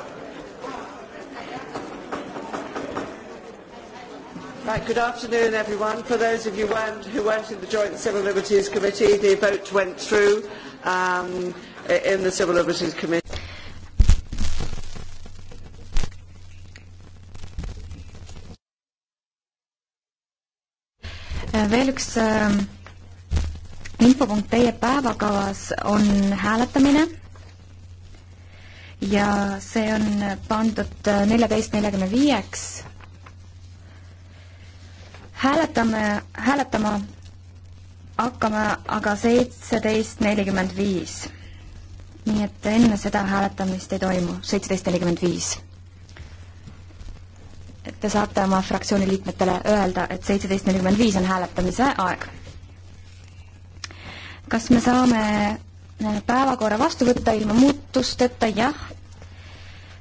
Right, good afternoon everyone. For those of you weren't, who weren't in the Joint Civil Liberties Committee, the vote went through um, in the Civil Liberties Committee. Äh, veel üks äh, infopunkt teie päevakavas on hääletamine ja see on pandud äh, neljateist neljakümne viieks. hääletame, hääletama hakkame aga seitseteist nelikümmend viis. nii et enne seda hääletamist ei toimu, seitseteist nelikümmend viis. et te saate oma fraktsiooni liikmetele öelda, et seitseteist nelikümmend viis on hääletamise aeg. kas me saame äh, päevakorra vastu võtta ilma muutusteta, jah,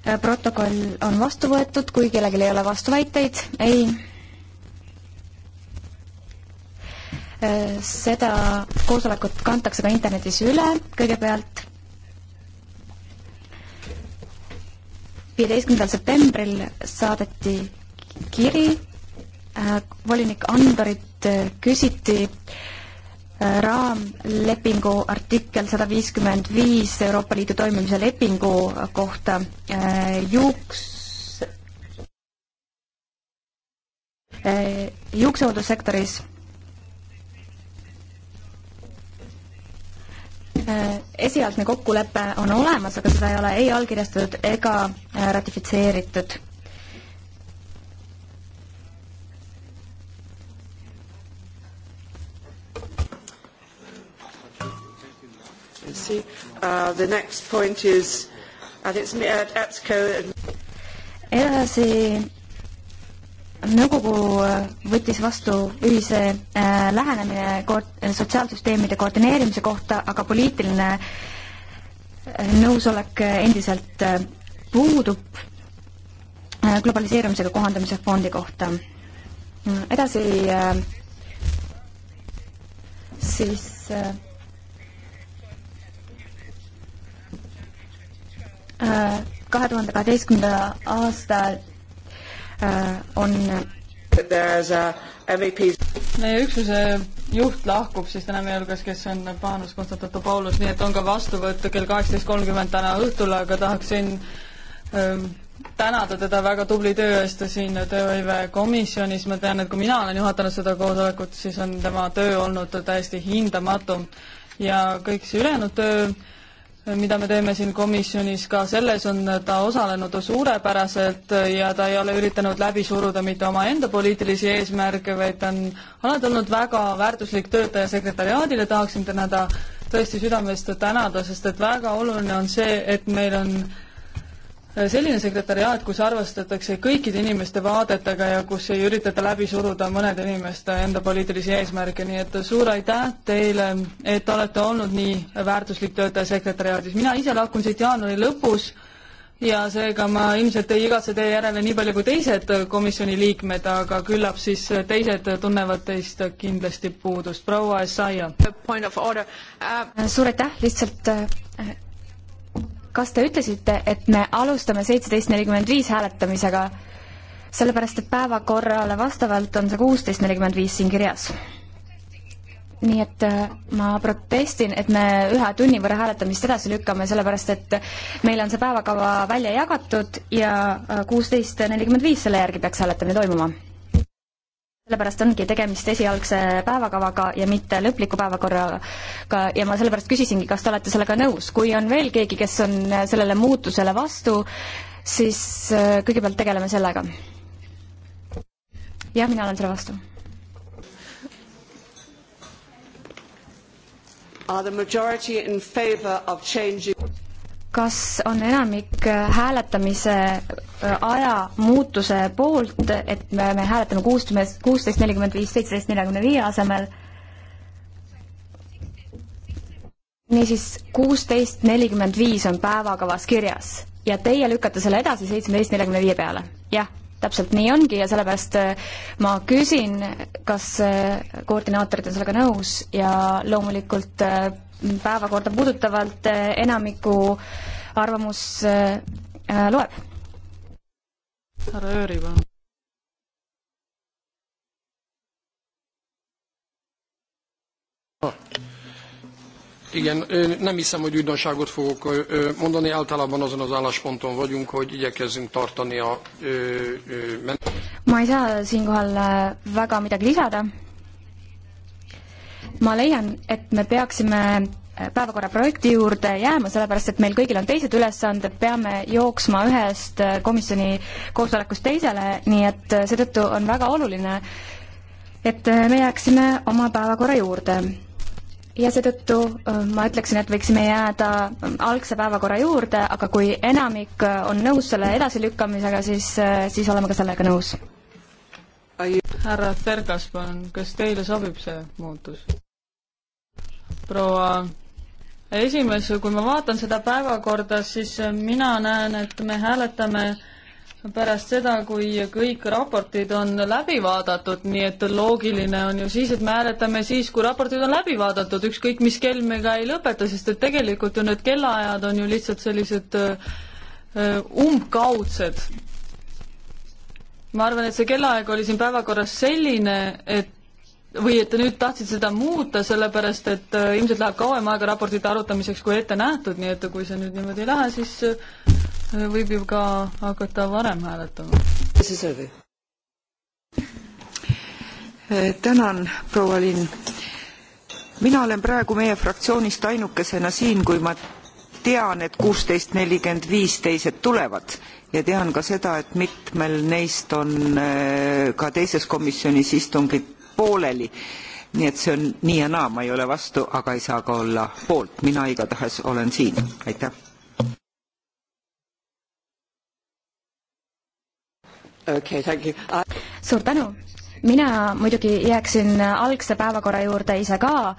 Äh, protokoll on vastu võetud, kui kellelgi ei ole vastuväiteid, ei. Äh, seda koosolekut kantakse ka internetis üle kõigepealt. viieteistkümnendal septembril saadeti kiri, äh, volinik Andorit küsiti äh, raamlepingu artikkel sada viiskümmend viis Euroopa Liidu toimimise lepingu kohta äh, juuks äh, juukseoodussektoris äh, esialgne kokkulepe on olemas, aga seda ei ole ei allkirjastatud ega ratifitseeritud presidency. Uh, the next point is, I think it's at EPSCO. edasi nõukogu äh, võttis vastu ühise äh, lähenemine koord-, sotsiaalsüsteemide koordineerimise kohta, aga poliitiline äh, nõusolek äh, endiselt äh, puudub äh, globaliseerumisega kohandamise fondi kohta. Mm, edasi siis kahe tuhande kaheteistkümnenda aasta äh, on meie üksuse juht lahkub siis täna meie hulgas, kes on Paanus Konstantinopoulos, nii et on ka vastuvõtt kell kaheksateist kolmkümmend täna õhtul, aga tahaksin ähm, tänada teda väga tubli töö eest siin tööhõivekomisjonis, ma tean, et kui mina olen juhatanud seda koosolekut, siis on tema töö olnud täiesti hindamatu ja kõik see ülejäänud töö mida me teeme siin komisjonis, ka selles on ta osalenud suurepäraselt ja ta ei ole üritanud läbi suruda mitte omaenda poliitilisi eesmärke, vaid ta on alati olnud väga väärtuslik töötaja sekretäriaadile, tahaksin tänada, tõesti südamest tänada, sest et väga oluline on see, et meil on selline sekretäriaat, kus arvestatakse kõikide inimeste vaadetega ja kus ei üritata läbi suruda mõnede inimeste enda poliitilisi eesmärke, nii et suur aitäh teile, et olete olnud nii väärtuslik töötaja sekretäriaadis. mina ise lahkun siit jaanuari lõpus ja seega ma ilmselt ei igatse teie järele nii palju kui teised komisjoni liikmed, aga küllap siis teised tunnevad teist kindlasti puudust. proua Essaia. Uh, suur aitäh, lihtsalt äh, kas te ütlesite, et me alustame seitseteist nelikümmend viis hääletamisega, sellepärast et päevakorrale vastavalt on see kuusteist nelikümmend viis siin kirjas? nii et äh, ma protestin, et me ühe tunni võrra hääletamist edasi lükkame, sellepärast et meile on see päevakava välja jagatud ja äh, kuusteist nelikümmend viis selle järgi peaks hääletamine toimuma sellepärast ongi tegemist esialgse päevakavaga ja mitte lõpliku päevakorraga ja ma sellepärast küsisingi, kas te olete sellega nõus. kui on veel keegi, kes on sellele muutusele vastu, siis äh, kõigepealt tegeleme sellega. jah, mina olen selle vastu. Are the majority in favor of changing kas on enamik äh, hääletamise äh, aja muutuse poolt, et me, me hääletame kuusteist, kuusteist nelikümmend viis, seitseteist neljakümne viie asemel. niisiis, kuusteist nelikümmend viis on päevakavas kirjas ja teie lükkate selle edasi seitsmeteist neljakümne viie peale, jah täpselt nii ongi ja sellepärast äh, ma küsin, kas koordinaatorid on sellega nõus ja loomulikult päevakorda puudutavalt eh, enamiku arvamus eh, eh, loeb. härra Jüri, palun. Igen, nem hiszem, hogy újdonságot fogok mondani, általában azon az állásponton vagyunk, hogy igyekezzünk tartani a... Ma ei saa siinkohal väga midagi lisada, ma leian, et me peaksime päevakorra projekti juurde jääma, sellepärast et meil kõigil on teised ülesanded, peame jooksma ühest komisjoni koosolekust teisele, nii et seetõttu on väga oluline, et me jääksime oma päevakorra juurde. ja seetõttu äh, ma ütleksin, et võiksime jääda äh, algse päevakorra juurde, aga kui enamik äh, on nõus selle edasilükkamisega, siis, siis oleme ka sellega nõus. härra Fergas, palun, kas teile sobib see muutus? proua esimees, kui ma vaatan seda päevakorda, siis mina näen, et me hääletame pärast seda, kui kõik raportid on läbi vaadatud, nii et loogiline on ju siis, et me hääletame siis, kui raportid on läbi vaadatud, ükskõik mis kell me ka ei lõpeta, sest et tegelikult ju need kellaajad on ju lihtsalt sellised äh, umbkaudsed. ma arvan, et see kellaaeg oli siin päevakorras selline, et või et te nüüd tahtsite seda muuta, sellepärast et äh, ilmselt läheb kauem aega raportite arutamiseks kui ette nähtud, nii et kui see nüüd niimoodi ei lähe, siis äh, võib ju ka hakata varem hääletama. Äh, tänan, proua Linn. mina olen praegu meie fraktsioonist ainukesena siin, kui ma tean, et kuusteist nelikümmend viis teised tulevad ja tean ka seda, et mitmel neist on ka teises komisjonis istungid pooleli nii et see on nii ja naa ma ei ole vastu aga ei saa ka olla poolt mina igatahes olen siin aitäh okay, thank you. Uh, suur tänu mina muidugi jääksin algse päevakorra juurde ise ka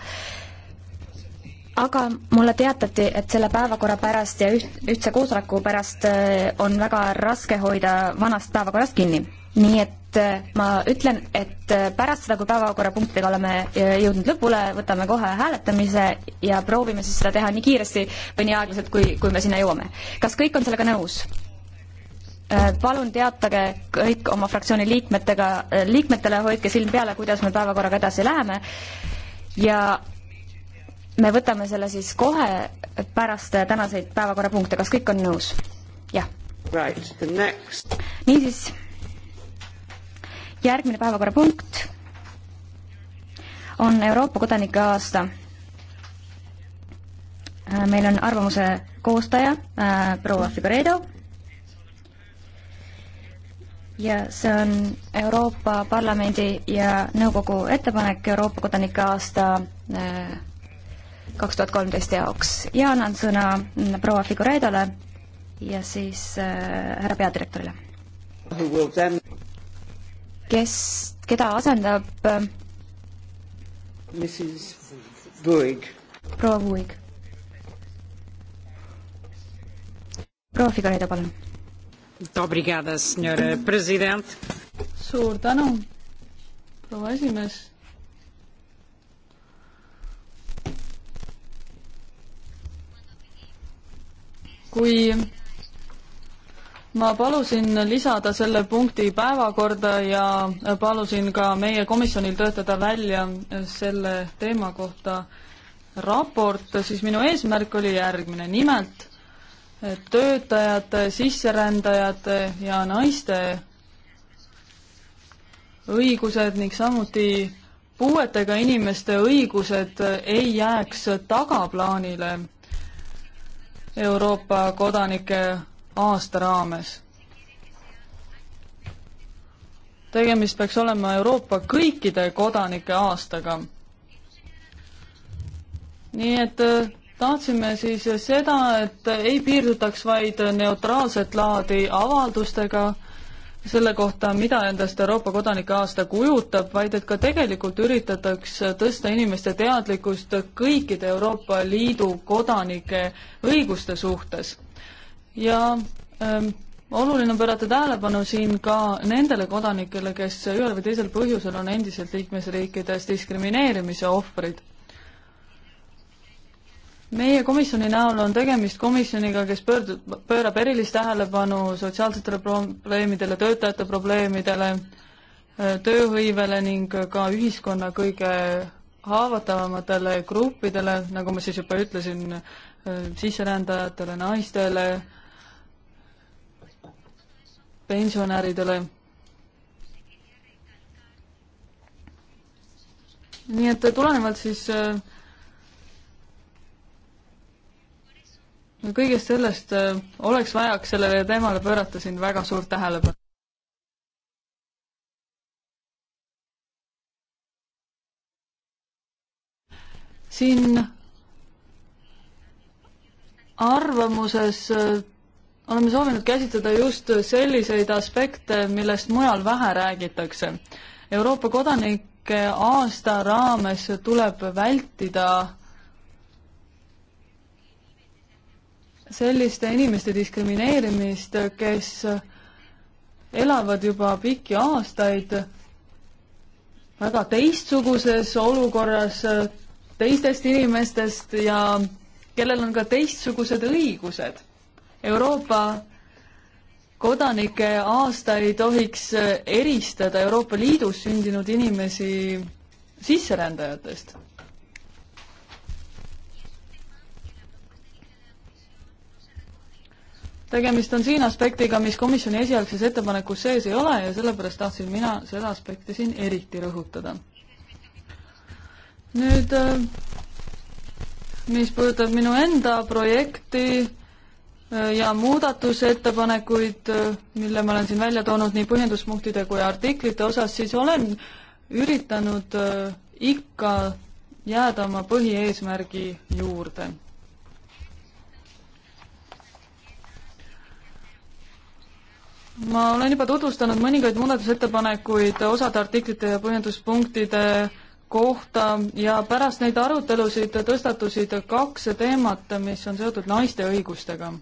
aga mulle teatati, et selle päevakorra pärast ja üht, ühtse koosoleku pärast äh, on väga raske hoida vanast päevakorrast kinni. nii et Äh, ma ütlen, et äh, pärast seda, kui päevakorrapunktidega oleme äh, jõudnud lõpule, võtame kohe hääletamise ja proovime siis seda teha nii kiiresti või nii aeglaselt, kui, kui me sinna jõuame. kas kõik on sellega nõus? palun teatage kõik oma fraktsiooni liikmetega, liikmetele, hoidke silm peale, kuidas me päevakorraga edasi läheme ja me võtame selle siis kohe pärast tänaseid päevakorrapunkte, kas kõik on nõus? jah right,. niisiis järgmine päevakorrapunkt on Euroopa kodanike aasta. Äh, meil on arvamuse koostaja äh, proua Figuredo ja see on Euroopa Parlamendi ja Nõukogu ettepanek Euroopa kodanike aasta äh, kaks tuhat kolmteist jaoks ja annan sõna mm, proua Figureidole ja siis äh, härra peadirektorile kes, keda asendab äh, proua Vuig. proua Figueredo, palun. suur tänu, proua esimees kui ma palusin lisada selle punkti päevakorda ja palusin ka meie komisjonil töötada välja selle teema kohta raport, siis minu eesmärk oli järgmine, nimelt töötajate, sisserändajate ja naiste õigused ning samuti puuetega inimeste õigused ei jääks tagaplaanile Euroopa kodanike aasta raames. tegemist peaks olema Euroopa kõikide kodanike aastaga. nii et äh, tahtsime siis seda, et ei piirdutaks vaid neutraalset laadi avaldustega selle kohta, mida endast Euroopa kodanike aasta kujutab, vaid et ka tegelikult üritataks tõsta inimeste teadlikkust kõikide Euroopa Liidu kodanike õiguste suhtes ja ähm, oluline on pöörata tähelepanu siin ka nendele kodanikele, kes ühel või teisel põhjusel on endiselt liikmesriikides diskrimineerimise ohvrid. meie komisjoni näol on tegemist komisjoniga, kes pöördub, pöörab erilist tähelepanu sotsiaalsetele probleemidele, töötajate probleemidele, äh, tööhõivele ning ka ühiskonna kõige haavatavamatele gruppidele, nagu ma siis juba ütlesin, äh, sisserändajatele, naistele, pensionäridele. nii et tulenevalt siis äh, kõigest sellest äh, oleks vaja sellele teemale pöörata siin väga suurt tähelepanu. siin arvamuses äh, oleme soovinud käsitleda just selliseid aspekte, millest mujal vähe räägitakse. Euroopa kodanike aasta raames tuleb vältida selliste inimeste diskrimineerimist, kes elavad juba pikki aastaid väga teistsuguses olukorras teistest inimestest ja kellel on ka teistsugused õigused Euroopa kodanike aasta ei tohiks eristada Euroopa Liidus sündinud inimesi sisserändajatest. tegemist on siin aspektiga, mis komisjoni esialgses ettepanekus sees ei ole ja sellepärast tahtsin mina seda aspekti siin eriti rõhutada. nüüd, äh, mis puudutab minu enda projekti, Äh, ja muudatusettepanekuid, äh, mille ma olen siin välja toonud nii põhjenduspunktide kui artiklite osas, siis olen üritanud äh, ikka jääda oma põhieesmärgi juurde ma olen juba tutvustanud mõningaid muudatusettepanekuid osade artiklite ja põhjenduspunktide kohta ja pärast neid arutelusid tõstatusid kaks teemat, mis on seotud naiste õigustega.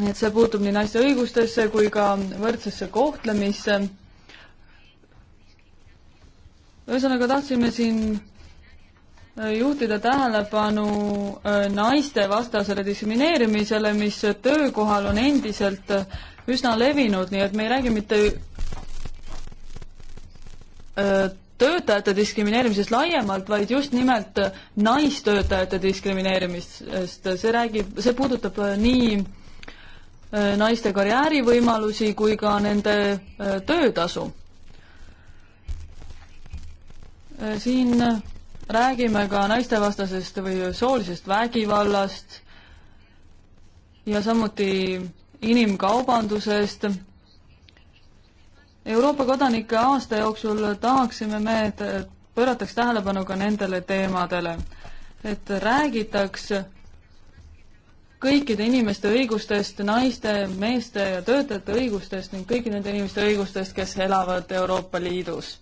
et see puutub nii naiste õigustesse kui ka võrdsesse kohtlemisse. ühesõnaga tahtsime siin äh, juhtida tähelepanu äh, naistevastasele diskrimineerimisele, mis töökohal on endiselt äh, üsna levinud, nii et me ei räägi mitte töötajate diskrimineerimisest laiemalt, vaid just nimelt naistöötajate diskrimineerimisest, see räägib, see puudutab nii Äh, naiste karjäärivõimalusi kui ka nende äh, töötasu. Äh, siin räägime ka naistevastasest või soolisest vägivallast ja samuti inimkaubandusest. Euroopa kodanike aasta jooksul tahaksime me, et pöörataks tähelepanu ka nendele teemadele, et räägitaks kõikide inimeste õigustest, naiste, meeste ja töötajate õigustest ning kõigi nende inimeste õigustest, kes elavad Euroopa Liidus.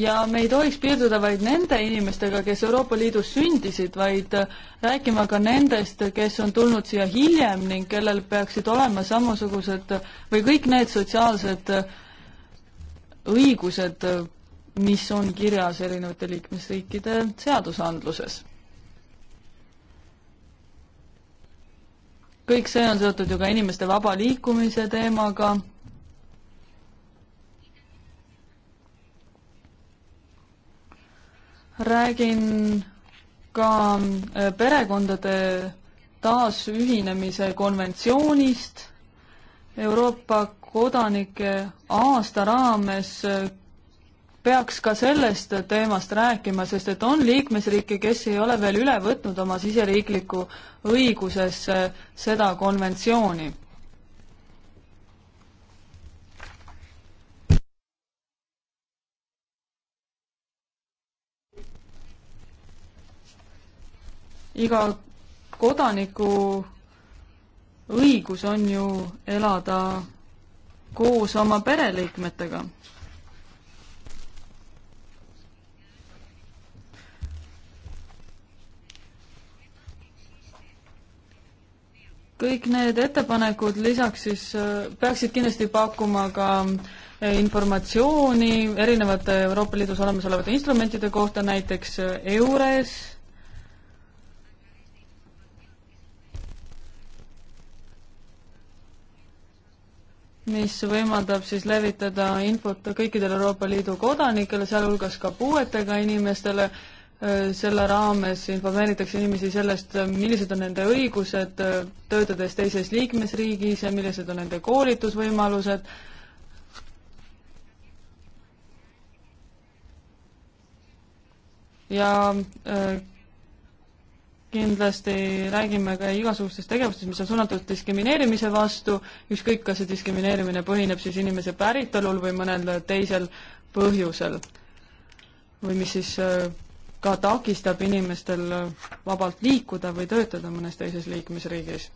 ja me ei tohiks piirduda vaid nende inimestega, kes Euroopa Liidus sündisid, vaid rääkima ka nendest, kes on tulnud siia hiljem ning kellel peaksid olema samasugused või kõik need sotsiaalsed õigused, mis on kirjas erinevate liikmesriikide seadusandluses kõik see on seotud ju ka inimeste vaba liikumise teemaga räägin ka äh, perekondade taasühinemise konventsioonist Euroopa kodanike aasta raames äh, peaks ka sellest teemast rääkima, sest et on liikmesriike, kes ei ole veel üle võtnud oma siseriiklikku õigusesse seda konventsiooni. iga kodaniku õigus on ju elada koos oma pereliikmetega kõik need ettepanekud lisaks siis äh, peaksid kindlasti pakkuma ka äh, informatsiooni erinevate Euroopa Liidus olemasolevate instrumentide kohta, näiteks äh, EURES, mis võimaldab siis levitada infot kõikidele Euroopa Liidu kodanikele, sealhulgas ka puuetega inimestele, Äh, selle raames informeeritakse inimesi sellest, äh, millised on nende õigused äh, töötades teises liikmesriigis ja millised on nende koolitusvõimalused. ja kindlasti räägime ka igasugustest tegevustest, mis on suunatud diskrimineerimise vastu, ükskõik, kas see diskrimineerimine põhineb siis inimese päritolul või mõnel teisel põhjusel või mis siis ka takistab inimestel vabalt liikuda või töötada mõnes teises liikmesriigis.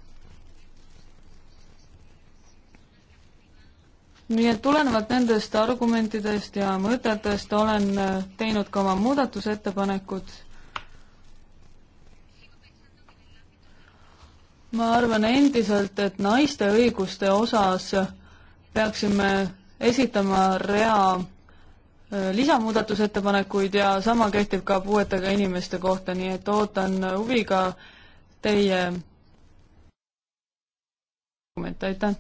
nii et tulenevalt nendest argumentidest ja mõtetest olen teinud ka oma muudatusettepanekud. ma arvan endiselt, et naiste õiguste osas peaksime esitama rea Äh, lisamuudatusettepanekuid ja sama kehtib ka puuetega inimeste kohta, nii et ootan huviga teie dokumente, aitäh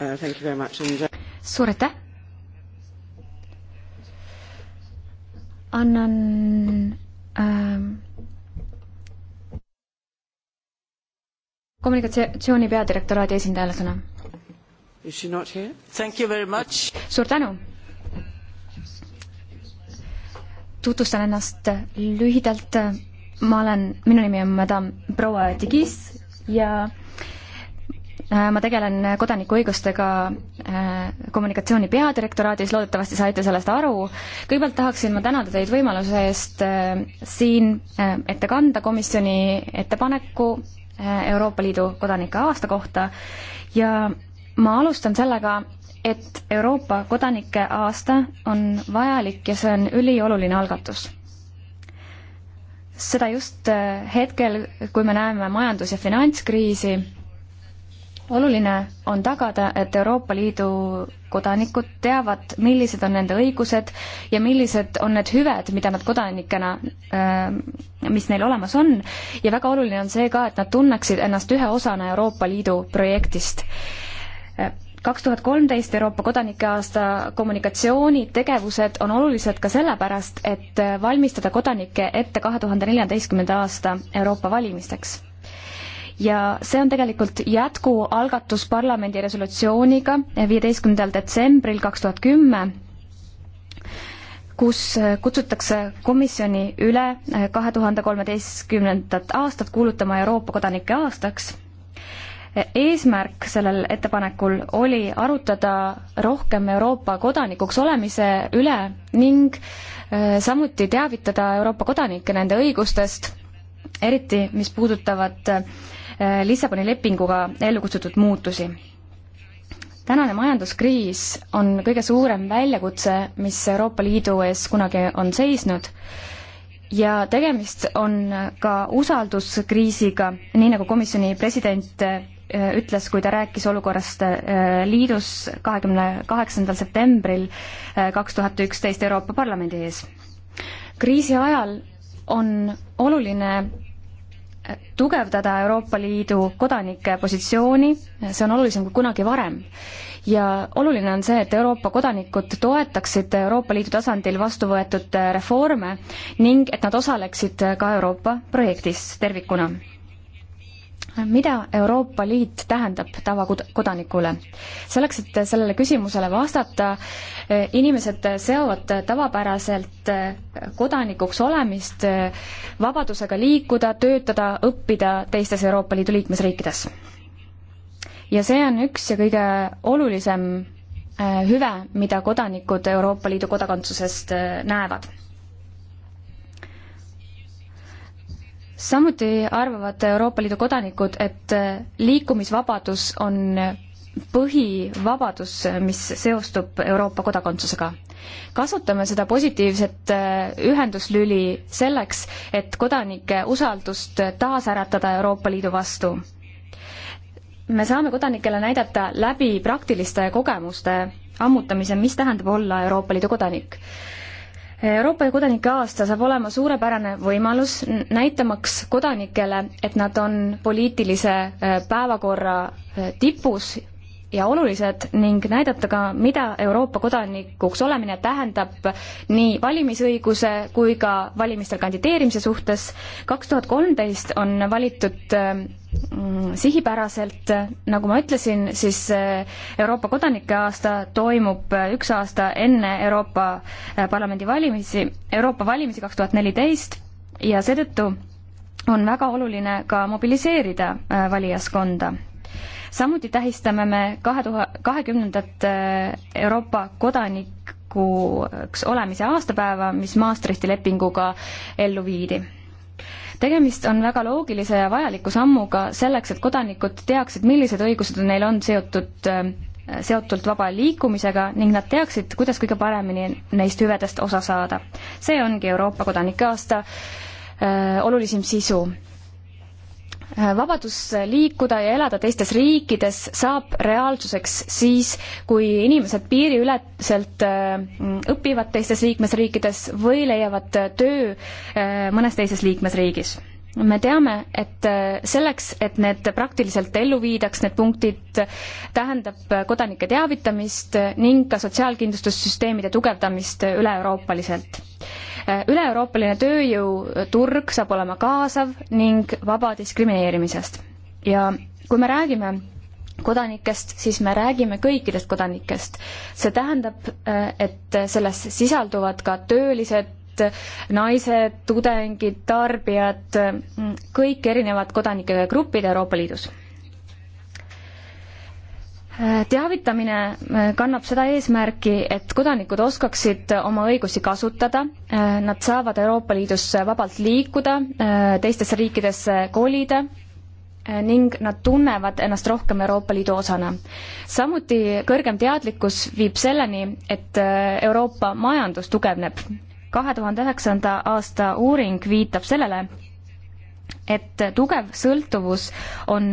uh,! uh suur aitäh! annan ähm, kommunikatsiooni peadirektoraadi esindajale sõna. suur tänu! tutvustan ennast lühidalt. ma olen, minu nimi on madam proua Digis ja äh, ma tegelen kodanikuõigustega äh, kommunikatsiooni peadirektoraadis, loodetavasti saite sellest aru. kõigepealt tahaksin ma tänada teid võimaluse eest äh, siin ette kanda komisjoni ettepaneku Euroopa Liidu kodanike aasta kohta ja ma alustan sellega, et Euroopa kodanike aasta on vajalik ja see on ülioluline algatus. seda just äh, hetkel, kui me näeme majandus- ja finantskriisi, oluline on tagada, et Euroopa Liidu kodanikud teavad, millised on nende õigused ja millised on need hüved, mida nad kodanikena, äh, mis neil olemas on, ja väga oluline on see ka, et nad tunneksid ennast ühe osana Euroopa Liidu projektist äh, kaks tuhat kolmteist Euroopa kodanike aasta kommunikatsioonitegevused on olulised ka sellepärast, et valmistada kodanikke ette kahe tuhande neljateistkümnenda aasta Euroopa valimisteks. ja see on tegelikult jätkualgatus parlamendi resolutsiooniga viieteistkümnendal detsembril kaks tuhat kümme, kus kutsutakse komisjoni üle kahe tuhande kolmeteistkümnendat aastat kuulutama Euroopa kodanike aastaks eesmärk sellel ettepanekul oli arutada rohkem Euroopa kodanikuks olemise üle ning äh, samuti teavitada Euroopa kodanikke nende õigustest, eriti mis puudutavad äh, Lissaboni lepinguga ellu kutsutud muutusi tänane majanduskriis on kõige suurem väljakutse, mis Euroopa Liidu ees kunagi on seisnud ja tegemist on ka usalduskriisiga, nii nagu komisjoni president äh, Äh, ütles, kui ta rääkis olukorrast äh, liidus kahekümne kaheksandal septembril äh, kaks tuhat üksteist Euroopa Parlamendi ees. kriisi ajal on oluline tugevdada Euroopa Liidu kodanike positsiooni, see on olulisem kui kunagi varem. ja oluline on see, et Euroopa kodanikud toetaksid Euroopa Liidu tasandil vastu võetud reforme ning et nad osaleksid ka Euroopa projektis tervikuna mida Euroopa Liit tähendab tavakodanikule? selleks, et sellele küsimusele vastata, eh, inimesed seovad tavapäraselt eh, kodanikuks olemist eh, vabadusega liikuda, töötada, õppida teistes Euroopa Liidu liikmesriikides. ja see on üks ja kõige olulisem hüve, mida kodanikud Euroopa Liidu kodakondsusest näevad samuti arvavad Euroopa Liidu kodanikud, et äh, liikumisvabadus on põhivabadus, äh, mis seostub Euroopa kodakondsusega. kasutame seda positiivset äh, ühenduslüli selleks, et kodanike usaldust taasäratada Euroopa Liidu vastu. me saame kodanikele näidata läbi praktiliste kogemuste ammutamise, mis tähendab olla Euroopa Liidu kodanik Euroopa kodanike aasta saab olema suurepärane võimalus näitamaks kodanikele, et nad on poliitilise äh, päevakorra äh, tipus ja olulised ning näidata ka, mida Euroopa kodanikuks olemine tähendab nii valimisõiguse kui ka valimistel kandideerimise suhtes. kaks tuhat kolmteist on valitud ähm, sihipäraselt, nagu ma ütlesin, siis äh, Euroopa kodanike aasta toimub äh, üks aasta enne Euroopa äh, Parlamendi valimisi, Euroopa valimisi kaks tuhat neliteist ja seetõttu on väga oluline ka mobiliseerida valijaskonda samuti tähistame me kahe tuhande, kahekümnendat äh, Euroopa kodanikuks olemise aastapäeva, mis Maastrichti lepinguga ellu viidi tegemist on väga loogilise ja vajaliku sammuga selleks, et kodanikud teaksid, millised õigused neil on seotud, äh, seotult vaba liikumisega ning nad teaksid, kuidas kõige paremini neist hüvedest osa saada. see ongi Euroopa kodanike aasta öö, äh, olulisim sisu Äh, vabadus liikuda ja elada teistes riikides saab reaalsuseks siis, kui inimesed piiriüleselt äh, õpivad teistes liikmesriikides või leiavad töö äh, mõnes teises liikmesriigis me teame, et äh, selleks, et need praktiliselt ellu viidaks, need punktid, tähendab äh, kodanike teavitamist ning ka sotsiaalkindlustussüsteemide tugevdamist üle-euroopaliselt. Äh, üle-euroopaline tööjõuturg saab olema kaasav ning vaba diskrimineerimisest. ja kui me räägime kodanikest, siis me räägime kõikidest kodanikest. see tähendab, et selles sisalduvad ka töölised, naised, tudengid, tarbijad, kõik erinevad kodanike gruppid Euroopa Liidus. teavitamine kannab seda eesmärki, et kodanikud oskaksid oma õigusi kasutada, nad saavad Euroopa Liidus vabalt liikuda, teistesse riikidesse kolida ning nad tunnevad ennast rohkem Euroopa Liidu osana. samuti kõrgem teadlikkus viib selleni, et Euroopa majandus tugevneb kahe tuhande üheksanda aasta uuring viitab sellele, et tugev sõltuvus on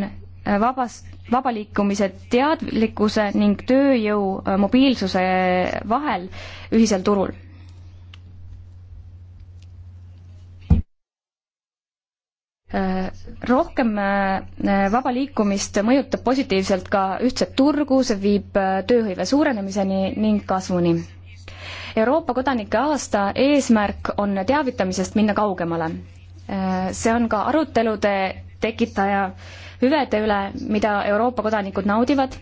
vabas, vaba liikumise teadlikkuse ning tööjõu äh, mobiilsuse vahel ühisel turul. Äh, rohkem äh, vaba liikumist mõjutab positiivselt ka ühtset turgu, see viib tööhõive suurenemiseni ning kasvuni Euroopa kodanike aasta eesmärk on teavitamisest minna kaugemale. see on ka arutelude tekitaja hüvede üle, mida Euroopa kodanikud naudivad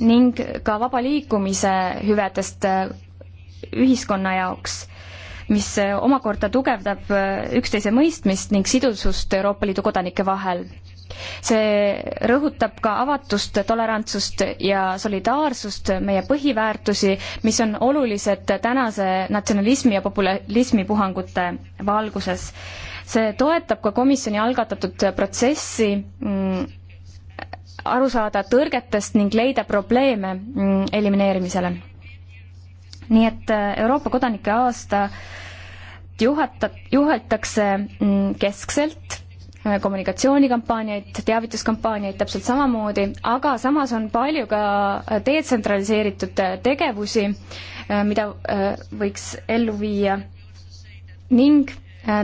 ning ka vaba liikumise hüvedest äh, ühiskonna jaoks, mis äh, omakorda tugevdab äh, üksteise mõistmist ning sidusust Euroopa Liidu kodanike vahel see rõhutab ka avatust, tolerantsust ja solidaarsust, meie põhiväärtusi, mis on olulised tänase natsionalismi ja populismi puhangute valguses. see toetab ka komisjoni algatatud protsessi mm, aru saada tõrgetest ning leida probleeme mm, elimineerimisele. nii et äh, Euroopa kodanike aasta juhatab, juhitakse mm, keskselt Äh, kommunikatsioonikampaaniaid, teavituskampaaniaid täpselt samamoodi, aga samas on palju ka äh, detsentraliseeritud äh, tegevusi, mida võiks ellu viia ning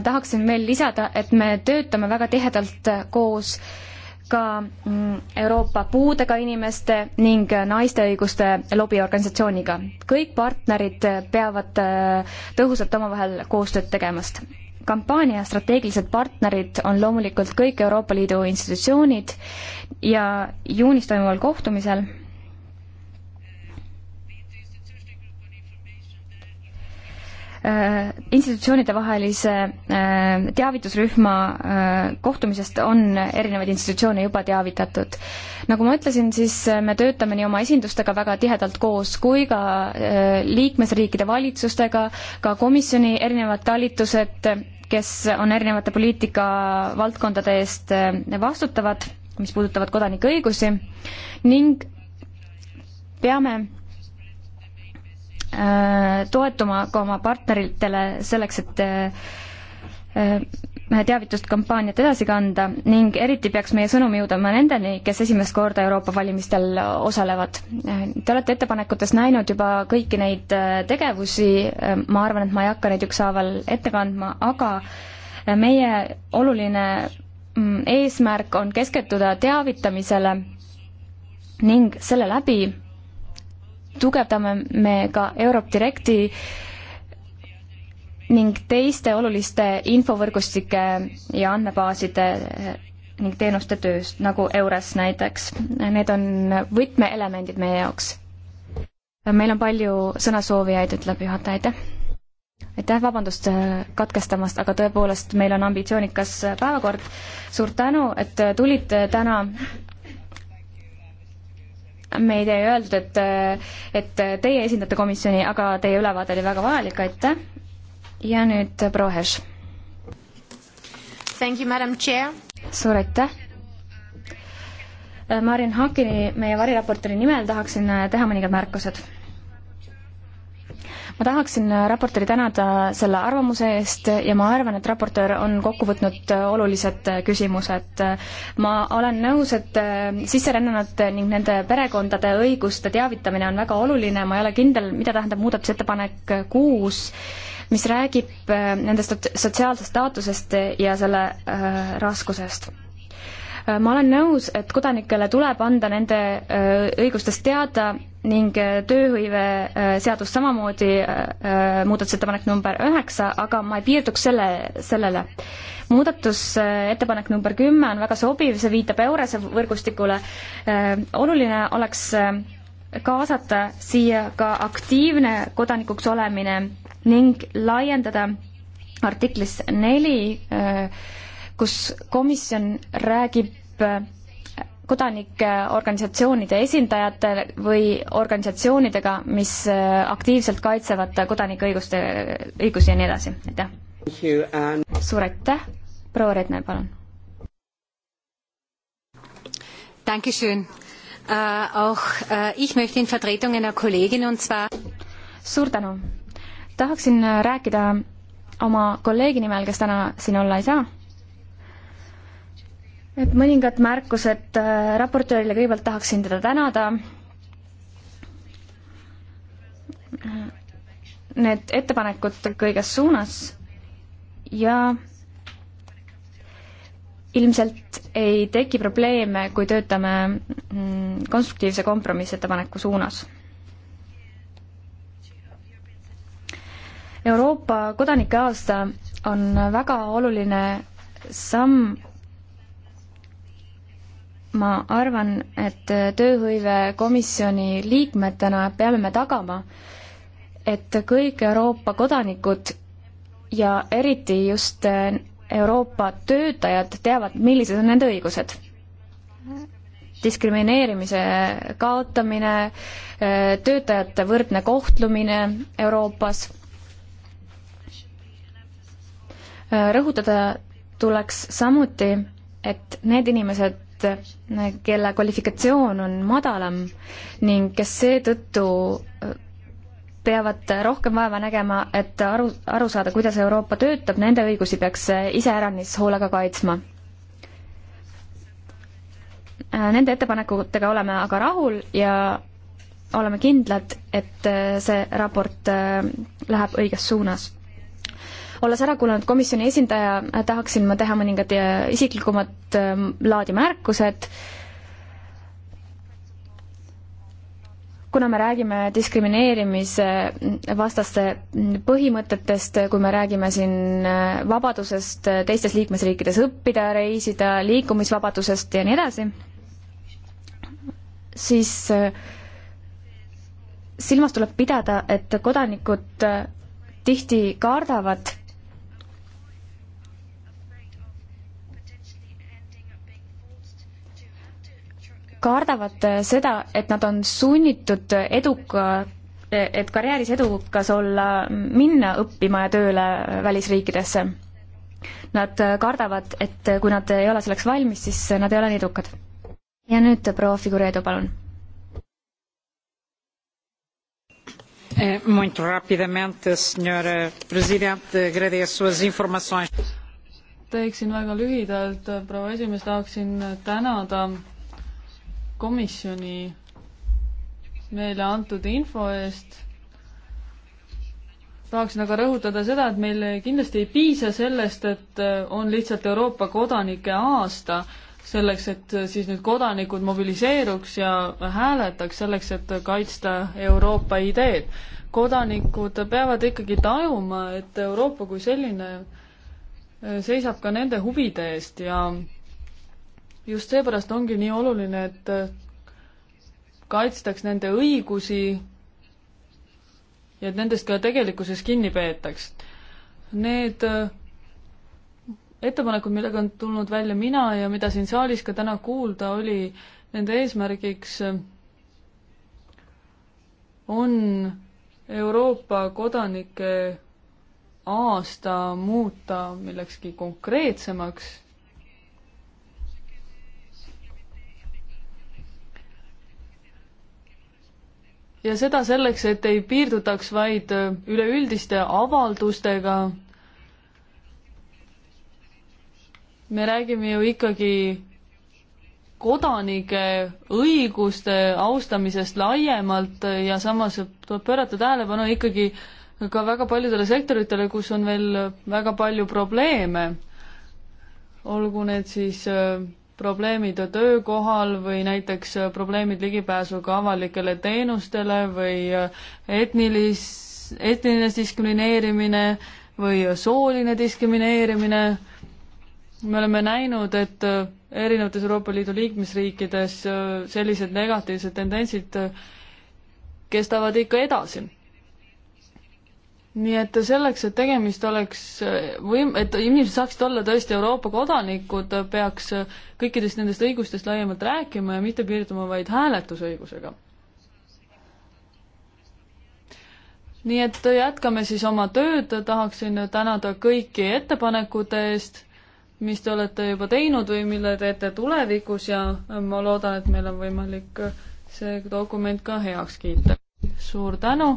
tahaksin veel lisada, et me töötame väga tihedalt koos ka mm, Euroopa puudega inimeste ning naiste õiguste lobiorganisatsiooniga. kõik partnerid peavad tõhusalt omavahel koostööd tegemast kampaania strateegilised partnerid on loomulikult kõik Euroopa Liidu institutsioonid ja juunis toimuval kohtumisel äh, institutsioonide vahelise äh, teavitusrühma äh, kohtumisest on erinevaid institutsioone juba teavitatud. nagu ma ütlesin, siis me töötame nii oma esindustega väga tihedalt koos kui ka liikmesriikide valitsustega, ka komisjoni erinevad talitused kes on erinevate poliitikavaldkondade eest eh, vastutavad, mis puudutavad kodanikuõigusi ning peame eh, toetuma ka oma partneritele selleks, et eh, teavitust kampaaniat edasi kanda ning eriti peaks meie sõnum jõudma nendeni, kes esimest korda Euroopa valimistel osalevad. Te olete ettepanekutes näinud juba kõiki neid äh, tegevusi, ma arvan, et ma ei hakka neid ükshaaval ette kandma, aga äh, meie oluline mm, eesmärk on keskenduda teavitamisele ning selle läbi tugevdame me ka Europe Directi äh, ning teiste oluliste infovõrgustike ja andmebaaside ning teenuste tööst, nagu EURES näiteks. Need on võtmeelemendid meie jaoks. meil on palju sõnasoovijaid, ütleb juhataja, aitäh. aitäh, vabandust äh, katkestamast, aga tõepoolest, meil on ambitsioonikas äh, päevakord. suur tänu, et äh, tulite täna meid ei öeldud, et, et teie esindate komisjoni, aga teie ülevaade oli väga vajalik, aitäh ja nüüd äh, proua Hirš. suur aitäh. Äh, Marin Hankini, meie variraportori nimel tahaksin äh, teha mõningad märkused. ma tahaksin raportööri tänada selle arvamuse eest ja ma arvan, et raportöör on kokku võtnud olulised küsimused. ma olen nõus, et sisserännanute ning nende perekondade õiguste teavitamine on väga oluline, ma ei ole kindel, mida tähendab muudatusettepanek kuus mis räägib äh, nende sotsiaalsest staatusest ja selle äh, raskusest äh, ma olen nõus, et kodanikele tuleb anda nende õigustest teada ning tööhõive seadus samamoodi, muudatusettepanek number üheksa, aga ma ei piirduks selle, sellele. muudatusettepanek number kümme on väga sobiv, see viitab Eurese võrgustikule. oluline oleks kaasata siia ka aktiivne kodanikuks olemine ning laiendada artiklis neli, kus komisjon räägib kodanike organisatsioonide esindajatele või organisatsioonidega, mis aktiivselt kaitsevad kodanike õiguste, õigusi ja nii edasi, aitäh. suur aitäh, proua Redner, palun. Äh, äh, suur tänu tahaksin rääkida oma kolleegi nimel, kes täna siin olla ei saa. et mõningad märkused äh, raportöörile, kõigepealt tahaksin teda tänada. Need ettepanekud kõiges suunas ja ilmselt ei teki probleeme, kui töötame mm, konstruktiivse kompromissettepaneku suunas Euroopa kodanike aasta on väga oluline samm. ma arvan, et tööhõivekomisjoni liikmetena peame me tagama, et kõik Euroopa kodanikud ja eriti just Euroopa töötajad teavad, millised on nende õigused diskrimineerimise kaotamine, töötajate võrdne kohtlemine Euroopas, Äh, rõhutada tuleks samuti, et need inimesed, äh, kelle kvalifikatsioon on madalam ning kes seetõttu äh, peavad rohkem vaeva nägema, et aru, aru saada, kuidas Euroopa töötab, nende õigusi peaks iseäranis hoolega kaitsma. Nende ettepanekutega oleme aga rahul ja oleme kindlad, et see raport läheb õiges suunas olles ära kuulanud komisjoni esindaja, tahaksin ma teha mõningad äh, isiklikumad ähm, laadi märkused. kuna me räägime diskrimineerimise äh, vastaste mm, põhimõtetest, kui me räägime siin äh, vabadusest teistes liikmesriikides õppida, reisida, liikumisvabadusest ja nii edasi, siis silmas tuleb pidada, et kodanikud tihti kardavad kardavad seda, et nad on sunnitud eduka, et karjääris edukas olla, minna õppima ja tööle välisriikidesse. Nad kardavad, et kui nad ei ole selleks valmis, siis nad ei ole nii edukad. ja nüüd proua Figureedo, palun. Eh, muito rapidamente, senhora presidente, agradeço as informações. teeksin väga lühidalt, proua esimees, tahaksin tänada komisjoni meile antud info eest. tahaksin aga rõhutada seda, et meil kindlasti ei piisa sellest, et äh, on lihtsalt Euroopa kodanike aasta, selleks, et äh, siis nüüd kodanikud mobiliseeruks ja hääletaks selleks, et kaitsta Euroopa ideed. kodanikud peavad ikkagi tajuma, et Euroopa kui selline äh, seisab ka nende huvide eest ja just seepärast ongi nii oluline, et äh, kaitstaks nende õigusi ja et nendest ka tegelikkuses kinni peetaks. Need äh, ettepanekud, millega on tulnud välja mina ja mida siin saalis ka täna kuulda oli, nende eesmärgiks äh, on Euroopa kodanike aasta muuta millekski konkreetsemaks ja seda selleks, et ei piirdutaks vaid äh, üleüldiste avaldustega. me räägime ju ikkagi kodanike õiguste austamisest laiemalt ja samas tuleb pöörata tähelepanu ikkagi ka väga paljudele sektoritele, kus on veel väga palju probleeme. olgu need siis äh, probleemid töökohal või näiteks probleemid ligipääsuga avalikele teenustele või etnilis, etniline diskrimineerimine või sooline diskrimineerimine. me oleme näinud, et erinevates Euroopa Liidu liikmesriikides sellised negatiivsed tendentsid kestavad ikka edasi nii et selleks, et tegemist oleks äh, võim-, et inimesed saaksid olla tõesti Euroopa kodanikud, peaks äh, kõikidest nendest õigustest laiemalt rääkima ja mitte piirduma vaid hääletusõigusega. nii et jätkame siis oma tööd, tahaksin tänada kõiki ettepanekute eest, mis te olete juba teinud või mille teete tulevikus ja äh, ma loodan, et meil on võimalik see dokument ka heaks kiita. suur tänu!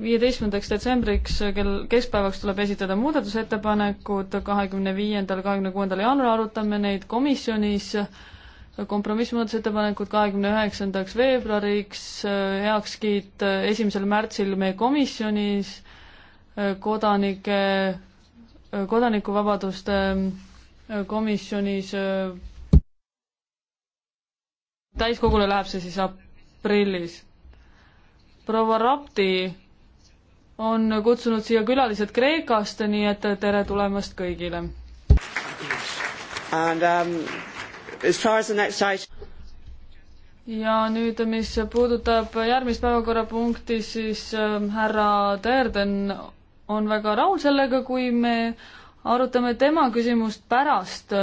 viieteistkümnendaks detsembriks kell keskpäevaks tuleb esitada muudatusettepanekud, kahekümne viiendal, kahekümne kuuendal jaanuaril arutame neid komisjonis, kompromissmuudatusettepanekud kahekümne üheksandaks veebruariks, heakskiit esimesel märtsil meie komisjonis, kodanike, kodanikuvabaduste komisjonis täiskogule läheb see siis aprillis. proua Rapti on kutsunud siia külalised Kreekast, nii et tere tulemast kõigile. Um, ja nüüd, mis puudutab järgmist päevakorrapunkti, siis äh, härra Terden on väga rahul sellega, kui me arutame tema küsimust pärast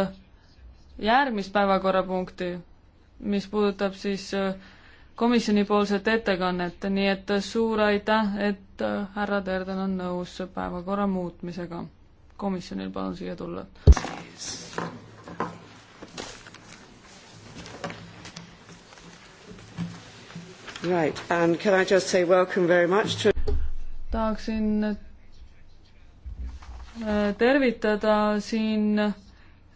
järgmist päevakorrapunkti, mis puudutab siis äh, komisjonipoolset ettekannet, nii et suur aitäh, et äh, härra Terden on nõus päevakorra muutmisega. komisjonil palun siia tulla. Right, and can I just say welcome very much to tahaksin äh, tervitada siin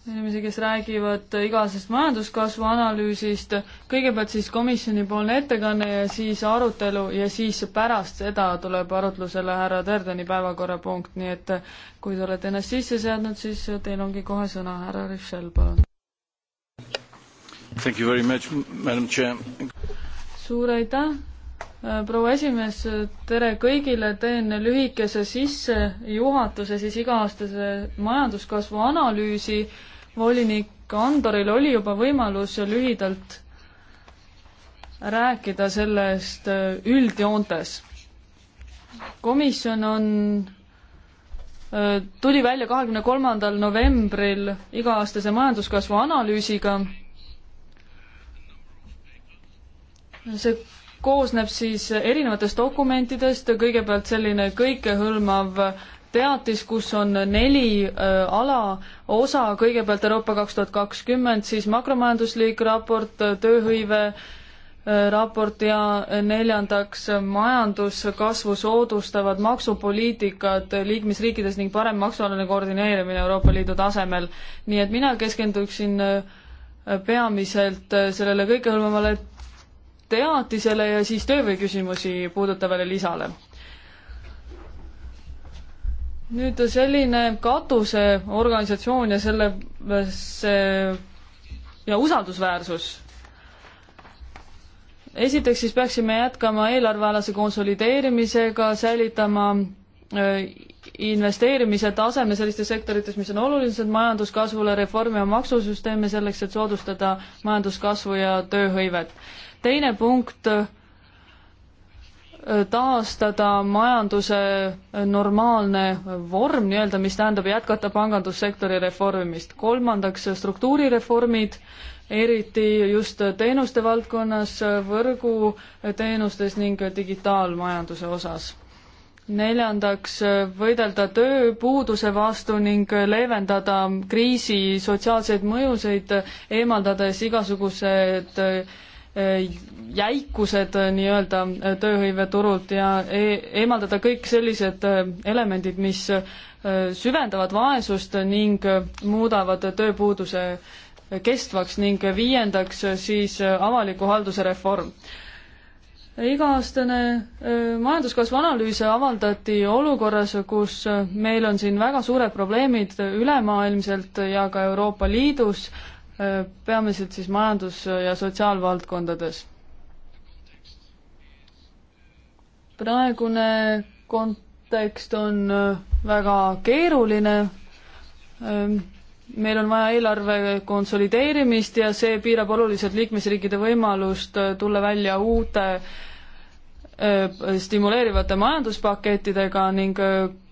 inimesi, kes räägivad igasest majanduskasvu analüüsist, kõigepealt siis komisjonipoolne ettekanne ja siis arutelu ja siis pärast seda tuleb arutlusele härra Terdeni päevakorrapunkt, nii et kui te olete ennast sisse seadnud, siis teil ongi kohe sõna, härra Richel, palun. suur aitäh, Äh, proua esimees, tere kõigile, teen lühikese sissejuhatuse siis iga-aastase majanduskasvu analüüsi. volinik Andoril oli juba võimalus lühidalt rääkida sellest äh, üldjoontes. komisjon on äh, tuli välja kahekümne kolmandal novembril iga-aastase majanduskasvu analüüsiga. see koosneb siis erinevatest dokumentidest, kõigepealt selline kõikehõlmav teatis, kus on neli äh, alaosa, kõigepealt Euroopa kaks tuhat kakskümmend, siis makromajanduslik raport, tööhõive äh, raport ja äh, neljandaks majanduskasvu soodustavad maksupoliitikad liikmesriikides ning parem maksualane koordineerimine Euroopa Liidu tasemel. nii et mina keskenduksin äh, peamiselt äh, sellele kõikehõlmavale teatisele ja siis töövõiküsimusi puudutavale lisale. nüüd selline katuseorganisatsioon ja selle, see ja usaldusväärsus. esiteks siis peaksime jätkama eelarvealase konsolideerimisega, säilitama äh, investeerimise taseme sellistes sektorites, mis on olulised majanduskasvule, reformima maksusüsteeme selleks, et soodustada majanduskasvu ja tööhõivet teine punkt, äh, taastada majanduse normaalne vorm nii-öelda, mis tähendab jätkata pangandussektori reformimist. kolmandaks struktuurireformid, eriti just teenuste valdkonnas, võrguteenustes ning digitaalmajanduse osas. neljandaks, võidelda tööpuuduse vastu ning leevendada kriisi sotsiaalseid mõjusid, eemaldades igasugused äh, jäikused äh, nii-öelda äh, tööhõiveturult ja e eemaldada kõik sellised äh, elemendid, mis süvendavad vaesust ning muudavad tööpuuduse kestvaks ning viiendaks siis avaliku halduse reform iga-aastane majanduskasvu analüüs avaldati olukorras, kus meil on siin väga suured probleemid ülemaailmselt ja ka Euroopa Liidus, peamiselt siis majandus- ja sotsiaalvaldkondades. praegune kontekst on äh, väga keeruline. Ähm, meil on vaja eelarve konsolideerimist ja see piirab oluliselt liikmesriikide võimalust äh, tulla välja uute äh, stimuleerivate majanduspakettidega ning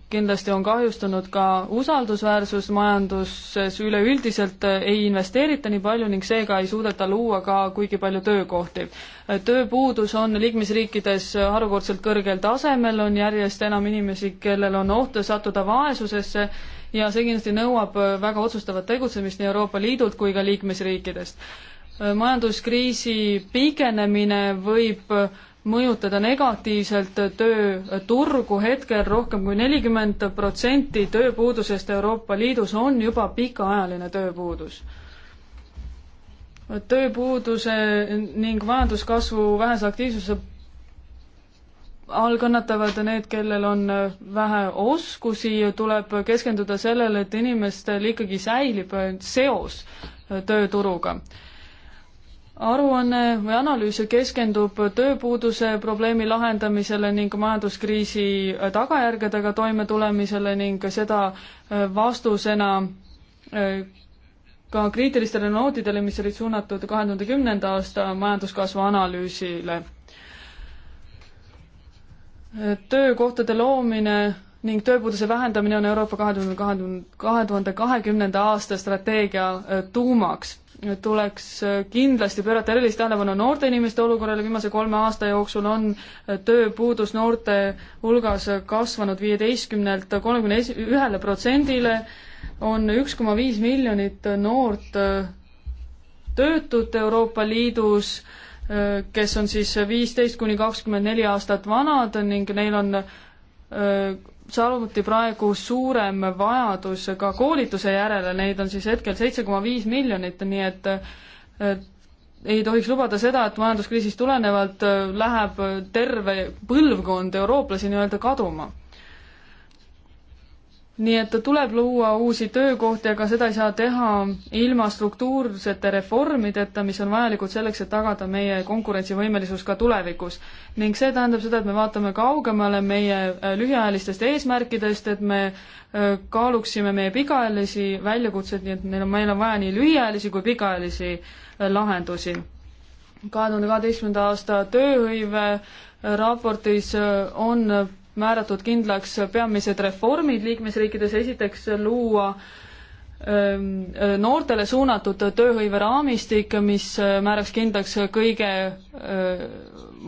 kindlasti on kahjustunud ka usaldusväärsus majanduses, üleüldiselt äh, ei investeerita nii palju ning seega ei suudeta luua ka kuigi palju töökohti. Äh, tööpuudus on liikmesriikides äh, harukordselt kõrgel tasemel, on järjest enam inimesi, kellel on oht sattuda vaesusesse ja see kindlasti nõuab väga otsustavat tegutsemist nii Euroopa Liidult kui ka liikmesriikidest. majanduskriisi pigenemine võib mõjutada negatiivselt tööturgu hetkel rohkem kui nelikümmend protsenti tööpuudusest Euroopa Liidus on juba pikaajaline tööpuudus. tööpuuduse ning majanduskasvu vähese aktiivsuse all kannatavad need, kellel on vähe oskusi, tuleb keskenduda sellele, et inimestel ikkagi säilib seos tööturuga aruanne või analüüs keskendub tööpuuduse probleemi lahendamisele ning majanduskriisi tagajärgedega toimetulemisele ning seda äh, vastusena äh, ka kriitilistele nootidele, mis olid suunatud kahe tuhande kümnenda aasta majanduskasvu analüüsile. töökohtade loomine ning tööpuuduse vähendamine on Euroopa kahe tuhande kahekümnenda aasta strateegia äh, tuumaks tuleks kindlasti pöörata erilist tähelepanu noorte inimeste olukorrale, viimase kolme aasta jooksul on tööpuudus noorte hulgas kasvanud viieteistkümnelt kolmekümne ühele protsendile, on üks koma viis miljonit noort töötut Euroopa Liidus, kes on siis viisteist kuni kakskümmend neli aastat vanad ning neil on samuti praegu suurem vajadus ka koolituse järele, neid on siis hetkel seitse koma viis miljonit, nii et ei tohiks lubada seda, et majanduskriisist tulenevalt äh, läheb terve põlvkond eurooplasi nii-öelda kaduma nii et tuleb luua uusi töökohti, aga seda ei saa teha ilma struktuursete reformideta, mis on vajalikud selleks, et tagada meie konkurentsivõimelisus ka tulevikus. ning see tähendab seda, et me vaatame kaugemale meie äh, lühiajalistest eesmärkidest, et me äh, kaaluksime meie pikaajalisi väljakutseid, nii et meil on, meil on vaja nii lühiajalisi kui pikaajalisi äh, lahendusi. kahe tuhande kaheteistkümnenda aasta tööhõive raportis on määratud kindlaks peamised reformid liikmesriikides, esiteks luua ähm, äh, noortele suunatud tööhõive raamistik, mis äh, määraks kindlaks kõige äh,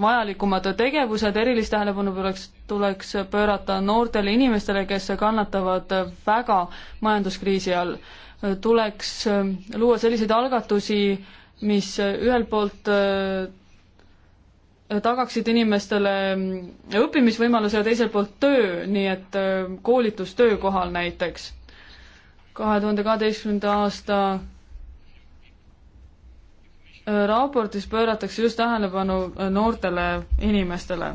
vajalikumad tegevused, erilist tähelepanu tuleks, tuleks pöörata noortele inimestele, kes kannatavad väga majanduskriisi all. tuleks luua selliseid algatusi, mis ühelt poolt tagaksid inimestele õppimisvõimaluse ja teiselt poolt töö, nii et äh, koolitus töökohal näiteks. kahe tuhande kaheteistkümnenda aasta äh, raportis pööratakse just tähelepanu äh, noortele inimestele.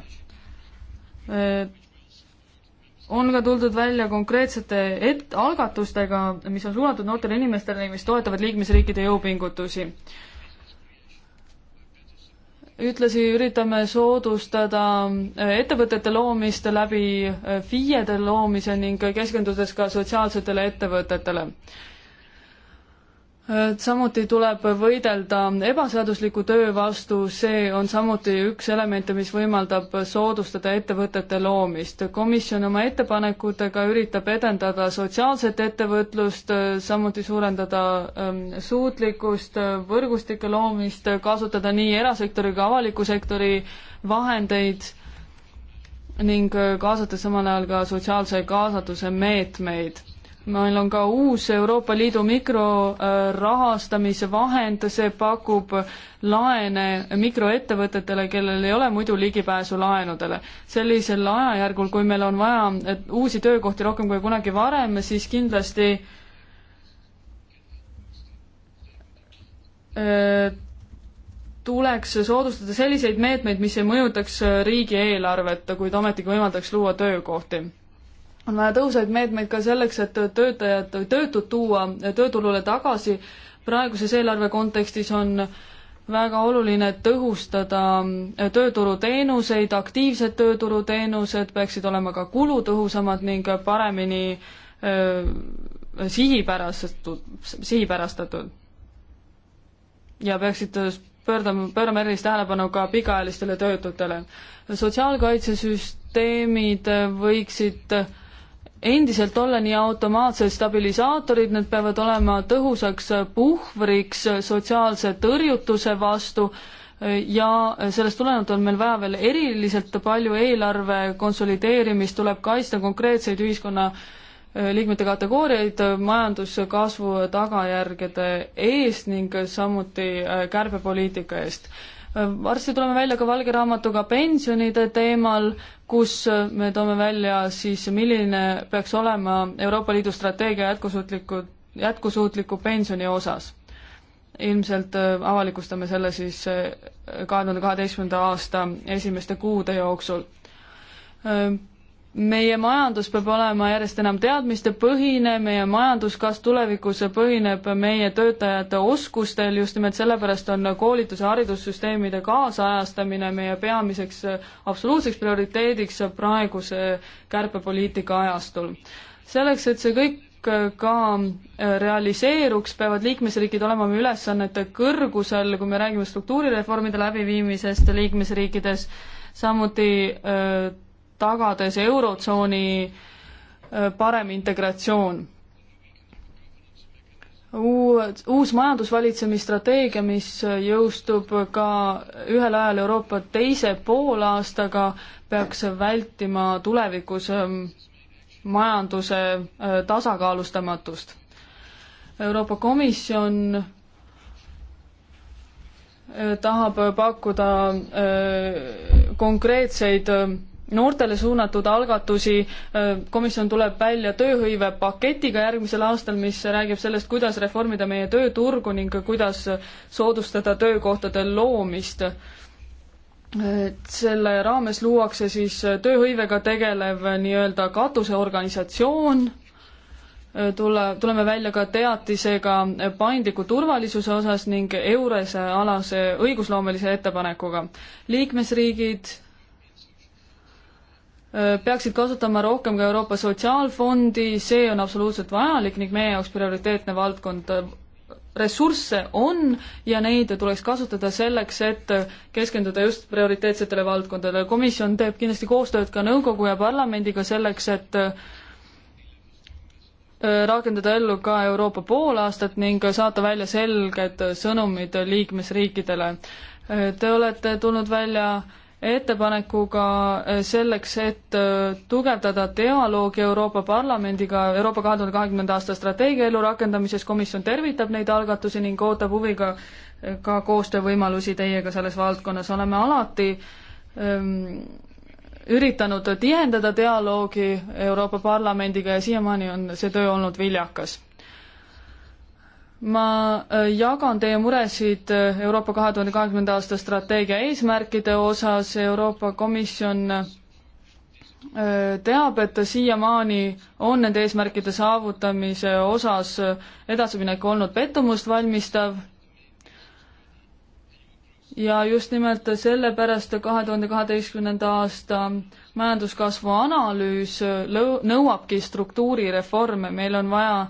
on ka tuldud välja konkreetsete et-, algatustega, mis on suunatud noortele inimestele, mis toetavad liikmesriikide jõupingutusi ühtlasi üritame soodustada äh, ettevõtete loomist läbi äh, FIE-de loomise ning keskendudes ka sotsiaalsetele ettevõtetele Äh, samuti tuleb võidelda ebaseadusliku töö vastu, see on samuti üks elemente, mis võimaldab soodustada ettevõtete loomist. komisjon oma ettepanekutega üritab edendada sotsiaalset ettevõtlust, äh, samuti suurendada ähm, suutlikkust, äh, võrgustike loomist, kasutada nii erasektori kui avaliku sektori vahendeid ning kaasata samal ajal ka sotsiaalse kaasatuse meetmeid meil on ka uus Euroopa Liidu mikrorahastamise vahend, see pakub laene mikroettevõtetele, kellel ei ole muidu ligipääsu laenudele. sellisel ajajärgul, kui meil on vaja uusi töökohti rohkem kui kunagi varem, siis kindlasti äh, tuleks soodustada selliseid meetmeid, mis ei mõjutaks riigieelarvet, kuid ometigi võimaldaks luua töökohti on vaja tõhusaid meetmeid ka selleks, et töötajad, töötud tuua tööturule tagasi. praeguses eelarve kontekstis on väga oluline tõhustada tööturuteenuseid, aktiivsed tööturuteenused peaksid olema ka kulutõhusamad ning paremini öö, sihipärastatud, sihipärastatud. ja peaksid pöördame, pöörame erilist tähelepanu ka pikaajalistele töötutele. sotsiaalkaitsesüsteemid võiksid öö, endiselt olla nii automaatsed stabilisaatorid, need peavad olema tõhusaks puhvriks sotsiaalse tõrjutuse vastu ja sellest tulenevalt on meil vaja veel eriliselt palju eelarve konsolideerimist, tuleb kaitsta konkreetseid ühiskonna eh, liikmete kategooriaid majanduskasvu tagajärgede eest ning samuti eh, kärbepoliitika eest varsti tuleme välja ka valge raamatuga pensionide teemal, kus me toome välja siis, milline peaks olema Euroopa Liidu strateegia jätkusuutliku, jätkusuutliku pensioni osas. ilmselt äh, avalikustame selle siis äh, kahe tuhande kaheteistkümnenda aasta esimeste kuude jooksul äh, meie majandus peab olema järjest enam teadmistepõhine, meie majanduskasv tulevikus põhineb meie töötajate oskustel, just nimelt sellepärast on koolituse haridussüsteemide kaasajastamine meie peamiseks absoluutseks prioriteediks praeguse kärpepoliitika ajastul. selleks, et see kõik ka realiseeruks, peavad liikmesriigid olema oma ülesannete kõrgusel, kui me räägime struktuurireformide läbiviimisest liikmesriikides, samuti öö, äh, tagades Eurotsooni äh, parem integratsioon. Uus, uus majandusvalitsemisstrateegia, mis jõustub ka ühel ajal Euroopa teise poolaastaga, peaks vältima tulevikus ähm, majanduse äh, tasakaalustamatust. Euroopa Komisjon äh, tahab pakkuda konkreetseid noortele suunatud algatusi, komisjon tuleb välja tööhõivepaketiga järgmisel aastal, mis räägib sellest, kuidas reformida meie tööturgu ning kuidas soodustada töökohtade loomist. et selle raames luuakse siis tööhõivega tegelev nii-öelda katuseorganisatsioon, tule, tuleme välja ka teatisega paindliku turvalisuse osas ning EURES-e alase õigusloomelise ettepanekuga. liikmesriigid peaksid kasutama rohkem ka Euroopa Sotsiaalfondi, see on absoluutselt vajalik ning meie jaoks prioriteetne valdkond. ressursse on ja neid tuleks kasutada selleks, et keskenduda just prioriteetsetele valdkondadele. komisjon teeb kindlasti koostööd ka nõukogu ja parlamendiga selleks, et rakendada ellu ka Euroopa poolaastat ning saata välja selged sõnumid liikmesriikidele. Te olete tulnud välja ettepanekuga eh, selleks, et eh, tugevdada dialoogi Euroopa Parlamendiga Euroopa kahe tuhande kahekümnenda aasta strateegia elu rakendamises. komisjon tervitab neid algatusi ning ootab huviga eh, ka koostöövõimalusi teiega selles valdkonnas. oleme alati ähm, üritanud tihendada dialoogi Euroopa Parlamendiga ja siiamaani on see töö olnud viljakas ma äh, jagan teie muresid äh, Euroopa kahe tuhande kahekümnenda aasta strateegia eesmärkide osas, Euroopa Komisjon äh, teab, et siiamaani on nende eesmärkide saavutamise osas edasiminek olnud pettumust valmistav ja just nimelt sellepärast kahe tuhande kaheteistkümnenda aasta majanduskasvu analüüs nõuabki struktuurireforme, meil on vaja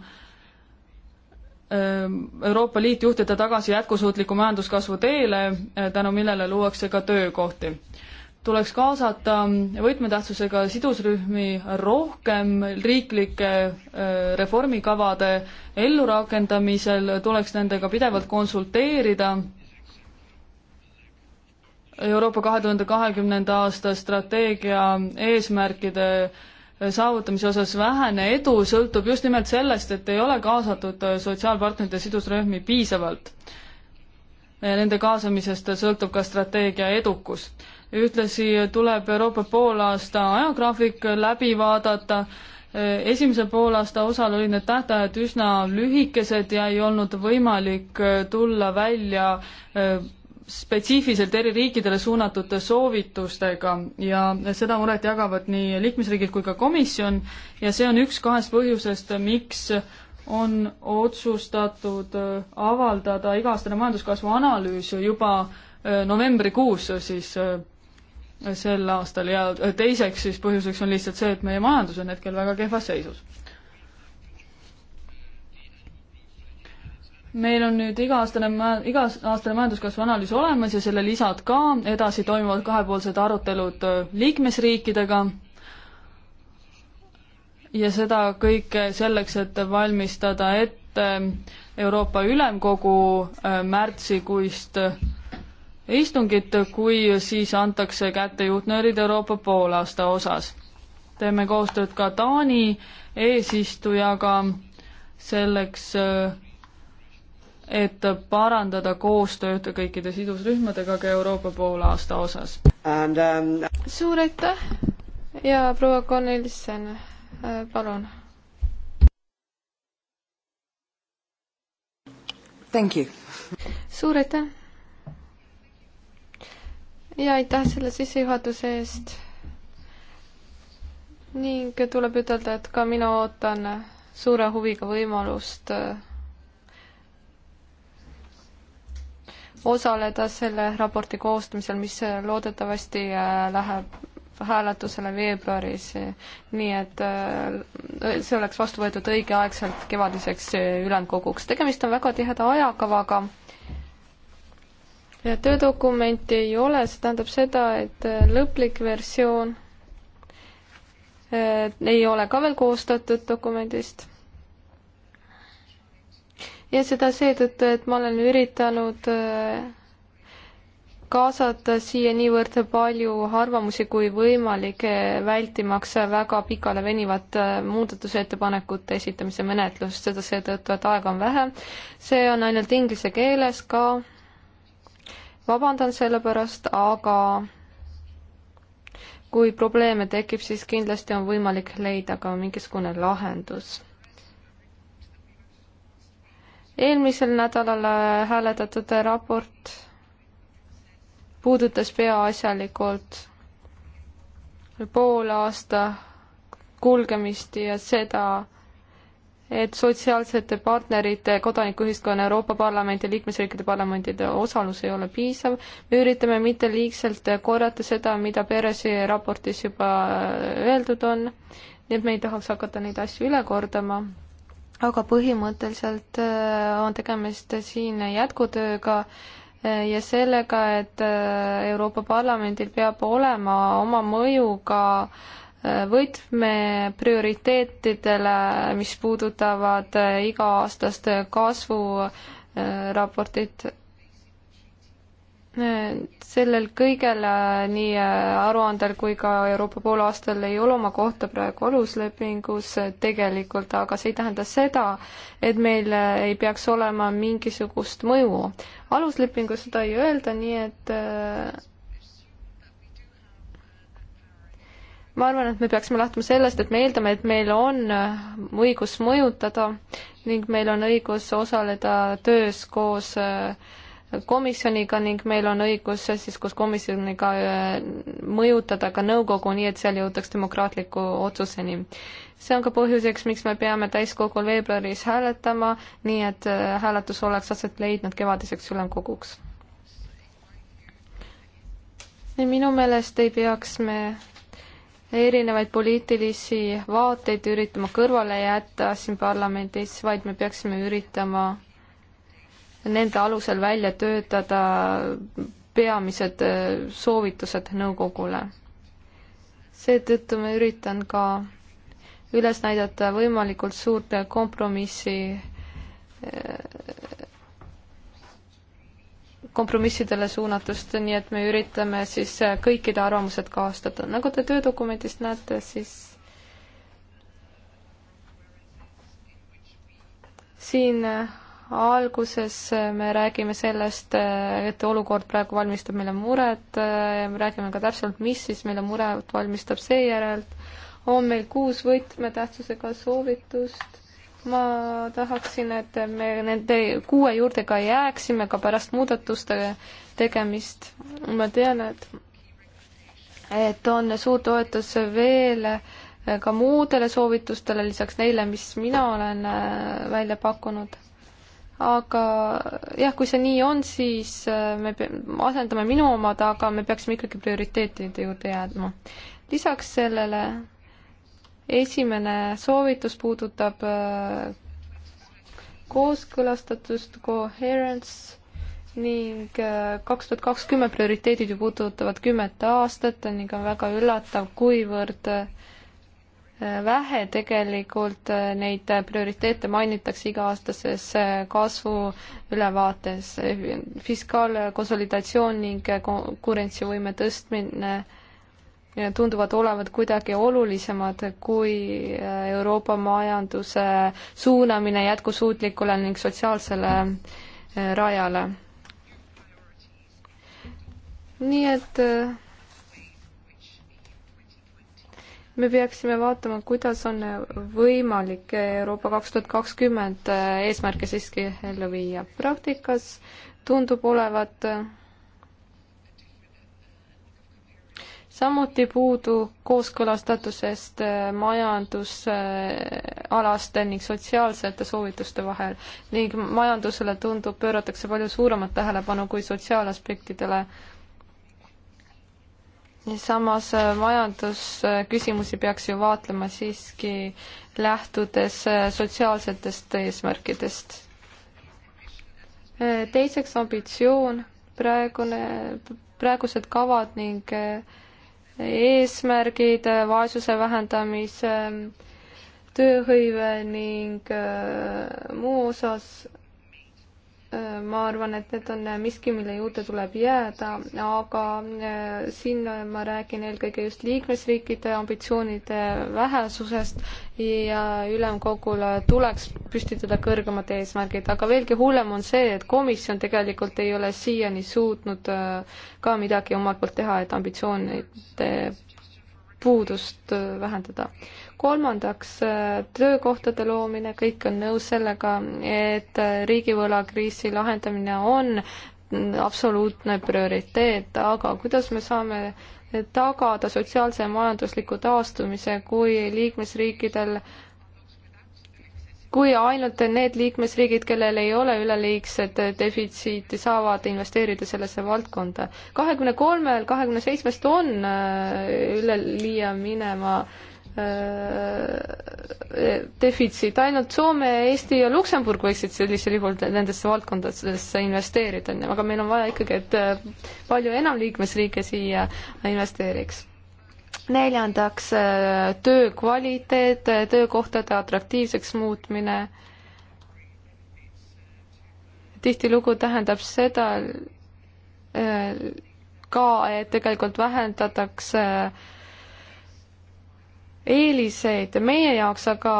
Ähm, Euroopa Liit juhtida tagasi jätkusuutliku majanduskasvu teele, äh, tänu millele luuakse ka töökohti. tuleks kaasata võtmetähtsusega sidusrühmi rohkem riiklike äh, reformikavade ellurakendamisel, tuleks nendega pidevalt konsulteerida. Euroopa kahe tuhande kahekümnenda aasta strateegia eesmärkide saavutamise osas vähene edu sõltub just nimelt sellest, et ei ole kaasatud äh, sotsiaalpartnerite sidusrühmi piisavalt. Nende kaasamisest sõltub ka strateegia edukus. ühtlasi tuleb Euroopa poolaasta ajagraafik läbi vaadata, äh, esimese poolaasta osal olid need tähtajad üsna lühikesed ja ei olnud võimalik äh, tulla välja spetsiifiliselt eri riikidele suunatud soovitustega ja seda muret jagavad nii liikmesriigid kui ka komisjon ja see on üks kahest põhjusest, miks on otsustatud äh, avaldada iga-aastane majanduskasvu analüüs juba äh, novembrikuus siis äh, sel aastal ja teiseks siis põhjuseks on lihtsalt see, et meie majandus on hetkel väga kehvas seisus. meil on nüüd iga-aastane, iga-aastane majanduskasvu analüüs olemas ja selle lisad ka, edasi toimuvad kahepoolsed arutelud äh, liikmesriikidega ja seda kõike selleks, et valmistada ette äh, Euroopa Ülemkogu äh, märtsikuist istungit, kui siis antakse kätte juhtnöörid Euroopa poolaasta osas. teeme koostööd ka Taani eesistujaga selleks et parandada koostööd kõikide sidusrühmadega ka Euroopa poolaasta osas. Um... suur aitäh ja proua Cornelissen, äh, palun. suur aitäh. ja aitäh selle sissejuhatuse eest. ning tuleb ütelda, et ka mina ootan suure huviga võimalust äh, osaleda selle raporti koostamisel, mis äh, loodetavasti äh, läheb hääletusele veebruaris, nii et äh, see oleks vastu võetud õigeaegselt kevadiseks ülemkoguks. tegemist on väga tiheda ajakavaga. töödokumenti ei ole, see tähendab seda, et lõplik versioon ei ole ka veel koostatud dokumendist ja seda seetõttu, et ma olen üritanud äh, kaasata siia niivõrd palju arvamusi kui võimalik, äh, vältimaks väga pikale venivat äh, muudatusettepanekute esitamise menetlust, seda seetõttu, et aega on vähe. see on ainult inglise keeles ka. vabandan selle pärast, aga kui probleeme tekib, siis kindlasti on võimalik leida ka mingisugune lahendus eelmisel nädalal äh, hääletatud raport puudutas peaasjalikult poole aasta kulgemist ja seda, et sotsiaalsete partnerite, kodanikuühiskonna, Euroopa Parlamendi ja liikmesriikide parlamendide osalus ei ole piisav. me üritame mitte liigselt korrata seda, mida Peresi raportis juba äh, öeldud on, nii et me ei tahaks hakata neid asju üle kordama aga põhimõtteliselt äh, on tegemist siin jätkutööga äh, ja sellega, et äh, Euroopa Parlamendil peab olema oma mõju ka võtmeprioriteetidele, mis puudutavad iga-aastast kasvuraportit sellel kõigel äh, nii äh, aruandel kui ka Euroopa poolaastal ei ole oma kohta praegu aluslepingus äh, tegelikult, aga see ei tähenda seda, et meil ei peaks olema mingisugust mõju. aluslepingus seda ei öelda, nii et ma arvan, et me peaksime lähtuma sellest, et me eeldame, et meil on õigus mõjutada ning meil on õigus osaleda töös koos äh, komisjoniga ning meil on õigus siis koos komisjoniga äh, mõjutada ka nõukogu, nii et seal jõutaks demokraatliku otsuseni. see on ka põhjuseks, miks me peame täiskogul veebruaris hääletama, nii et äh, hääletus oleks aset leidnud kevadiseks ülemkoguks. minu meelest ei peaks me erinevaid poliitilisi vaateid üritama kõrvale jätta siin parlamendis, vaid me peaksime üritama nende alusel välja töötada peamised äh, soovitused nõukogule. seetõttu ma üritan ka üles näidata võimalikult suurt kompromissi, äh, kompromissidele suunatust, nii et me üritame siis äh, kõikide arvamused kaastada. nagu te töödokumendist näete, siis siin alguses me räägime sellest, et olukord praegu valmistab meile muret, me räägime ka täpsemalt, mis siis meile muret valmistab seejärel. on meil kuus võtmetähtsusega soovitust. ma tahaksin, et me nende kuue juurde ka jääksime ka pärast muudatuste tegemist. ma tean, et, et on suur toetus veel ka muudele soovitustele lisaks neile, mis mina olen äh, välja pakkunud aga jah, kui see nii on, siis äh, me asendame minu omad, aga me peaksime ikkagi prioriteetide juurde jääma. lisaks sellele esimene soovitus puudutab äh, kooskõlastatust, coherence ning äh, kaks tuhat kakskümmend prioriteedid ju puudutavad kümmet aastat, ning on väga üllatav, kuivõrd äh, vähe tegelikult äh, neid prioriteete mainitakse iga-aastases äh, kasvuülevaates. fiskaalkonsolidatsioon ning äh, konkurentsivõime tõstmine tunduvad olevat kuidagi olulisemad kui Euroopa majanduse suunamine jätkusuutlikule ning sotsiaalsele rajale. nii et me peaksime vaatama, kuidas on võimalik Euroopa kaks tuhat kakskümmend eesmärke siiski ellu viia. praktikas tundub olevat samuti puudu kooskõlastatusest majandusalaste ning sotsiaalsete soovituste vahel ning majandusele tundub, pööratakse palju suuremat tähelepanu kui sotsiaalaspektidele äh, samas äh, majandusküsimusi peaks ju vaatlema siiski lähtudes äh, sotsiaalsetest eesmärkidest. Äh, teiseks ambitsioon, praegune, praegused kavad ning eesmärgid vaesuse vähendamise, tööhõive ning muu osas ma arvan, et need on miski, mille juurde tuleb jääda, aga äh, siin ma räägin eelkõige just liikmesriikide ambitsioonide vähesusest ja ülemkogul tuleks püstitada kõrgemad eesmärgid, aga veelgi hullem on see, et komisjon tegelikult ei ole siiani suutnud äh, ka midagi omalt poolt teha, et ambitsioonide puudust äh, vähendada kolmandaks, äh, töökohtade loomine, kõik on nõus sellega, et äh, riigivõlakriisi lahendamine on mm, absoluutne prioriteet, aga kuidas me saame äh, tagada sotsiaalse ja majandusliku taastumise, kui liikmesriikidel kui ainult need liikmesriigid, kellel ei ole üleliigset defitsiiti, saavad investeerida sellesse valdkonda. kahekümne kolmel, kahekümne seitsmest on üleliia minema äh, Äh, defitsiit, ainult Soome, Eesti ja Luksemburg võiksid sellisel juhul nendesse valdkondadesse investeerida, aga meil on vaja ikkagi, et äh, palju enam liikmesriike siia investeeriks. neljandaks, äh, töö kvaliteet, töökohtade atraktiivseks muutmine. tihtilugu tähendab seda ka, et tegelikult vähendatakse äh, eeliseid meie jaoks, aga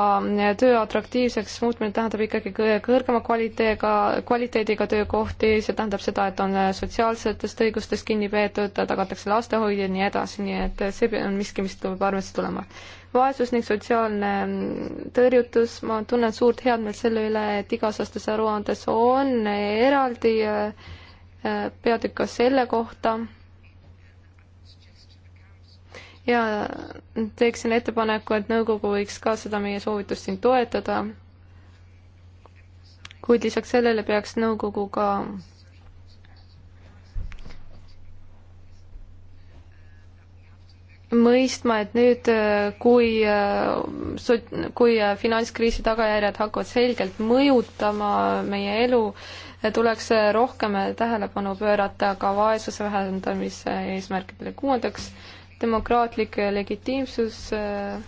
töö atraktiivseks muutmine tähendab ikkagi kõrgema kvaliteediga, kvaliteediga töökohti, see tähendab seda, et on sotsiaalsetest õigustest kinni peetud, tagatakse lastehoid ja nii edasi, nii et see on miski, mis tuleb arvesse tulema. vaesus ning sotsiaalne tõrjutus, ma tunnen suurt headmeelt selle üle, et igas-aastas aruandes on eraldi äh, äh, peatükk ka selle kohta ja teeksin ettepaneku, et nõukogu võiks ka seda meie soovitust siin toetada. kuid lisaks sellele peaks nõukogu ka mõistma, et nüüd, äh, kui, äh, kui äh, finantskriisi tagajärjed hakkavad selgelt mõjutama meie elu, tuleks rohkem tähelepanu pöörata ka vaesuse vähendamise eesmärkidele. kuuendaks, demokraatlik legitiimsus äh,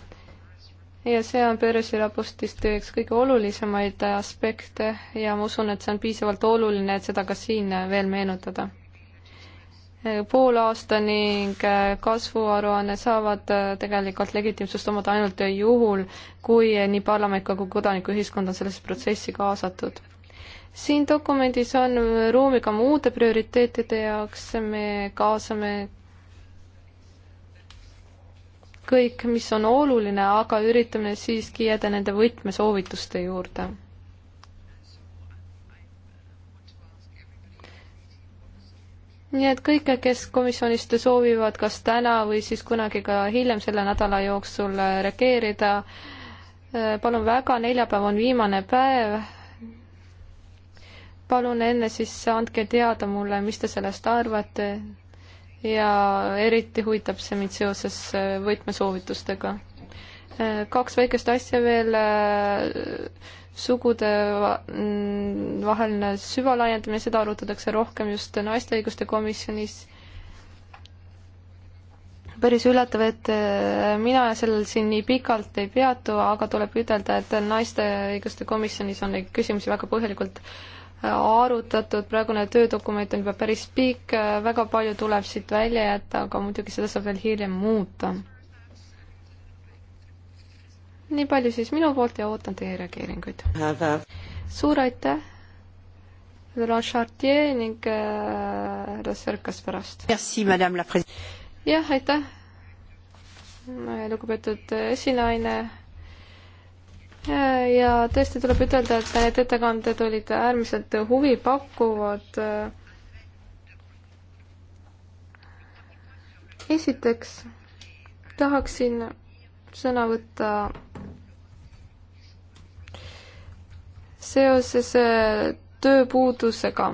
ja see on Peresi raportist üks kõige olulisemaid aspekte ja ma usun, et see on piisavalt oluline, et seda ka siin veel meenutada. Äh, poolaasta ning äh, kasvuaruanne saavad tegelikult legitiimsust omada ainult juhul, kui nii parlament kui kodanikuühiskond on sellesse protsessi kaasatud siin dokumendis on ruumi ka muude prioriteetide jaoks, me kaasame kõik, mis on oluline, aga üritame siiski jääda nende võtmesoovituste juurde. nii et kõike, kes komisjonist soovivad kas täna või siis kunagi ka hiljem selle nädala jooksul reageerida, eh, palun väga, neljapäev on viimane päev. palun enne siis andke teada mulle, mis te sellest arvate ja eriti huvitab see mind seoses äh, võtmesoovitustega. Äh, kaks väikest asja veel, äh, sugude mm, vaheline süvalaiendamine, seda arutatakse rohkem just naiste õiguste komisjonis päris üllatav, et mina sellel siin nii pikalt ei peatu, aga tuleb ütelda, et naiste õiguste komisjonis on neid küsimusi väga põhjalikult arutatud, praegune töödokument on juba päris pikk, väga palju tuleb siit välja jätta, aga muidugi seda saab veel hiljem muuta. nii palju siis minu poolt ja ootan teie reageeringuid. suur aitäh! Laurent Chartier ning äh, härra äh, Sõrkas pärast. jah, aitäh, lugupeetud äh, esinaine Äh, ja tõesti tuleb ütelda, et need ettekanded olid äärmiselt huvipakkuvad. esiteks tahaksin sõna võtta seoses tööpuudusega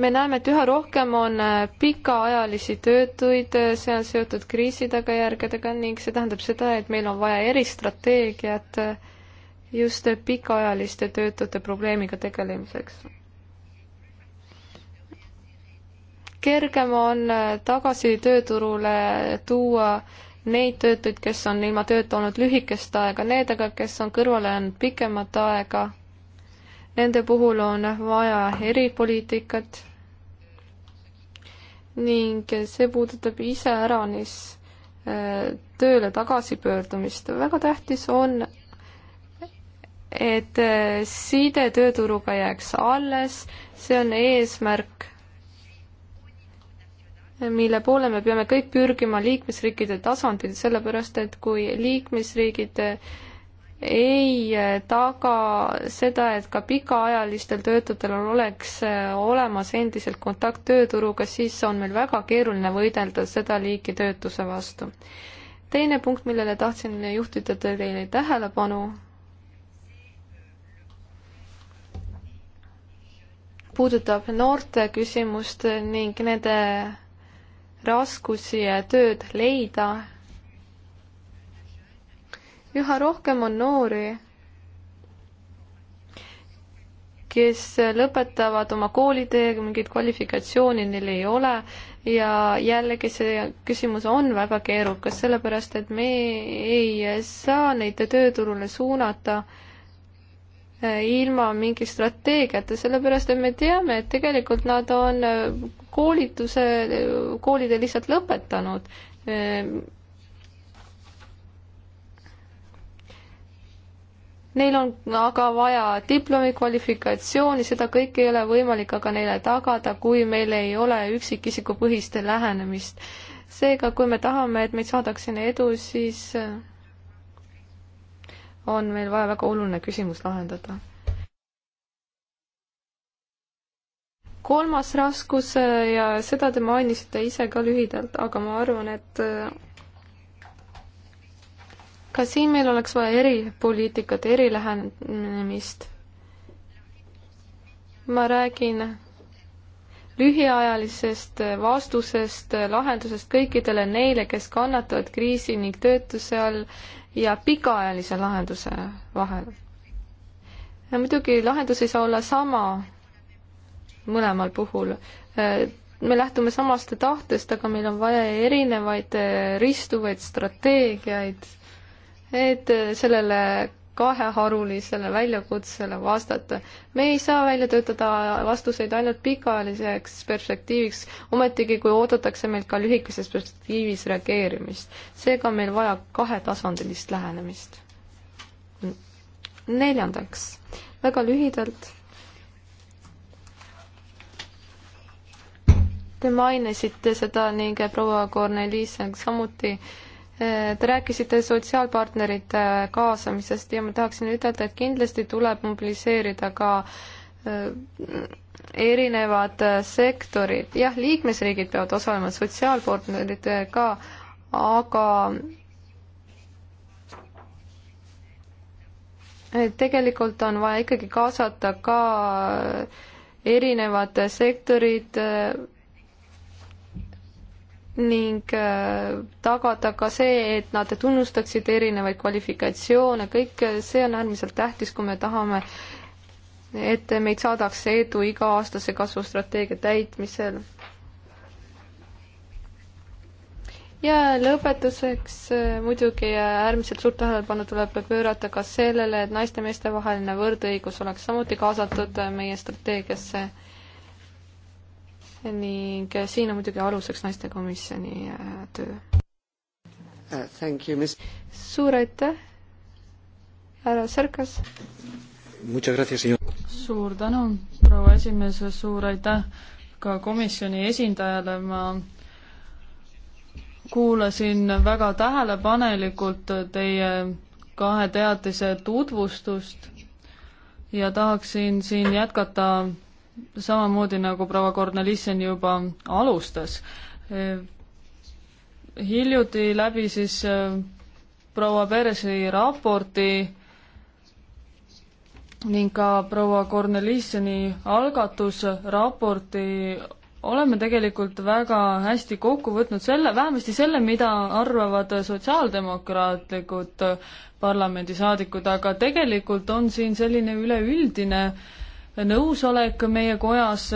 me näeme, et üha rohkem on äh, pikaajalisi töötuid, äh, see on seotud kriisi tagajärgedega ning see tähendab seda, et meil on vaja eristrateegiat äh, just pikaajaliste töötute probleemiga tegelemiseks. kergem on tagasi tööturule tuua neid töötuid, kes on ilma tööta olnud lühikest aega, need aga, kes on kõrvale jäänud pikemat aega Nende puhul on vaja eripoliitikat ning see puudutab iseäranis äh, tööle tagasipöördumist. väga tähtis on, et äh, side tööturuga jääks alles, see on eesmärk, mille poole me peame kõik pürgima liikmesriikide tasandil, sellepärast et kui liikmesriigid äh, ei eh, taga seda, et ka pikaajalistel töötutel oleks eh, olemas endiselt kontakt tööturuga, siis on meil väga keeruline võidelda seda liiki töötuse vastu. teine punkt, millele tahtsin juhtida teile tähelepanu, puudutab noorte küsimust ning nende raskusi tööd leida üha rohkem on noori, kes lõpetavad oma koolitee, mingit kvalifikatsiooni neil ei ole ja jällegi see küsimus on väga keerukas, sellepärast et me ei saa neid tööturule suunata eh, ilma mingi strateegiata, sellepärast et me teame, et tegelikult nad on eh, koolituse, koolide lihtsalt lõpetanud eh, Neil on aga vaja diplomi kvalifikatsiooni, seda kõike ei ole võimalik aga neile tagada, kui meil ei ole üksikisiku põhist lähenemist. seega, kui me tahame, et meid saadaks sinna edu, siis äh, on meil vaja väga oluline küsimus lahendada. kolmas raskus äh, ja seda te mainisite ise ka lühidalt, aga ma arvan, et äh, ka siin meil oleks vaja eripoliitikat, erilähenemist. ma räägin lühiajalisest vastusest, lahendusest kõikidele neile, kes kannatavad kriisi ning töötuse all ja pikaajalise lahenduse vahel. ja muidugi lahendus ei saa olla sama mõlemal puhul. me lähtume samast tahtest, aga meil on vaja erinevaid ristuvaid strateegiaid et sellele kaheharulisele väljakutsele vastata. me ei saa välja töötada vastuseid ainult pikaajaliseks perspektiiviks, ometigi kui oodatakse meilt ka lühikeses perspektiivis reageerimist. seega on meil vaja kahetasandilist lähenemist. neljandaks, väga lühidalt. Te mainisite seda ning proua Korneliis samuti äh, Te rääkisite sotsiaalpartnerite äh, kaasamisest ja ma tahaksin ütelda, et kindlasti tuleb mobiliseerida ka äh, erinevad äh, sektorid, jah, liikmesriigid peavad osalema, sotsiaalpartnerid ka, aga tegelikult on vaja ikkagi kaasata ka erinevad sektorid, ning äh, tagada ka see, et nad tunnustaksid erinevaid kvalifikatsioone, kõik äh, see on äärmiselt tähtis, kui me tahame, et meid saadaks edu iga-aastase kasvustrateegia täitmisel. ja lõpetuseks äh, muidugi äärmiselt suurt tähelepanu tuleb pöörata ka sellele, et naiste-meeste vaheline võrdõigus oleks samuti kaasatud meie strateegiasse ning siin on muidugi aluseks naistekomisjoni äh, töö uh,. Thank you, mis-. suur aitäh, härra Särkas. suur tänu, proua esimees, suur aitäh ka komisjoni esindajale, ma kuulasin väga tähelepanelikult teie kahe teatise tutvustust ja tahaksin siin jätkata samamoodi nagu proua Kornelissen juba alustas. hiljuti läbi siis äh, proua Peresi raporti ning ka proua Kornelisseni algatusraporti oleme tegelikult väga hästi kokku võtnud selle, vähemasti selle, mida arvavad sotsiaaldemokraatlikud parlamendisaadikud, aga tegelikult on siin selline üleüldine äh, nõusolek meie kojas.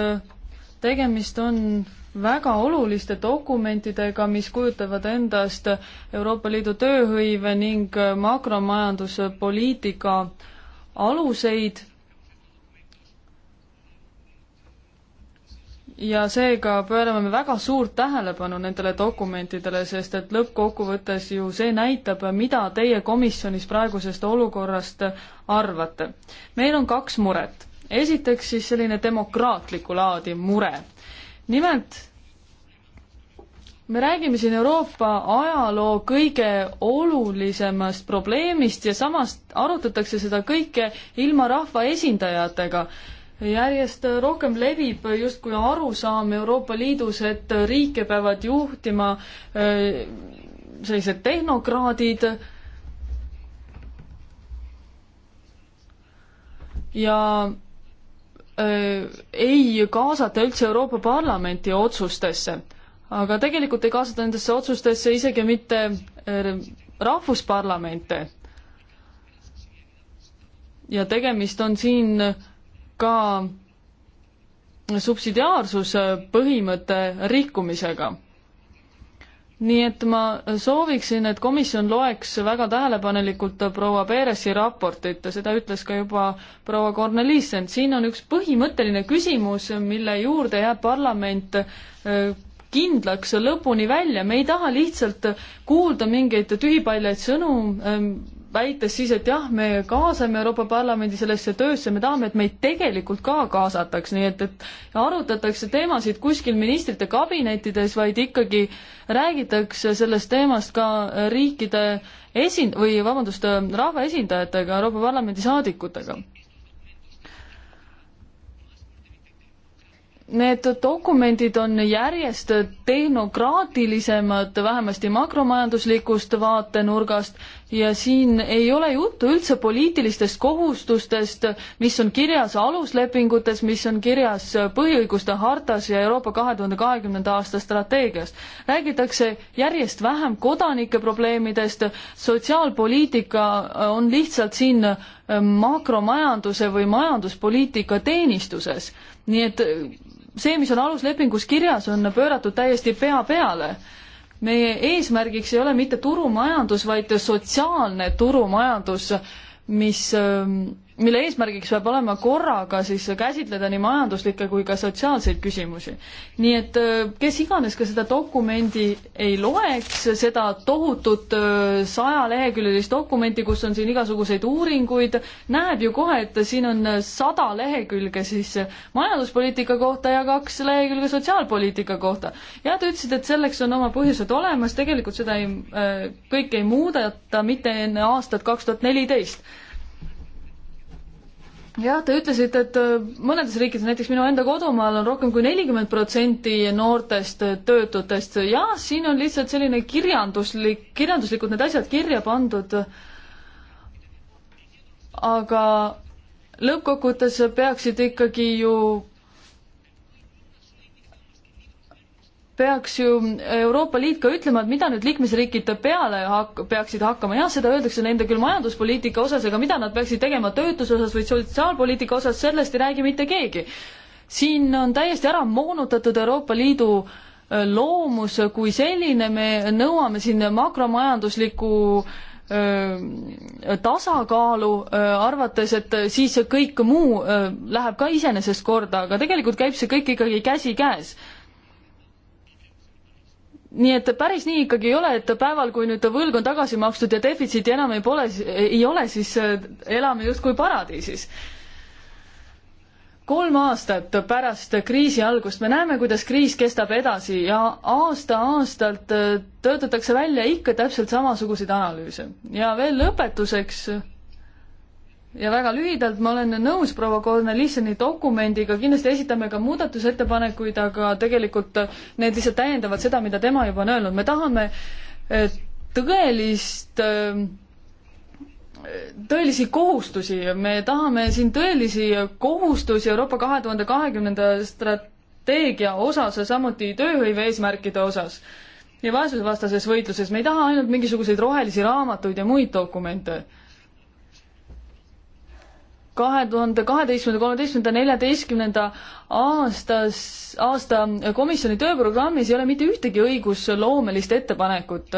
tegemist on väga oluliste dokumentidega, mis kujutavad endast Euroopa Liidu tööhõive ning makromajanduspoliitika aluseid. ja seega pöörame me väga suurt tähelepanu nendele dokumentidele, sest et lõppkokkuvõttes ju see näitab, mida teie komisjonis praegusest olukorrast arvate. meil on kaks muret esiteks siis selline demokraatliku laadi mure. nimelt me räägime siin Euroopa ajaloo kõige olulisemast probleemist ja samas arutatakse seda kõike ilma rahvaesindajatega. järjest rohkem levib justkui arusaam Euroopa Liidus, et riike peavad juhtima äh, sellised tehnokraadid ja ei kaasata üldse Euroopa Parlamenti otsustesse. aga tegelikult ei kaasata nendesse otsustesse isegi mitte rahvusparlamente. ja tegemist on siin ka subsidiaarsuse põhimõtte rikkumisega nii et ma sooviksin, et komisjon loeks väga tähelepanelikult proua Peresi raportit, seda ütles ka juba proua Korneliisen, siin on üks põhimõtteline küsimus, mille juurde jääb parlament äh, kindlaks lõpuni välja, me ei taha lihtsalt kuulda mingeid tühipaljaid sõnu, ähm, väites siis, et jah, me kaasame Euroopa Parlamendi sellesse töösse, me tahame, et meid tegelikult ka kaasataks, nii et, et arutatakse teemasid kuskil ministrite kabinettides, vaid ikkagi räägitakse sellest teemast ka riikide esind- või vabandust, rahvaesindajatega, Euroopa Parlamendi saadikutega Need dokumendid on järjest tehnokraatilisemad, vähemasti makromajanduslikust vaatenurgast, ja siin ei ole juttu üldse poliitilistest kohustustest, mis on kirjas aluslepingutes, mis on kirjas põhiõiguste hartas ja Euroopa kahe tuhande kahekümnenda aasta strateegias. räägitakse järjest vähem kodanike probleemidest, sotsiaalpoliitika on lihtsalt siin eh, makromajanduse või majanduspoliitika teenistuses. nii et eh, see, mis on aluslepingus kirjas, on pööratud täiesti pea peale. meie eesmärgiks ei ole mitte turumajandus, vaid sotsiaalne turumajandus, mis ähm, mille eesmärgiks peab olema korraga siis käsitleda nii majanduslikke kui ka sotsiaalseid küsimusi. nii et äh, kes iganes ka seda dokumendi ei loeks, seda tohutut äh, sajaleheküljelist dokumenti, kus on siin igasuguseid uuringuid, näeb ju kohe, et siin on äh, sada lehekülge siis majanduspoliitika kohta ja kaks lehekülge sotsiaalpoliitika kohta. ja te ütlesite, et selleks on oma põhjused olemas, tegelikult seda ei, kõike ei muudeta mitte enne aastat kaks tuhat neliteist jah, te ütlesite, et äh, mõnedes riikides, näiteks minu enda kodumaal on rohkem kui nelikümmend protsenti noortest töötutest ja siin on lihtsalt selline kirjanduslik, kirjanduslikult need asjad kirja pandud. aga lõppkokkuvõttes peaksid ikkagi ju peaks ju Euroopa Liit ka ütlema, et mida nüüd liikmesriigid peale hak-, peaksid hakkama, jah, seda öeldakse nende küll majanduspoliitika osas, aga mida nad peaksid tegema töötuse osas või sotsiaalpoliitika osas, sellest ei räägi mitte keegi. siin on täiesti ära moonutatud Euroopa Liidu äh, loomus kui selline, me nõuame siin makromajanduslikku äh, tasakaalu, äh, arvates, et siis kõik muu läheb ka iseenesest korda, aga tegelikult käib see kõik ikkagi käsikäes nii et päris nii ikkagi ei ole, et päeval, kui nüüd võlg on tagasi makstud ja defitsiiti enam ei pole, ei ole, siis äh, elame justkui paradiisis. kolm aastat pärast kriisi algust me näeme, kuidas kriis kestab edasi ja aasta-aastalt äh, töötatakse välja ikka täpselt samasuguseid analüüse. ja veel lõpetuseks ja väga lühidalt, ma olen nõus proua Kornelissoni dokumendiga, kindlasti esitame ka muudatusettepanekuid, aga tegelikult need lihtsalt täiendavad seda, mida tema juba on öelnud, me tahame eh, tõelist, eh, tõelisi kohustusi, me tahame siin tõelisi kohustusi Euroopa kahe tuhande kahekümnenda strateegia osas ja samuti tööhõive eesmärkide osas ja vaesusevastases võitluses, me ei taha ainult mingisuguseid rohelisi raamatuid ja muid dokumente kahe tuhande kaheteistkümnenda, kolmeteistkümnenda, neljateistkümnenda aastas, aasta komisjoni tööprogrammis ei ole mitte ühtegi õigusloomelist ettepanekut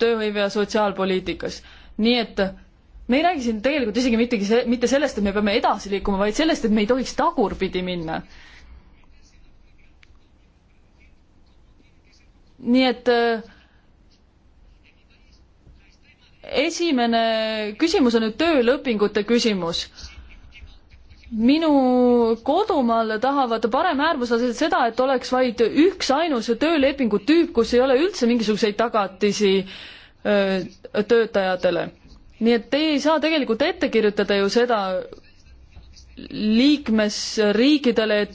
tööhõive ja sotsiaalpoliitikas. nii et me ei räägi siin tegelikult isegi mittegi se-, mitte sellest, et me peame edasi liikuma, vaid sellest, et me ei tohiks tagurpidi minna. nii et äh, esimene küsimus on nüüd töölepingute küsimus minu kodumaal tahavad paremäärmuslased seda, et oleks vaid üksainus töölepingu tüüp, kus ei ole üldse mingisuguseid tagatisi öö, töötajatele. nii et teie ei saa tegelikult ette kirjutada ju seda liikmesriikidele, et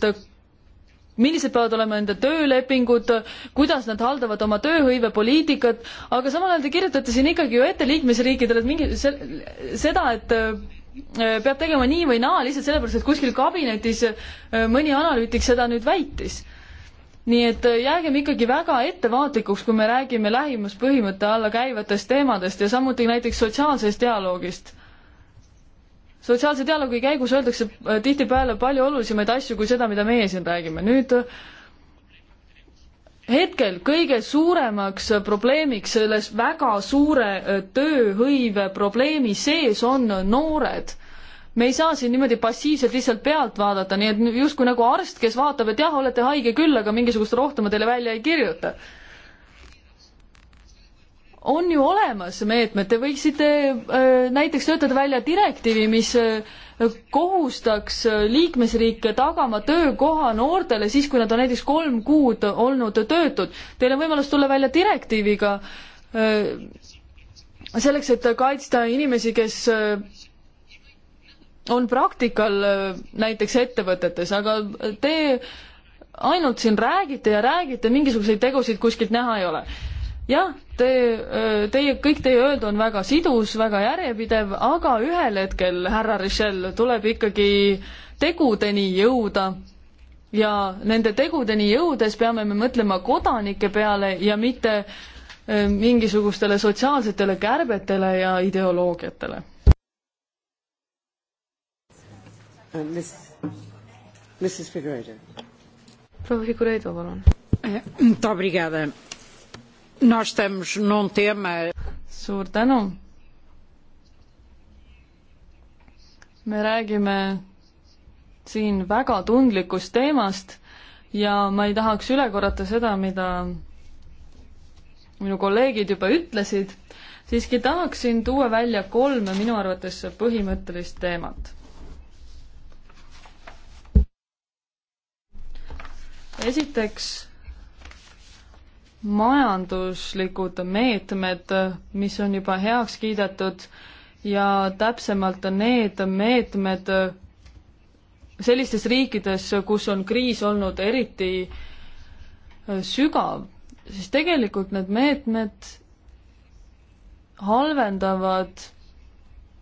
millised peavad olema nende töölepingud, kuidas nad haldavad oma tööhõivepoliitikat, aga samal ajal te kirjutate siin ikkagi ju ette liikmesriikidele, et mingi se, seda, et äh, peab tegema nii või naa, lihtsalt sellepärast, et kuskil kabinetis äh, mõni analüütik seda nüüd väitis. nii et äh, jäägem ikkagi väga ettevaatlikuks, kui me räägime lähimuspõhimõtte alla käivatest teemadest ja samuti näiteks sotsiaalsest dialoogist sotsiaalse dialoogi käigus öeldakse äh, tihtipeale palju olulisemaid asju kui seda, mida meie siin räägime. nüüd äh, hetkel kõige suuremaks äh, probleemiks selles väga suure tööhõive probleemi sees on noored me ei saa siin niimoodi passiivselt lihtsalt pealt vaadata, nii et justkui nagu arst, kes vaatab, et jah, olete haige küll, aga mingisugust rohtu ma teile välja ei kirjuta on ju olemas meetmed, te võiksite äh, näiteks töötada välja direktiivi, mis äh, kohustaks äh, liikmesriike tagama töökoha noortele siis, kui nad on näiteks kolm kuud olnud töötud. Teil on võimalus tulla välja direktiiviga selleks, et kaitsta inimesi, kes on praktikal näiteks ettevõtetes, aga te ainult siin räägite ja räägite, mingisuguseid tegusid kuskilt näha ei ole jah, te, teie, kõik teie öeldu on väga sidus, väga järjepidev, aga ühel hetkel, härra Richel, tuleb ikkagi tegudeni jõuda. ja nende tegudeni jõudes peame me mõtlema kodanike peale ja mitte mingisugustele sotsiaalsetele kärbetele ja ideoloogiatele. Uh, proua Figureido, palun. Eh, Nós estamos num tema. suur tänu. me räägime siin väga tundlikust teemast ja ma ei tahaks üle korrata seda, mida minu kolleegid juba ütlesid, siiski tahaksin tuua välja kolme minu arvates põhimõttelist teemat. esiteks majanduslikud meetmed, mis on juba heaks kiidetud ja täpsemalt need meetmed sellistes riikides, kus on kriis olnud eriti äh, sügav, siis tegelikult need meetmed halvendavad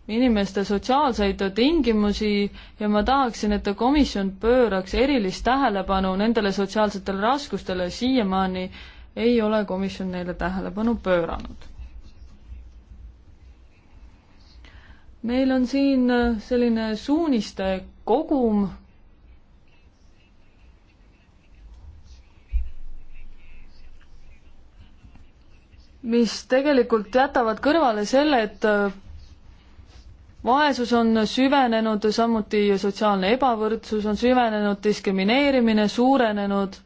inimeste sotsiaalseid tingimusi ja ma tahaksin, et komisjon pööraks erilist tähelepanu nendele sotsiaalsetele raskustele, siiamaani äh, ei ole komisjon neile tähelepanu pööranud. meil on siin äh, selline suuniste kogum, mis tegelikult jätavad kõrvale selle, et äh, vaesus on süvenenud, samuti sotsiaalne ebavõrdsus on süvenenud, diskrimineerimine suurenenud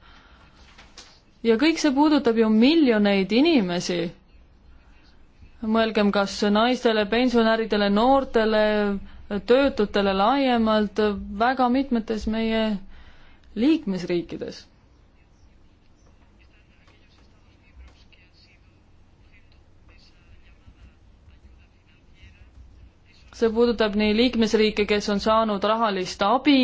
ja kõik see puudutab ju miljoneid inimesi. mõelgem kas naistele, pensionäridele, noortele, töötutele laiemalt, väga mitmetes meie liikmesriikides see puudutab nii liikmesriike, kes on saanud rahalist abi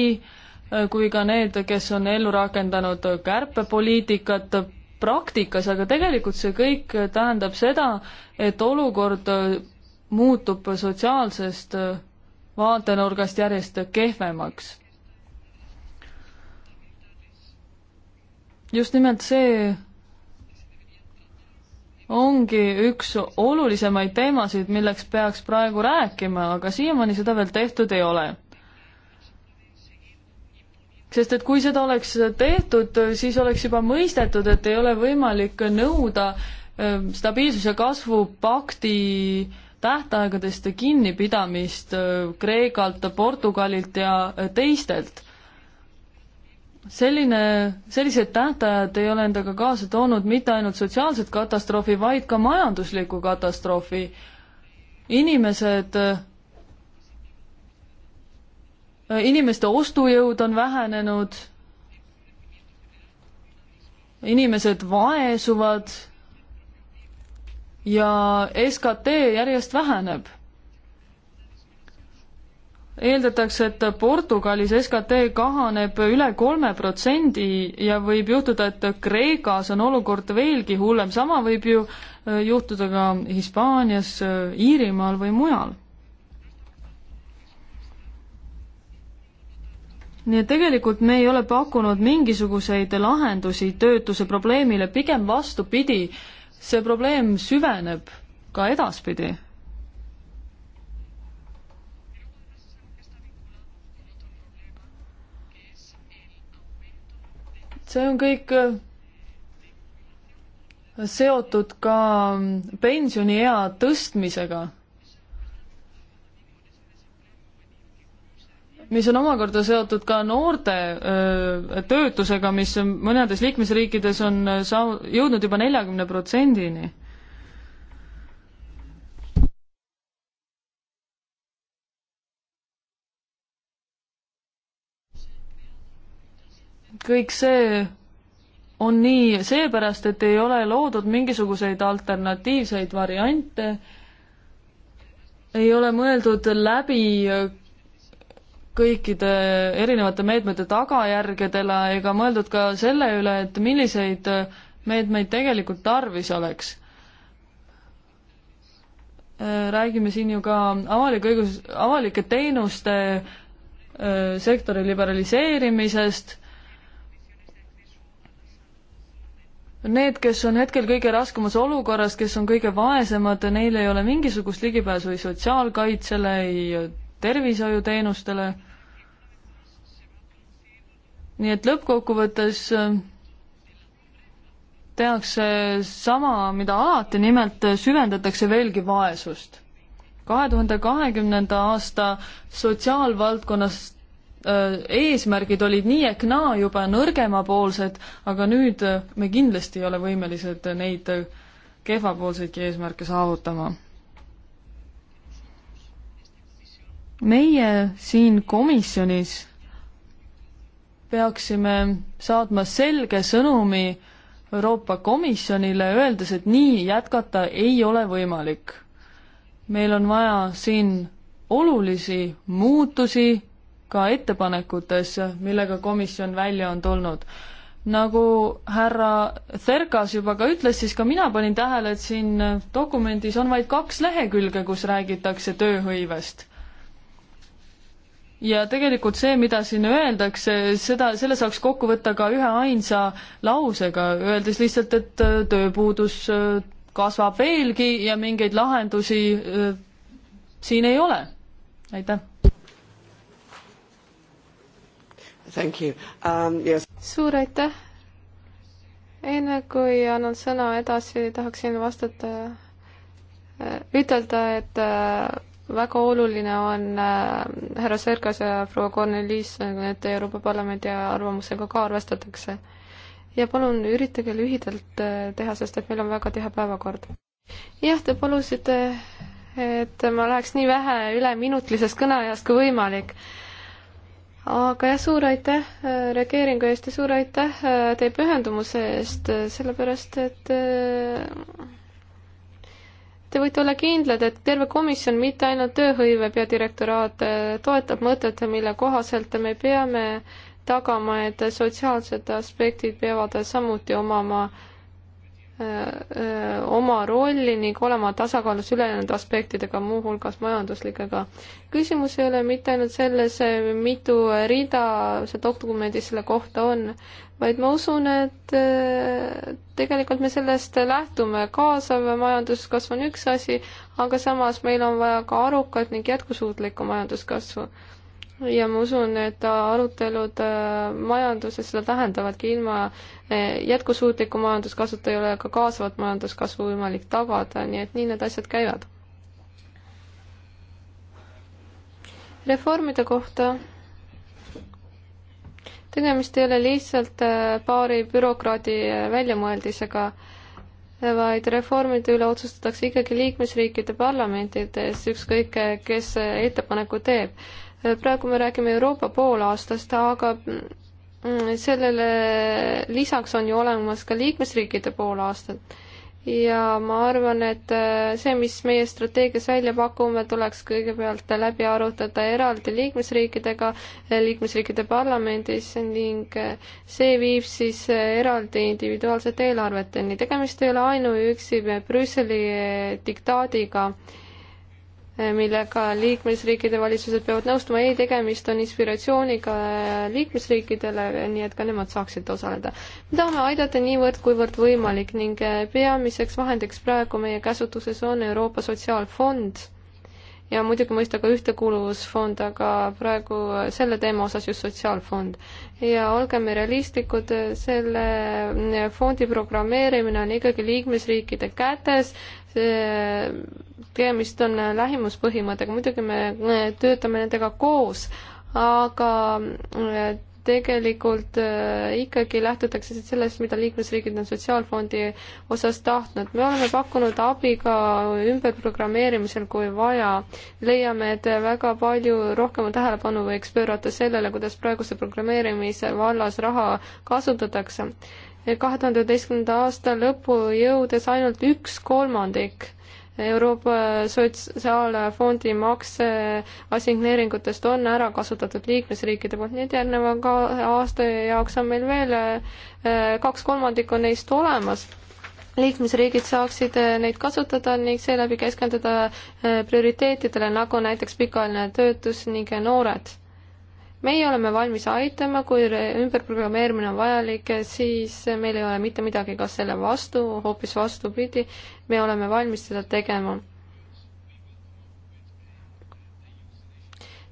Äh, kui ka need, kes on ellu rakendanud kärpepoliitikat praktikas, aga tegelikult see kõik tähendab seda, et olukord muutub sotsiaalsest vaatenurgast järjest kehvemaks. just nimelt see ongi üks olulisemaid teemasid, milleks peaks praegu rääkima, aga siiamaani seda veel tehtud ei ole sest et kui seda oleks tehtud, siis oleks juba mõistetud, et ei ole võimalik nõuda ähm, stabiilsuse kasvupakti tähtaegadest kinnipidamist äh, Kreekalt, Portugalilt ja äh, teistelt. selline, sellised tähtajad ei ole endaga kaasa toonud mitte ainult sotsiaalset katastroofi, vaid ka majanduslikku katastroofi. inimesed äh, Äh, inimeste ostujõud on vähenenud, inimesed vaesuvad ja SKT järjest väheneb. eeldatakse, et Portugalis SKT kahaneb üle kolme protsendi ja võib juhtuda, et Kreekas on olukord veelgi hullem, sama võib ju äh, juhtuda ka Hispaanias, äh, Iirimaal või mujal nii et tegelikult me ei ole pakkunud mingisuguseid lahendusi töötuse probleemile, pigem vastupidi, see probleem süveneb ka edaspidi. see on kõik äh, seotud ka pensioniea tõstmisega mis on omakorda seotud ka noorte öö, töötusega, mis mõnedes liikmesriikides on äh, saa-, jõudnud juba neljakümne protsendini. kõik see on nii seepärast, et ei ole loodud mingisuguseid alternatiivseid variante, ei ole mõeldud läbi kõikide erinevate meetmete tagajärgedele ega mõeldud ka selle üle, et milliseid meetmeid tegelikult tarvis oleks. räägime siin ju ka avalik õigus, avalike teenuste sektori liberaliseerimisest need, kes on hetkel kõige raskemas olukorras, kes on kõige vaesemad, neil ei ole mingisugust ligipääsu ei sotsiaalkaitsele, ei tervishoiuteenustele. nii et lõppkokkuvõttes äh, tehakse sama, mida alati, nimelt äh, süvendatakse veelgi vaesust. kahe tuhande kahekümnenda aasta sotsiaalvaldkonnas äh, eesmärgid olid nii ehk naa juba nõrgemapoolsed, aga nüüd me kindlasti ei ole võimelised neid kehvapoolseidki eesmärke saavutama. meie siin komisjonis peaksime saatma selge sõnumi Euroopa Komisjonile, öeldes, et nii jätkata ei ole võimalik. meil on vaja siin olulisi muutusi ka ettepanekutes, millega komisjon välja on tulnud. nagu härra Therkas juba ka ütles, siis ka mina panin tähele, et siin dokumendis on vaid kaks lehekülge, kus räägitakse tööhõivest ja tegelikult see, mida siin öeldakse, seda, selle saaks kokku võtta ka ühe ainsa lausega, öeldes lihtsalt, et äh, tööpuudus äh, kasvab veelgi ja mingeid lahendusi äh, siin ei ole. aitäh. Um, yes. suur aitäh. enne kui annan sõna edasi, tahaksin vastata, ütelda, et väga oluline on äh, härra Sergas ja proua Kornelis, et Euroopa Parlamendi arvamusega ka arvestatakse. ja palun üritage lühidalt äh, teha, sest et meil on väga tihe päevakord. jah, te palusite, et ma läheks nii vähe üle minutilisest kõneajast kui võimalik. aga jah, suur aitäh äh, reageeringu eest ja suur aitäh äh, teie pühendumuse eest, äh, sellepärast et äh, Te võite olla kindlad, et terve komisjon, mitte ainult tööhõive peadirektoraat, toetab mõtet, mille kohaselt me peame tagama, et sotsiaalsed aspektid peavad samuti omama oma rolli ning olema tasakaalus ülejäänud aspektidega, muuhulgas majanduslikega. küsimus ei ole mitte ainult selles, mitu rida see dokumendis selle kohta on, vaid ma usun, et äh, tegelikult me sellest lähtume, kaasav majanduskasv on üks asi, aga samas meil on vaja ka arukat ning jätkusuutlikku majanduskasvu. ja ma usun, et arutelud äh, majanduses seda tähendavadki, ilma äh, jätkusuutliku majanduskasvuta ei ole ka kaasavat majanduskasvu võimalik tagada, nii et nii need asjad käivad. reformide kohta tegemist ei ole lihtsalt äh, paari bürokraadi äh, väljamõeldisega, vaid reformide üle otsustatakse ikkagi liikmesriikide parlamentides, ükskõik äh, kes ettepaneku teeb. praegu me räägime Euroopa poolaastast, aga mm, sellele lisaks on ju olemas ka liikmesriikide poolaastad ja ma arvan, et äh, see, mis meie strateegias välja pakume, tuleks kõigepealt läbi arutada eraldi liikmesriikidega, äh, liikmesriikide parlamendis ning äh, see viib siis eraldi individuaalsete eelarveteni. tegemist ei ole ainuüksi Brüsseli diktaadiga äh, Eh, millega liikmesriikide valitsused peavad nõustuma, ei, tegemist on inspiratsiooniga eh, liikmesriikidele, eh, nii et ka nemad saaksid osaleda. me tahame aidata niivõrd, kuivõrd võimalik ning peamiseks vahendiks praegu meie käsutuses on Euroopa Sotsiaalfond ja muidugi mõista ka Ühtekuuluvusfond, aga praegu selle teema osas just Sotsiaalfond. ja olgem realistlikud, selle fondi programmeerimine on ikkagi liikmesriikide kätes, see tegemist on äh, lähimuspõhimõttega, muidugi me äh, töötame nendega koos, aga äh, tegelikult ikkagi lähtutakse sellest, mida liikmesriigid on sotsiaalfondi osas tahtnud. me oleme pakkunud abi ka ümberprogrammeerimisel, kui vaja. leiame, et väga palju rohkem tähelepanu võiks pöörata sellele, kuidas praeguse programmeerimise vallas raha kasutatakse. kahe tuhande üheteistkümnenda aasta lõppu jõudes ainult üks kolmandik Euroopa Sotsiaalfondi makse assigneeringutest on ära kasutatud liikmesriikide poolt, nii et järgneva ka aasta jaoks on meil veel äh, kaks kolmandikku neist olemas. liikmesriigid saaksid äh, neid kasutada ning seeläbi keskenduda äh, prioriteetidele, nagu näiteks pikaajaline töötus ning noored meie oleme valmis aitama, kui ümberprogrammeerimine on vajalik, siis meil ei ole mitte midagi ka selle vastu, hoopis vastupidi, me oleme valmis seda tegema.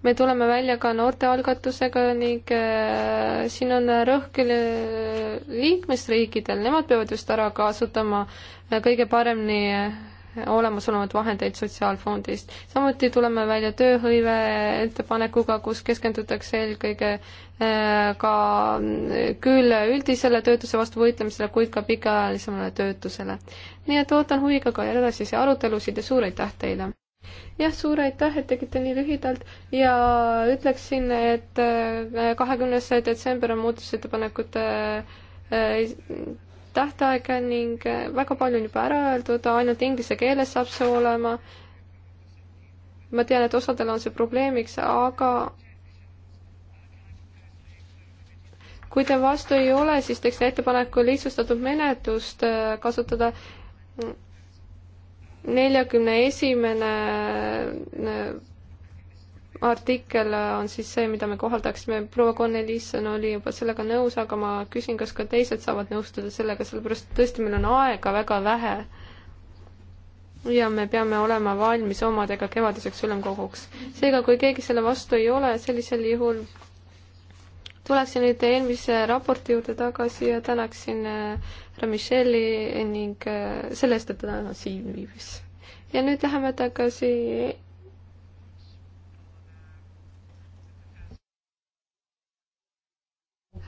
me tuleme välja ka noortealgatusega ning äh, siin on rõhk äh, liikmesriikidel, nemad peavad just ära kasutama äh, kõige paremini äh, olemasolevaid vahendeid Sotsiaalfondist. samuti tuleme välja tööhõive ettepanekuga, kus keskendutakse eelkõige äh, ka mm, küll üldisele töötuse vastu võitlemisele, kuid ka pikaajalisemale töötusele. nii et ootan huviga ka edasisi arutelusid ja suur aitäh teile! jah, suur aitäh, et tegite nii lühidalt ja ütleksin, et äh, kahekümnes detsember on muudatusettepanekute äh, tähtaeg ning eh, väga palju on juba ära öeldud, ainult inglise keeles saab see olema. ma tean, et osadel on see probleemiks, aga kui te vastu ei ole, siis teeks ettepaneku lihtsustatud menetlust eh, kasutada neljakümne esimene eh, artikkel on siis see, mida me kohaldaksime, proua Cornelisson oli juba sellega nõus, aga ma küsin, kas ka teised saavad nõustuda sellega, sellepärast tõesti meil on aega väga vähe. ja me peame olema valmis omadega kevadiseks ülemkoguks. seega, kui keegi selle vastu ei ole, sellisel juhul tuleksin nüüd eelmise raporti juurde tagasi ja tänaksin äh, härra Michelli ning äh, selle eest, et ta täna siin viibis ja nüüd läheme tagasi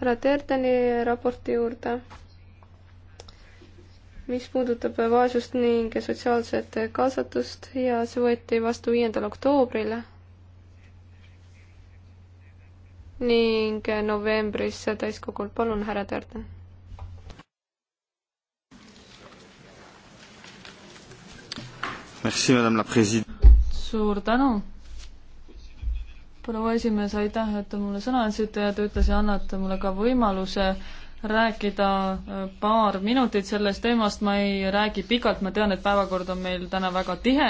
härra Terdeni raporti juurde, mis puudutab vaesust ning sotsiaalset kaasatust ja see võeti vastu viiendal oktoobril ning novembris täiskogul. palun, härra Terden. suur tänu proua esimees, aitäh, et te mulle sõna andsite ja te ühtlasi annate mulle ka võimaluse rääkida äh, paar minutit sellest teemast, ma ei räägi pikalt, ma tean, et päevakord on meil täna väga tihe,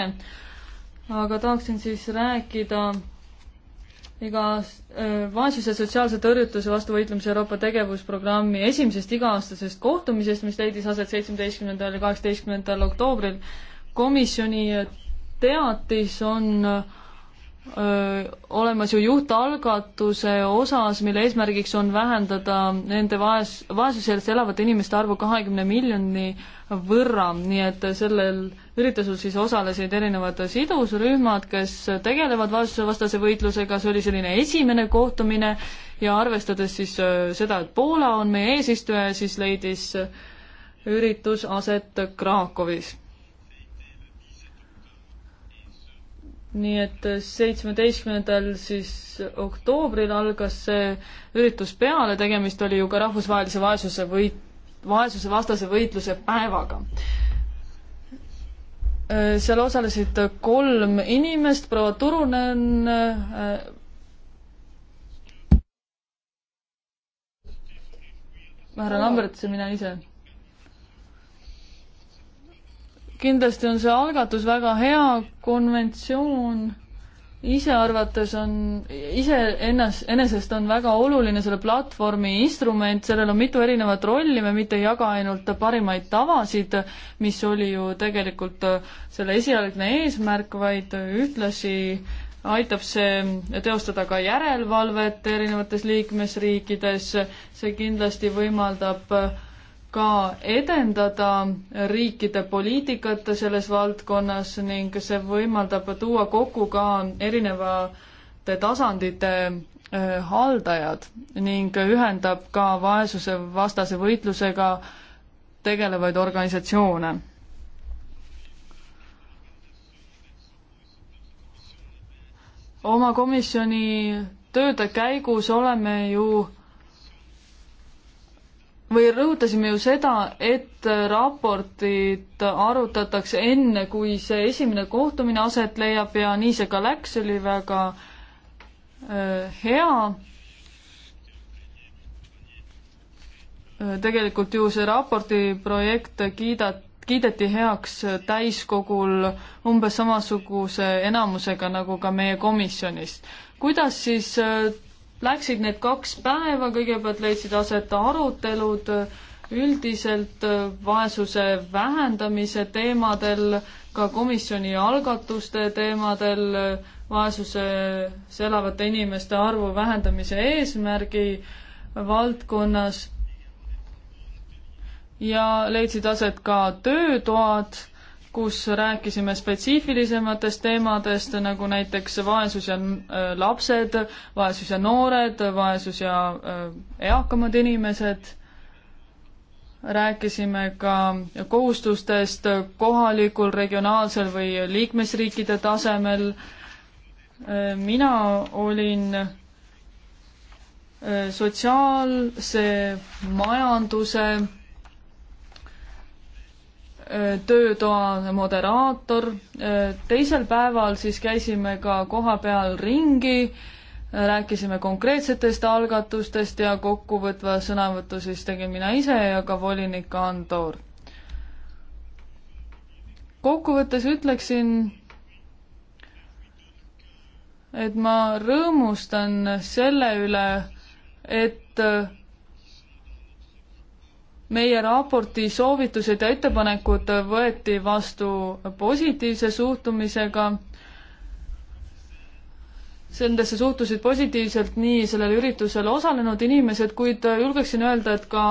aga tahaksin siis rääkida iga äh, vaesuse sotsiaalse tõrjutuse vastu võitlemise Euroopa tegevusprogrammi esimesest iga-aastasest kohtumisest, mis leidis aset seitsmeteistkümnendal ja kaheksateistkümnendal oktoobril. komisjoni teatis on äh, olemas ju juhtalgatuse osas, mille eesmärgiks on vähendada nende vaes-, vaesuses elavate inimeste arvu kahekümne miljoni võrra, nii et sellel üritusel siis osalesid erinevad sidusrühmad, kes tegelevad vaesusevastase võitlusega, see oli selline esimene kohtumine ja arvestades siis seda, et Poola on meie eesistuja, siis leidis üritus aset Krakowis nii et äh, seitsmeteistkümnendal siis oktoobril algas see üritus peale, tegemist oli ju ka rahvusvahelise vaesuse võit, vaesusevastase võitluse päevaga. Äh, seal osalesid kolm inimest, proua Turunen, äh, härra Lambert ja mina ise kindlasti on see algatus väga hea, konventsioon ise arvates on, ise ennast, enesest on väga oluline selle platvormi instrument, sellel on mitu erinevat rolli, me mitte ei jaga ainult parimaid tavasid, mis oli ju tegelikult äh, selle esialgne eesmärk, vaid ühtlasi aitab see teostada ka järelevalvet erinevates liikmesriikides, see kindlasti võimaldab äh, ka edendada riikide poliitikat selles valdkonnas ning see võimaldab tuua kokku ka erinevate tasandite äh, haldajad ning ühendab ka vaesusevastase võitlusega tegelevaid organisatsioone. oma komisjoni tööde käigus oleme ju äh, või rõhutasime ju seda, et raportit arutatakse enne, kui see esimene kohtumine aset leiab ja nii see ka läks, oli väga äh, hea. Äh, tegelikult ju see raporti projekt kiidati kiideti heaks täiskogul umbes samasuguse enamusega nagu ka meie komisjonis. kuidas siis äh, läksid need kaks päeva, kõigepealt leidsid aset arutelud üldiselt äh, vaesuse vähendamise teemadel, ka komisjoni algatuste teemadel, äh, vaesuses elavate inimeste arvu vähendamise eesmärgi äh, valdkonnas ja leidsid aset ka töötoad kus rääkisime spetsiifilisematest teemadest, nagu näiteks vaesus ja äh, lapsed, vaesus ja noored, vaesus ja äh, eakamad inimesed. rääkisime ka kohustustest kohalikul, regionaalsel või liikmesriikide tasemel. Äh, mina olin sotsiaalse majanduse töötoa moderaator. teisel päeval siis käisime ka kohapeal ringi, rääkisime konkreetsetest algatustest ja kokkuvõtva sõnavõtu siis tegin mina ise ja ka volinik Andor. kokkuvõttes ütleksin, et ma rõõmustan selle üle, et meie raporti soovitused ja ettepanekud võeti vastu positiivse suhtumisega. Nendesse suhtusid positiivselt nii sellel üritusel osalenud inimesed, kuid julgeksin öelda, et ka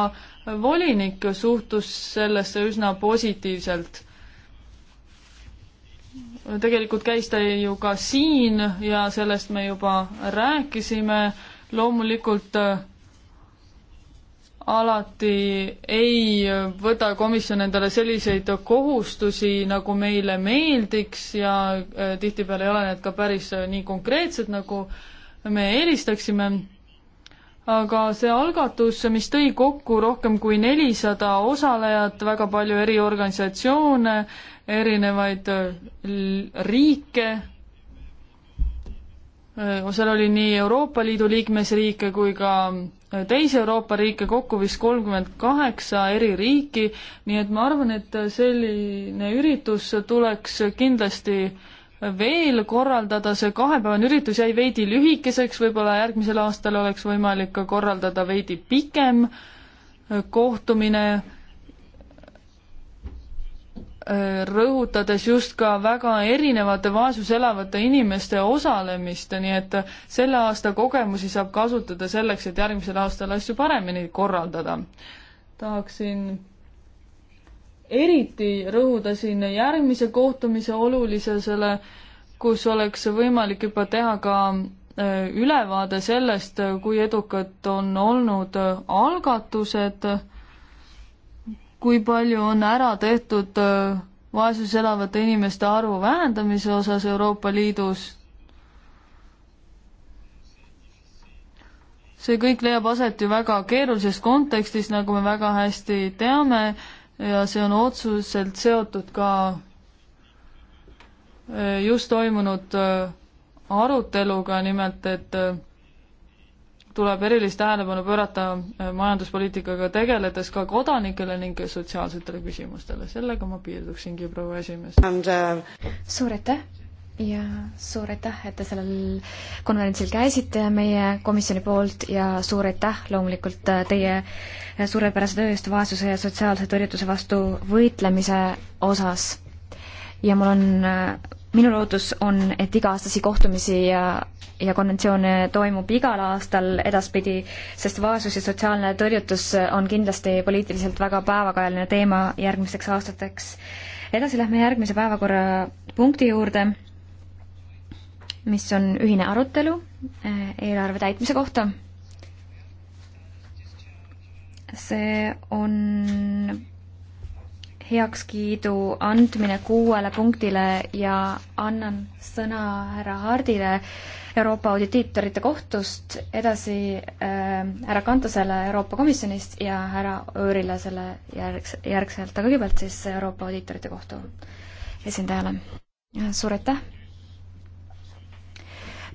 volinik suhtus sellesse üsna positiivselt. tegelikult käis ta ju ka siin ja sellest me juba rääkisime. loomulikult alati ei võta komisjon endale selliseid kohustusi, nagu meile meeldiks ja äh, tihtipeale ei ole need ka päris äh, nii konkreetsed, nagu me eelistaksime. aga see algatus, mis tõi kokku rohkem kui nelisada osalejat, väga palju eriorganisatsioone, erinevaid äh, riike Äh, seal oli nii Euroopa Liidu liikmesriike kui ka äh, teisi Euroopa riike, kokku vist kolmkümmend kaheksa eri riiki, nii et ma arvan, et selline üritus tuleks kindlasti veel korraldada, see kahepäevane üritus jäi veidi lühikeseks, võib-olla järgmisel aastal oleks võimalik ka korraldada veidi pikem äh, kohtumine Äh, rõhutades just ka väga erinevate vaesus elavate inimeste osalemist, nii et selle aasta kogemusi saab kasutada selleks, et järgmisel aastal asju paremini korraldada. tahaksin eriti rõhuda siin järgmise kohtumise olulisusele, kus oleks võimalik juba teha ka äh, ülevaade sellest, kui edukad on olnud algatused kui palju on ära tehtud äh, vaesuses elavate inimeste arvu vähendamise osas Euroopa Liidus. see kõik leiab aset ju väga keerulises kontekstis, nagu me väga hästi teame ja see on otseselt seotud ka äh, just toimunud äh, aruteluga, nimelt et tuleb erilist tähelepanu pöörata äh, majanduspoliitikaga tegeledes ka kodanikele ning sotsiaalsetele küsimustele. sellega ma piirduksingi, proua esimees. Äh, suur aitäh ja suur aitäh, et te sellel konverentsil käisite meie komisjoni poolt ja suur aitäh loomulikult äh, teie suurepärase töö eest vaesuse ja sotsiaalse tõrjutuse vastu võitlemise osas. ja mul on minu lootus on, et iga-aastasi kohtumisi ja, ja konventsioone toimub igal aastal edaspidi, sest vaesus ja sotsiaalne tõrjutus on kindlasti poliitiliselt väga päevakajaline teema järgmisteks aastateks. edasi lähme järgmise päevakorrapunkti juurde, mis on ühine arutelu eh, eelarve täitmise kohta. see on heakskiidu andmine kuuele punktile ja annan sõna härra Hardile Euroopa Audiitorite Kohtust, edasi äh, härra äh, Kantasele Euroopa Komisjonist ja härra Öörile selle järgs-, järgselt, aga kõigepealt siis Euroopa Audiitorite Kohtu esindajale. suur aitäh!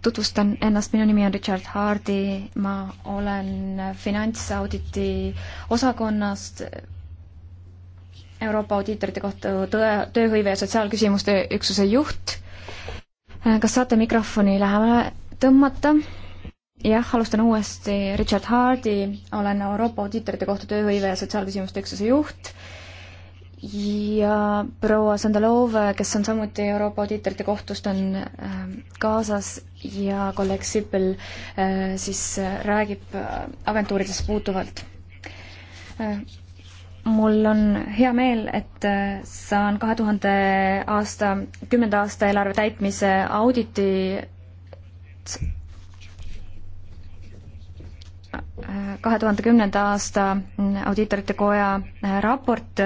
tutvustan ennast, minu nimi on Richard Hardi, ma olen finantsauditi osakonnast Euroopa Audiitorite Kohtu tõe, tööhõive ja sotsiaalküsimuste üksuse juht. kas saate mikrofoni lähemale tõmmata? jah, alustan uuesti. Richard Hardi, olen Euroopa Audiitorite Kohtu tööhõive ja sotsiaalküsimuste üksuse juht ja proua Sandalove, kes on samuti Euroopa Audiitorite Kohtust, on äh, kaasas ja kolleeg Sibel äh, siis äh, räägib äh, agentuuridest puutuvalt. Äh, mul on hea meel, et äh, saan kahe tuhande aasta, kümnenda aasta eelarve täitmise auditi kahe tuhande kümnenda aasta Audiitorite Koja äh, raport,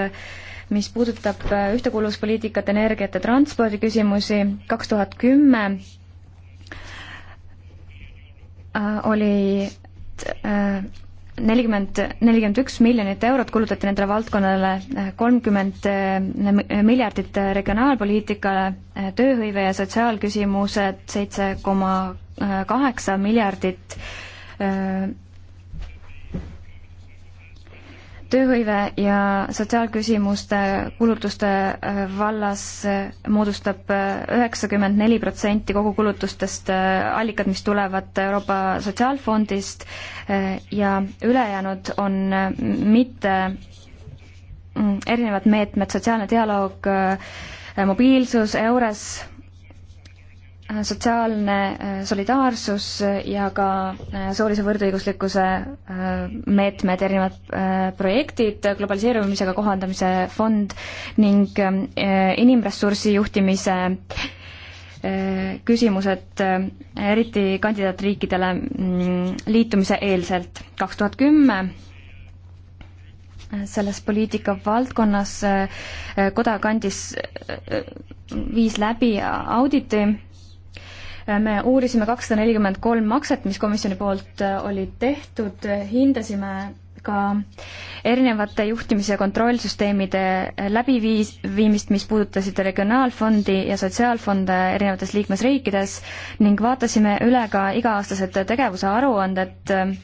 mis puudutab äh, ühtekuuluvuspoliitikat, energiat ja transpordiküsimusi, kaks tuhat kümme oli nelikümmend, nelikümmend üks miljonit eurot kulutati nendele valdkonnale, kolmkümmend eh, miljardit regionaalpoliitikale, eh, tööhõive ja sotsiaalküsimused seitse koma eh, kaheksa miljardit tööhõive ja sotsiaalküsimuste kulutuste äh, vallas äh, moodustab äh, üheksakümmend neli protsenti kogukulutustest allikad, mis tulevad Euroopa Sotsiaalfondist ja ülejäänud on mitte mm, erinevad meetmed, sotsiaalne dialoog, mobiilsus, EURES sotsiaalne äh, solidaarsus ja ka äh, soolise võrdõiguslikkuse äh, meetmed, erinevad projektid, globaliseerumisega kohandamise fond ning inimressursi juhtimise küsimused, eriti kandidaatriikidele mm, liitumise eelselt. kaks tuhat kümme selles poliitikavaldkonnas koda kandis, viis läbi auditi me uurisime kakssada nelikümmend kolm makset, mis komisjoni poolt äh, olid tehtud, hindasime ka erinevate juhtimise ja kontrollsüsteemide äh, läbiviimist, mis puudutasid regionaalfondi ja sotsiaalfonde erinevates liikmesriikides ning vaatasime üle ka iga-aastased tegevuse aruanded äh,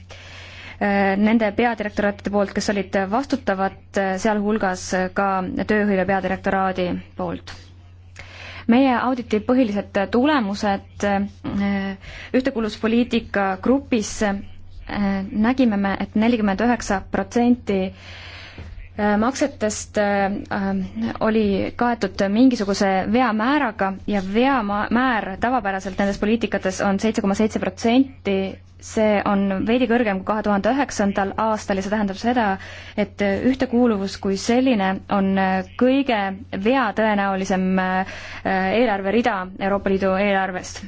nende peadirektoraatide poolt, kes olid vastutavad, sealhulgas ka tööhõive peadirektoraadi poolt meie auditi põhilised tulemused eh, ühtekuuluvuspoliitika grupis eh, nägime me et, et nelikümmend üheksa protsenti Äh, maksetest äh, oli kaetud mingisuguse veamääraga ja veamäär tavapäraselt nendes poliitikates on seitse koma seitse protsenti, see on veidi kõrgem kui kahe tuhande üheksandal aastal ja see tähendab seda, et ühtekuuluvus kui selline on kõige veatõenäolisem äh, eelarverida Euroopa Liidu eelarvest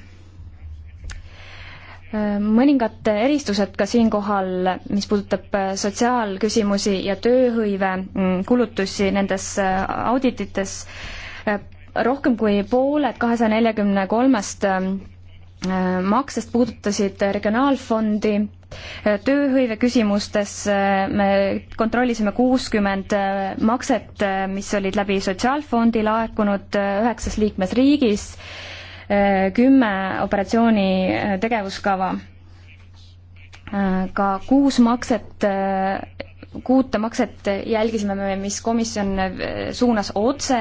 mõningad eristused ka siinkohal, mis puudutab äh, sotsiaalküsimusi ja tööhõive mm, kulutusi nendes äh, auditites. Äh, rohkem kui pooled kahesaja neljakümne kolmest ähm, maksest puudutasid regionaalfondi, tööhõive küsimustes me kontrollisime kuuskümmend makset, mis olid läbi Sotsiaalfondi laekunud üheksas liikmesriigis Äh, kümme operatsiooni äh, tegevuskava. Äh, ka kuus makset, kuute makset jälgisime me, mis komisjon suunas otse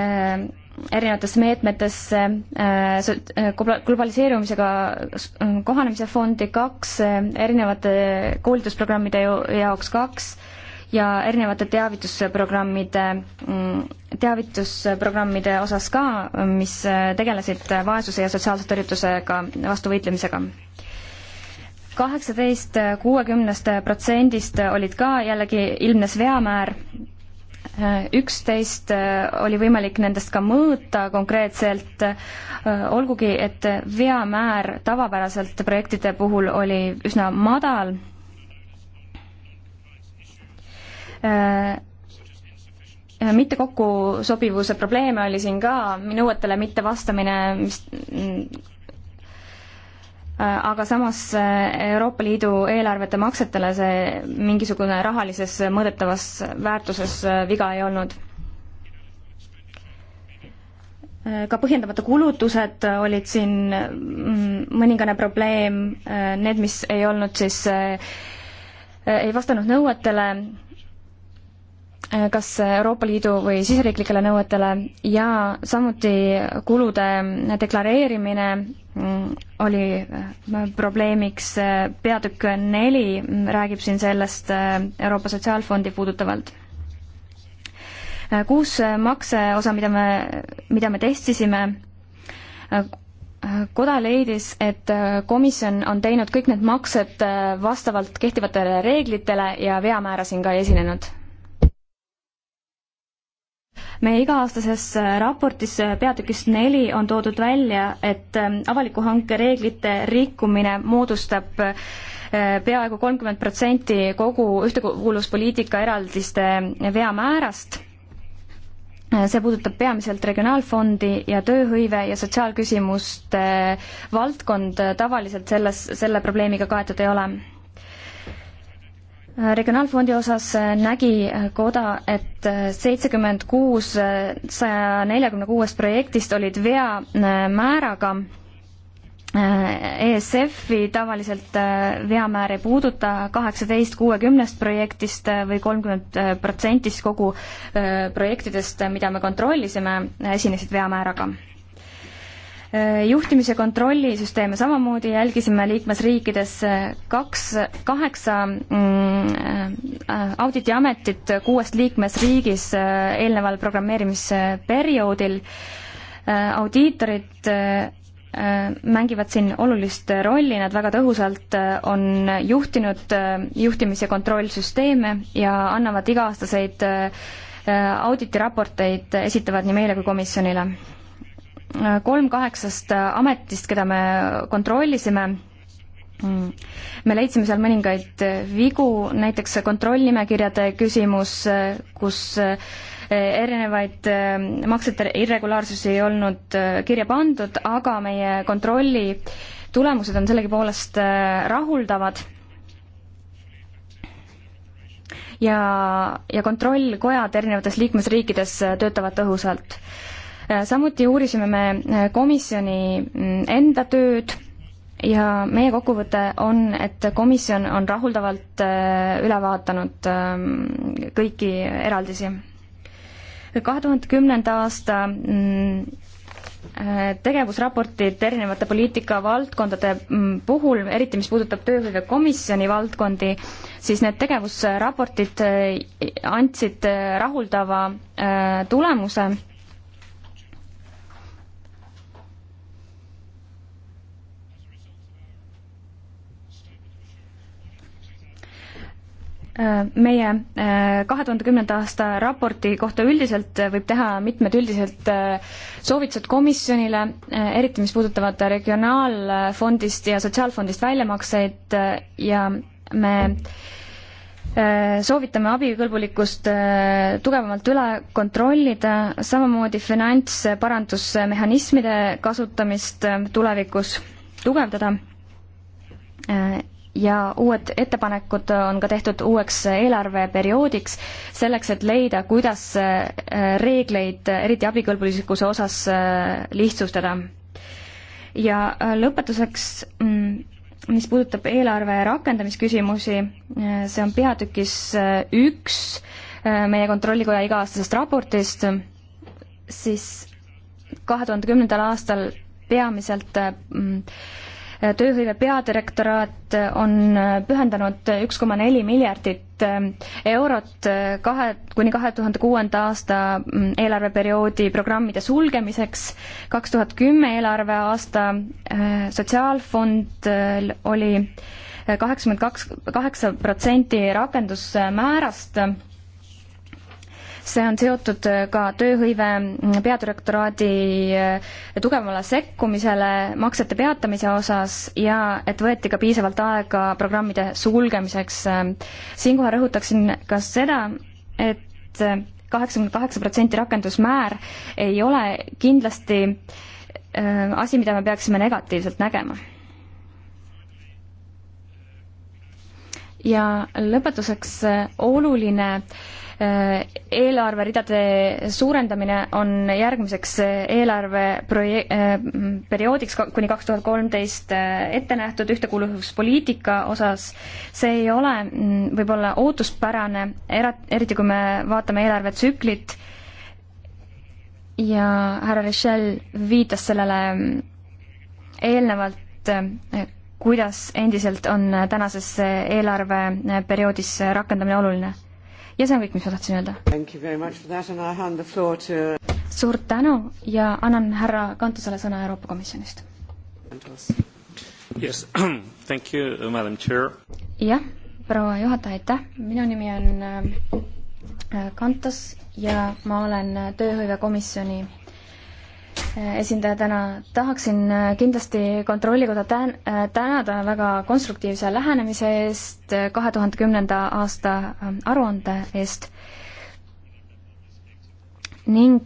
erinevatesse meetmetesse, globaliseerumisega kohanemise fondi kaks, erinevate koolitusprogrammide jaoks kaks, ja erinevate teavitusprogrammide, mm, teavitusprogrammide osas ka, mis äh, tegelesid vaesuse ja sotsiaalse tõrjutusega vastu võitlemisega kaheksateist kuuekümnest protsendist olid ka jällegi ilmnes veamäär, äh, üksteist äh, oli võimalik nendest ka mõõta konkreetselt, olgugi et veamäär tavapäraselt projektide puhul oli üsna madal Äh, äh, mitte kokkusobivuse probleeme oli siin ka, nõuetele mittevastamine, mis mm, äh, aga samas Euroopa Liidu eelarvete maksetele see mingisugune rahalises mõõdetavas väärtuses viga ei olnud. ka põhjendamata kulutused olid siin mm, mõningane probleem, need, mis ei olnud siis, ei vastanud nõuetele Äh, kas Euroopa Liidu või siseriiklikele nõuetele ja samuti kulude deklareerimine mm, oli äh, probleemiks. Äh, peatükk neli mm, räägib siin sellest Euroopa Sotsiaalfondi puudutavalt. kuus makseosa, mida me, mida me testisime, koda leidis, et komisjon on teinud kõik need maksed vastavalt kehtivatele reeglitele ja veamäära siin ka ei esinenud meie iga-aastases äh, raportis äh, peatükis neli on toodud välja, et ähm, avaliku hanke reeglite rikkumine moodustab äh, peaaegu kolmkümmend protsenti kogu ühtekuuluvuspoliitika eraldiste veamäärast. see puudutab peamiselt Regionaalfondi ja tööhõive ja sotsiaalküsimuste valdkond tavaliselt selles, selle probleemiga kaetud ei ole regionaalfondi osas äh, nägi äh, koda, et äh, seitsekümmend kuus saja neljakümne kuuest projektist olid veamääraga. ESF-i tavaliselt veamäär ei puuduta, kaheksateist kuuekümnest projektist või kolmkümmend protsentist kogu projektidest, mida me kontrollisime, esinesid veamääraga Äh, juhtimise kontrollisüsteeme samamoodi jälgisime liikmesriikides äh, kaks, kaheksa mm, äh, auditiametit kuuest liikmesriigis eelneval programmeerimisperioodil. audiitorid mängivad siin olulist rolli, nad väga tõhusalt on juhtinud juhtimis- ja kontrollsüsteeme ja annavad iga-aastaseid auditiraporteid, esitavad nii meile kui komisjonile kolm kaheksast ametist, keda me kontrollisime, me leidsime seal mõningaid vigu, näiteks kontrollnimekirjade küsimus, kus erinevaid maksete irregulaarsusi ei olnud kirja pandud, aga meie kontrolli tulemused on sellegipoolest rahuldavad. ja, ja kontrollkojad erinevates liikmesriikides töötavad tõhusalt samuti uurisime me äh, komisjoni mm, enda tööd ja meie kokkuvõte on, et komisjon on rahuldavalt äh, üle vaadanud ähm, kõiki eraldisi. kahe tuhande kümnenda aasta mm, äh, tegevusraportid erinevate poliitikavaldkondade mm, puhul, eriti mis puudutab tööhõivekomisjoni valdkondi, siis need tegevusraportid andsid rahuldava tulemuse Äh, meie äh, kahe tuhande kümnenda aasta raporti kohta üldiselt äh, võib teha mitmed üldised soovitused komisjonile, eriti mis puudutavad regionaalfondist ja sotsiaalfondist väljamakseid ja me soovitame abikõlbulikkust tugevamalt üle kontrollida, samamoodi finantsparandusmehhanismide kasutamist tulevikus tugevdada ja uued ettepanekud on ka tehtud uueks eelarveperioodiks, selleks et leida, kuidas äh, reegleid, eriti abikõlbulikkuse osas, äh, lihtsustada. ja äh, lõpetuseks, mm, mis puudutab eelarve rakendamisküsimusi, see on peatükis üks meie Kontrollikoja iga-aastasest raportist, siis kahe tuhande kümnendal aastal peamiselt mm, tööhõive peadirektoraat on pühendanud üks koma neli miljardit ähm, eurot äh, kahe, kuni kahe tuhande kuuenda aasta mm, eelarveperioodi programmide sulgemiseks. kaks tuhat kümme eelarveaasta äh, sotsiaalfond äh, oli kaheksakümmend kaks, kaheksa protsenti rakendusmäärast see on seotud äh, ka tööhõive mm, peadirektoraadi äh, tugevamale sekkumisele maksete peatamise osas ja et võeti ka piisavalt aega programmide sulgemiseks. Äh, siinkohal rõhutaksin ka seda, et kaheksakümmend kaheksa protsenti rakendusmäär ei ole kindlasti asi, mida me peaksime negatiivselt nägema ja lõpetuseks oluline äh, Äh, eelarveridade suurendamine on järgmiseks äh, eelarveproje-, äh, perioodiks kuni kaks tuhat kolmteist ette nähtud ühtekuuluvuspoliitika osas. see ei ole mm, võib-olla ootuspärane, era-, eriti kui me vaatame eelarvetsüklit ja härra Richel viitas sellele mm, eelnevalt, kuidas endiselt on tänases eelarveperioodis rakendamine oluline ja see on kõik, mis ma tahtsin öelda. To... suur tänu ja annan härra Kantusele sõna Euroopa Komisjonist. Yes. Thank you, Madam Chair. jah, proua juhataja, aitäh, minu nimi on äh, Kantas ja ma olen tööhõivekomisjoni esindaja täna. tahaksin äh, kindlasti Kontrollikoda tän-, äh, tänada väga konstruktiivse lähenemise eest, äh, kahe tuhande kümnenda aasta ähm, aruande eest ning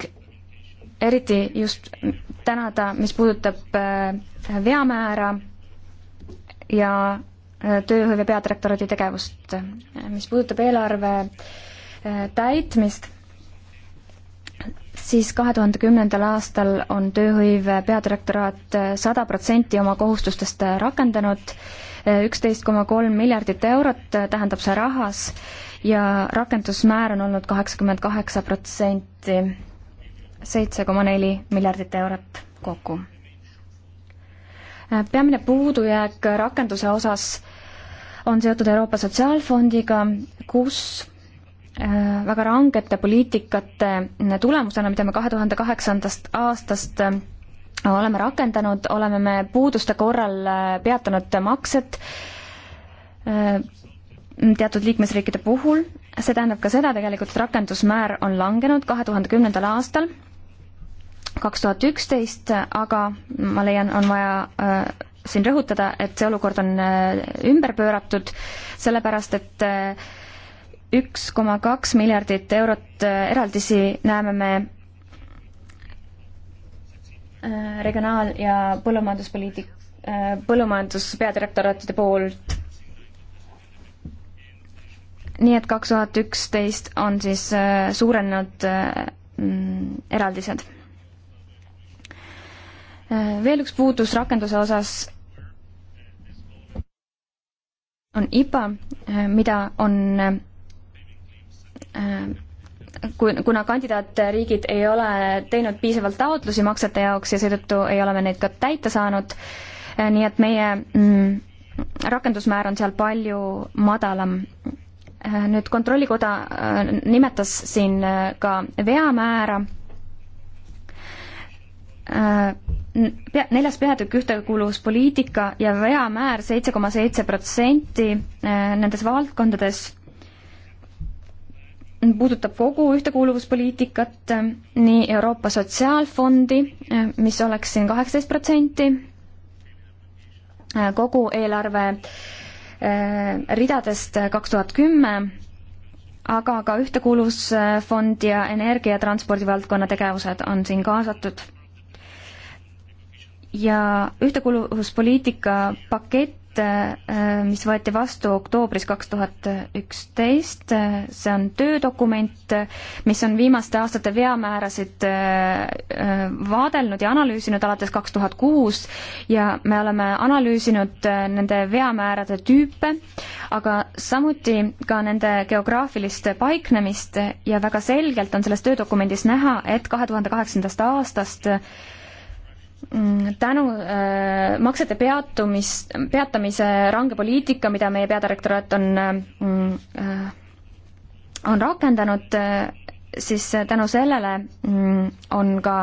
eriti just tänada, mis puudutab veamäära ja tööhõive peadirektoraadi tegevust. mis puudutab eelarve täitmist siis kahe tuhande kümnendal aastal on tööhõive peadirektoraat sada protsenti oma kohustustest rakendanud, üksteist koma kolm miljardit eurot tähendab see rahas ja rakendusmäär on olnud kaheksakümmend kaheksa protsenti, seitse koma neli miljardit eurot kokku. peamine puudujääk rakenduse osas on seotud Euroopa Sotsiaalfondiga, kus Äh, väga rangete poliitikate äh, tulemusena, mida me kahe tuhande kaheksandast aastast äh, oleme rakendanud, oleme me puuduste korral peatanud maksed teatud liikmesriikide puhul, see tähendab ka seda tegelikult, et rakendusmäär on langenud kahe tuhande kümnendal aastal, kaks tuhat üksteist, aga ma leian, on vaja siin rõhutada, et see olukord on ümber pööratud, sellepärast et äh, üks koma kaks miljardit eurot äh, eraldisi näeme me äh, regionaal- ja põllumajanduspoliitik-, äh, põllumajanduspeadirektoratide poolt. nii et kaks tuhat üksteist on siis suurenenud mm, eraldised. veel üks puudus rakenduse osas on IPA, mida on Äh, kui, kuna kandidaatriigid ei ole teinud piisavalt taotlusi maksete jaoks ja seetõttu ei ole me neid ka täita saanud, äh, nii et meie mm, rakendusmäär on seal palju madalam. Äh, nüüd Kontrollikoda nimetas siin ka veamäära, pea, neljas peatükk ühtekuuluvuspoliitika ja veamäär seitse koma seitse protsenti nendes valdkondades puudutab kogu ühtekuuluvuspoliitikat, äh, nii Euroopa Sotsiaalfondi, äh, mis oleks siin kaheksateist protsenti, äh, kogu eelarve ridadest kaks tuhat kümme, aga ka Ühtekuuluvusfond ja energia- ja transpordivaldkonna tegevused on siin kaasatud. ja ühtekuuluvuspoliitika pakett Äh, mis võeti vastu oktoobris kaks tuhat üksteist, äh, see on töödokument, mis on viimaste aastate veamäärasid äh, vaadelnud ja analüüsinud alates kaks tuhat kuus ja me oleme analüüsinud nende veamäärade tüüpe, aga samuti ka nende geograafilist paiknemist ja väga selgelt on selles töödokumendis näha, et kahe tuhande kaheksandast aastast Mm, tänu äh, maksete peatumis, peatamise range poliitika, mida meie peadirektoraat on mm, äh,, on rakendanud äh,, siis tänu sellele mm, on ka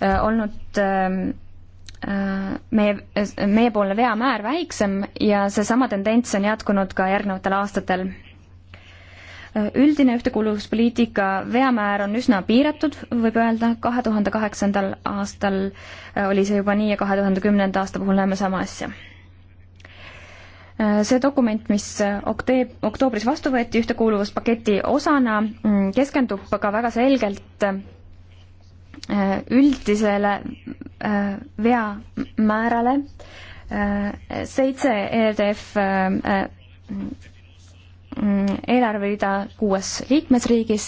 äh, olnud ähm, äh, meie, äh, meiepoolne veamäär väiksem ja seesama tendents on jätkunud ka järgnevatel aastatel üldine ühtekuuluvuspoliitika veamäär on üsna piiratud, võib öelda, kahe tuhande kaheksandal aastal äh, oli see juba nii ja kahe tuhande kümnenda aasta puhul näeme sama asja. Äh, see dokument, mis äh, okteeb, oktoobris vastu võeti ühtekuuluvuspaketi osana, mm, keskendub aga väga selgelt üldisele veamäärale, seitse EDF Mm, eelarverida kuues liikmesriigis.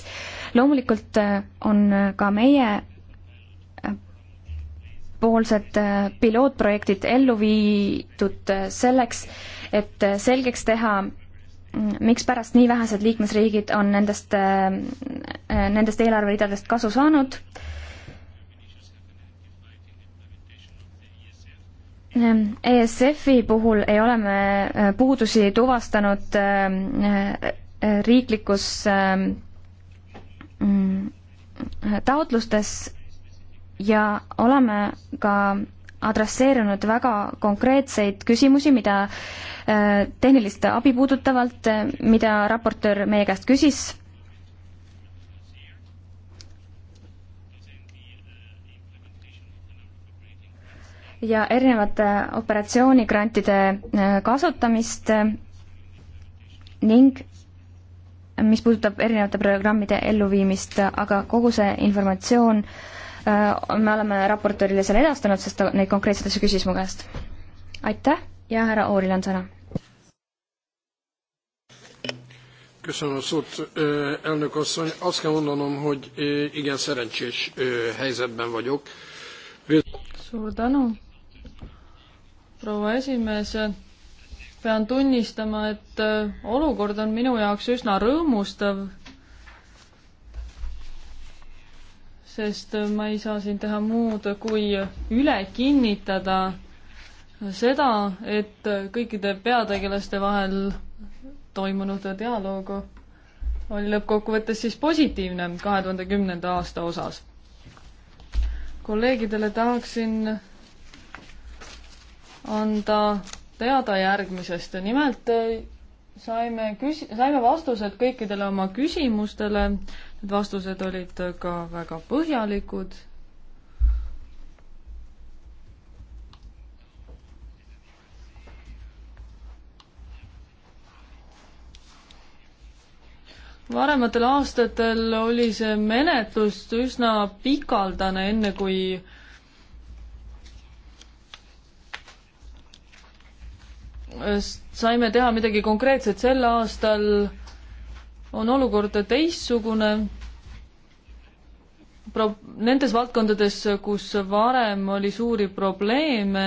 loomulikult äh, on äh, ka meie äh, poolsed pilootprojektid ellu viidud selleks, et selgeks teha, mm, mikspärast nii vähesed liikmesriigid on nendest, nendest eelarveridadest kasu saanud ESF-i puhul ei ole me äh, puudusi tuvastanud äh, äh, riiklikus mm, taotlustes ja oleme ka adresseerinud väga konkreetseid küsimusi, mida tehnilist abi puudutavalt, mida raportöör meie käest küsis ja erinevate operatsioonigrantide äh, kasutamist äh, ning äh, mis puudutab erinevate programmide elluviimist, aga kogu see informatsioon me oleme raportöörile selle edastanud, sest ta neid konkreetseid asju küsis mu käest. aitäh ja härra Ooril on sõna. Köszönöm a szót, elnök asszony. Azt kell mondanom, hogy igen szerencsés helyzetben vagyok. Suur tänu proua esimees, pean tunnistama, et äh, olukord on minu jaoks üsna rõõmustav, sest äh, ma ei saa siin teha muud, kui üle kinnitada seda, et kõikide peategelaste vahel toimunud dialoog oli lõppkokkuvõttes siis positiivne kahe tuhande kümnenda aasta osas. kolleegidele tahaksin anda teada järgmisest. nimelt äh, saime küs-, saime vastused kõikidele oma küsimustele. Need vastused olid ka väga põhjalikud. varematel aastatel oli see menetlus üsna pikaldane, enne kui äh, saime teha midagi konkreetset, sel aastal on olukord teistsugune. Pro-, nendes valdkondades, kus varem oli suuri probleeme,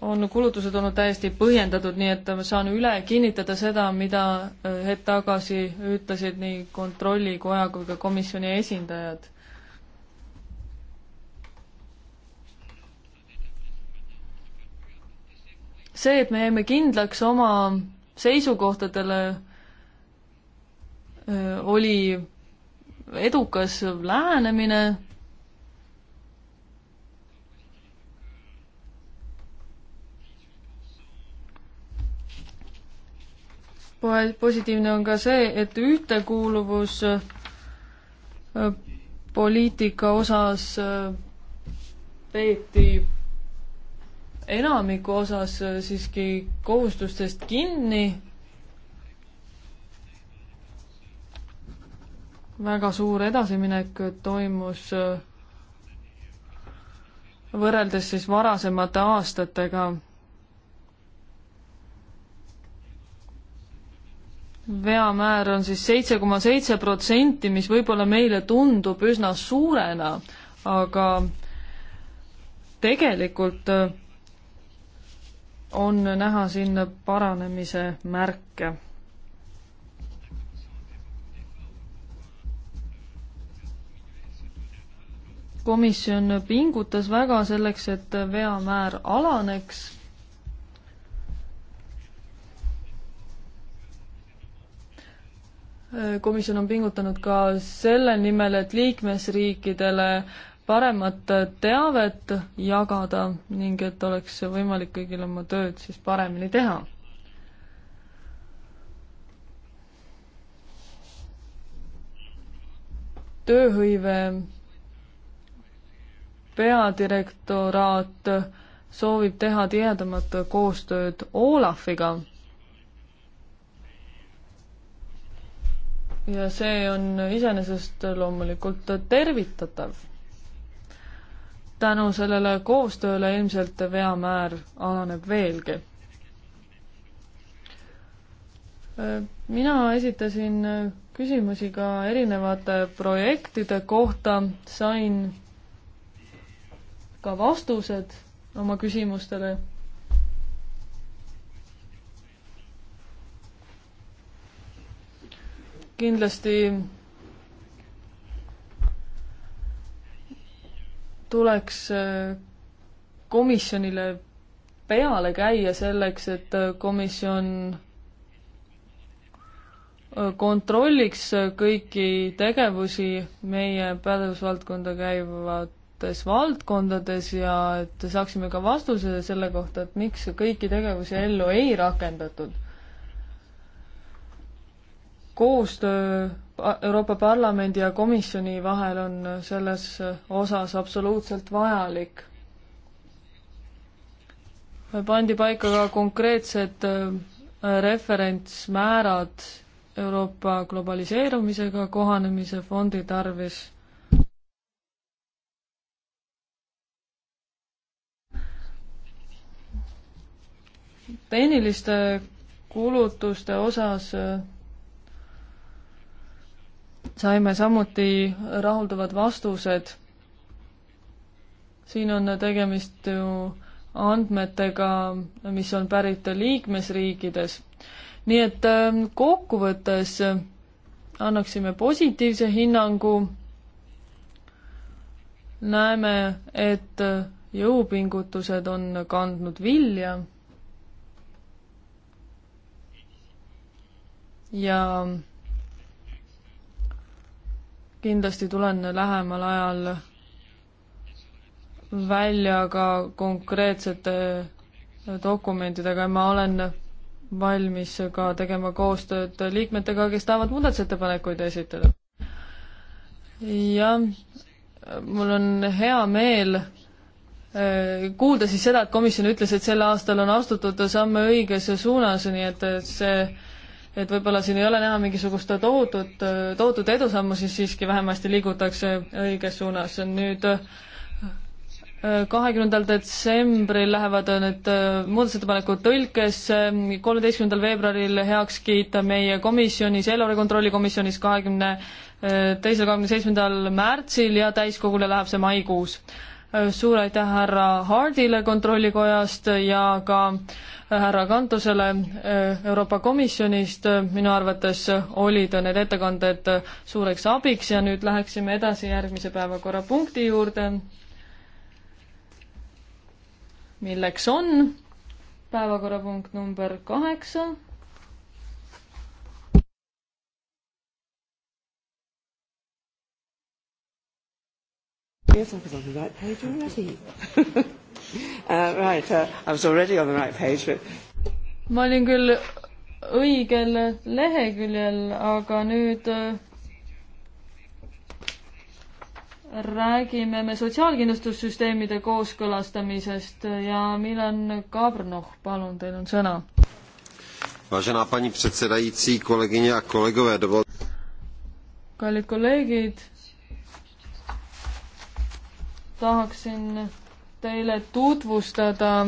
on kulutused olnud täiesti põhjendatud, nii et ma saan üle kinnitada seda, mida eh, hetk tagasi ütlesid nii Kontrollikoja kui ka komisjoni esindajad see, et me jäime kindlaks oma seisukohtadele, oli edukas lähenemine. positiivne on ka see, et ühtekuuluvus poliitika osas peeti enamiku osas äh, siiski kohustustest kinni. väga suur edasiminek äh, toimus äh, võrreldes siis varasemate aastatega. veamäär on siis seitse koma seitse protsenti, mis võib-olla meile tundub üsna suurena, aga tegelikult äh, on näha siin paranemise märke. komisjon pingutas väga selleks, et veamäär alaneks komisjon on pingutanud ka selle nimel, et liikmesriikidele paremat teavet jagada ning et oleks võimalik kõigil oma tööd siis paremini teha. tööhõive peadirektoraat soovib teha tihedamat koostööd Olafiga ja see on iseenesest loomulikult tervitatav tänu sellele koostööle ilmselt veamäär alaneb veelgi. mina esitasin küsimusi ka erinevate projektide kohta, sain ka vastused oma küsimustele. kindlasti tuleks äh, komisjonile peale käia selleks, et äh, komisjon äh, kontrolliks kõiki tegevusi meie pädevusvaldkonda käivates valdkondades ja et saaksime ka vastuse selle kohta, et miks kõiki tegevusi ellu ei rakendatud. koostöö Euroopa Parlamendi ja komisjoni vahel on selles osas absoluutselt vajalik. pandi paika ka konkreetsed äh, referentsmäärad Euroopa globaliseerumisega kohanemise fondi tarvis. tehniliste kulutuste osas äh, saime samuti rahuldavad vastused. siin on tegemist ju andmetega, mis on pärit liikmesriikides. nii et ähm, kokkuvõttes annaksime positiivse hinnangu. näeme, et jõupingutused on kandnud vilja. ja kindlasti tulen lähemal ajal välja ka konkreetsete dokumentidega ja ma olen valmis ka tegema koostööd liikmetega, kes tahavad muudatusettepanekuid esitada. jah, mul on hea meel eh, kuulda siis seda, et komisjon ütles, et sel aastal on astutud samme õiges suunas, nii et see et võib-olla siin ei ole näha mingisugust toodud, toodud edusammu, siis siiski vähemasti liigutakse õiges suunas. nüüd äh, kahekümnendal detsembril lähevad äh, need äh, muudatusettepanekud tõlkesse, kolmeteistkümnendal veebruaril heaks kiita meie komisjonis, eelarve kontrolli komisjonis kahekümne teisel, kahekümne seitsmendal märtsil ja täiskogule läheb see maikuus suur aitäh härra Hardile Kontrollikojast ja ka härra Kantusele e, Euroopa Komisjonist, minu arvates olid need ettekanded suureks abiks ja nüüd läheksime edasi järgmise päevakorrapunkti juurde, milleks on päevakorrapunkt number kaheksa Yes, I was on the right page already. uh, right, uh, I was already on the right page, but ma olin küll õigel leheküljel, aga nüüd äh, räägime me sotsiaalkindlustussüsteemide kooskõlastamisest ja Milan Kabrnoh, palun, teil on sõna. Vážená paní předsedající, kolegyně a kolegové, dovol... kallid kolleegid, tahaksin teile tutvustada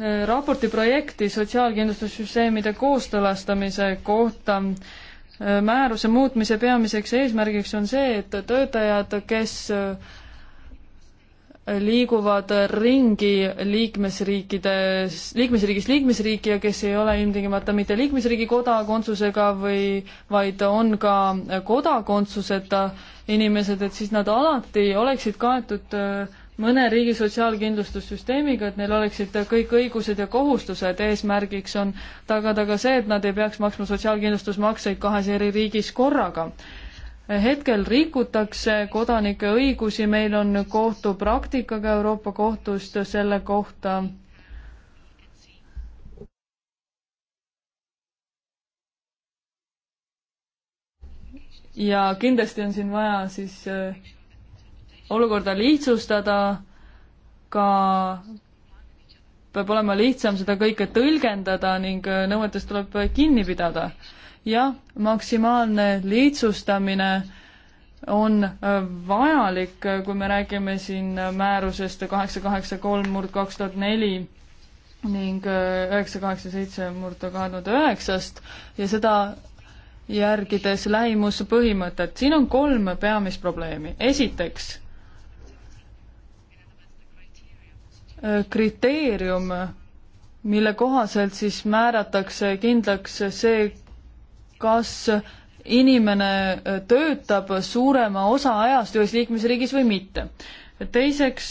eh, raporti projekti sotsiaalkindlustussüsteemide kooskõlastamise kohta. Eh, määruse muutmise peamiseks eesmärgiks on see, et töötajad, kes eh, liiguvad ringi liikmesriikides, liikmesriigist liikmesriiki ja kes ei ole ilmtingimata mitte liikmesriigi kodakondsusega või vaid on ka kodakondsuseta inimesed, et siis nad alati oleksid kaetud äh, mõne riigi sotsiaalkindlustussüsteemiga, et neil oleksid kõik õigused ja kohustused, eesmärgiks on tagada ka see, et nad ei peaks maksma sotsiaalkindlustusmakseid kahes eri riigis korraga hetkel rikutakse kodanike õigusi, meil on kohtupraktika ka Euroopa Kohtust selle kohta. ja kindlasti on siin vaja siis äh, olukorda lihtsustada, ka peab olema lihtsam seda kõike tõlgendada ning äh, nõuetest tuleb kinni pidada jah, maksimaalne lihtsustamine on äh, vajalik, äh, kui me räägime siin äh, määrusest kaheksa, kaheksa, kolm, murd kaks tuhat neli ning üheksa, kaheksa, seitse, murd kahe tuhande üheksast ja seda järgides lähimuspõhimõtet. siin on kolm peamist probleemi. esiteks, kriteerium, mille kohaselt siis määratakse kindlaks see, kas inimene töötab suurema osa ajast ühes liikmesriigis või mitte. teiseks,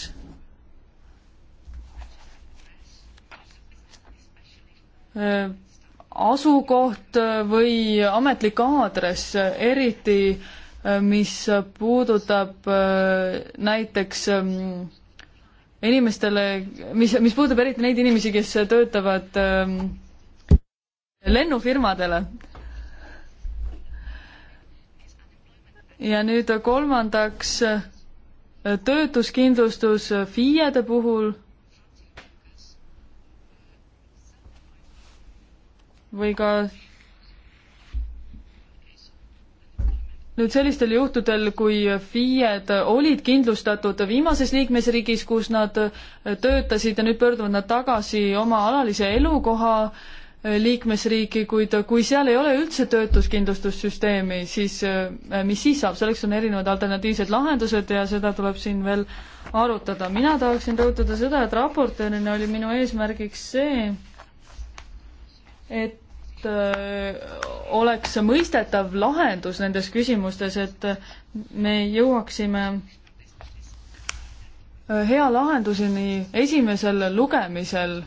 asukoht või ametlik aadress, eriti mis puudutab äh, näiteks ähm, inimestele, mis, mis puudutab eriti neid inimesi, kes töötavad ähm, lennufirmadele ja nüüd kolmandaks töötuskindlustus FIE-de puhul või ka nüüd sellistel juhtudel, kui FIE-d olid kindlustatud viimases liikmesriigis, kus nad töötasid ja nüüd pöörduvad nad tagasi oma alalise elukoha äh, liikmesriiki, kuid kui seal ei ole üldse töötuskindlustussüsteemi, siis äh, mis siis saab, selleks on erinevad alternatiivsed lahendused ja seda tuleb siin veel arutada. mina tahaksin rõhutada seda, et raportöörina oli minu eesmärgiks see, et äh, oleks mõistetav lahendus nendes küsimustes, et me jõuaksime äh, hea lahenduseni esimesel lugemisel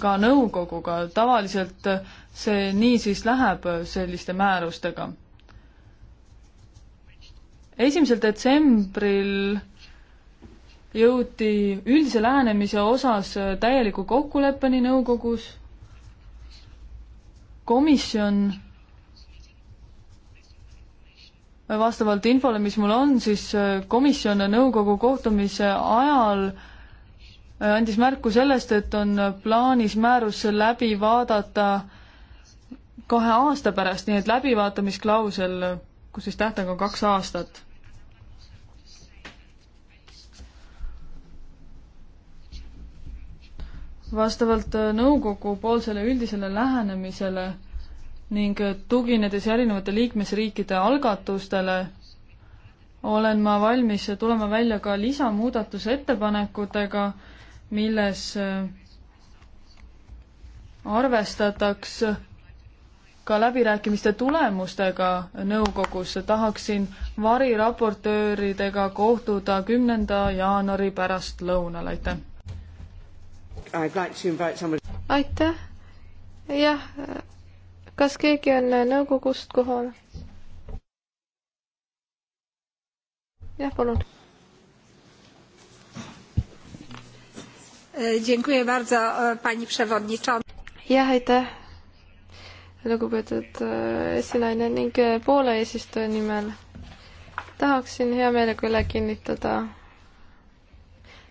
ka nõukoguga, tavaliselt see nii siis läheb selliste määrustega. esimesel detsembril jõuti üldise lähenemise osas täieliku kokkuleppeni nõukogus. komisjon vastavalt infole, mis mul on, siis komisjon nõukogu kohtumise ajal äh, andis märku sellest, et on plaanis määrus läbi vaadata kahe aasta pärast, nii et läbivaatamisklausel, kus siis tähtaeg on kaks aastat. vastavalt nõukogu poolsele üldisele lähenemisele ning tuginedes erinevate liikmesriikide algatustele, olen ma valmis tulema välja ka lisamuudatusettepanekutega milles äh, arvestataks ka läbirääkimiste tulemustega nõukogus. tahaksin variraportööridega kohtuda kümnenda jaanuari pärastlõunal, aitäh! aitäh! jah, kas keegi on nõukogust kohal? jah, palun E, dziękuję bardzo, e, pani przewodnicząca. jah, aitäh, lugupeetud e, esinaine ning Poola eesistuja nimel tahaksin hea meelega üle kinnitada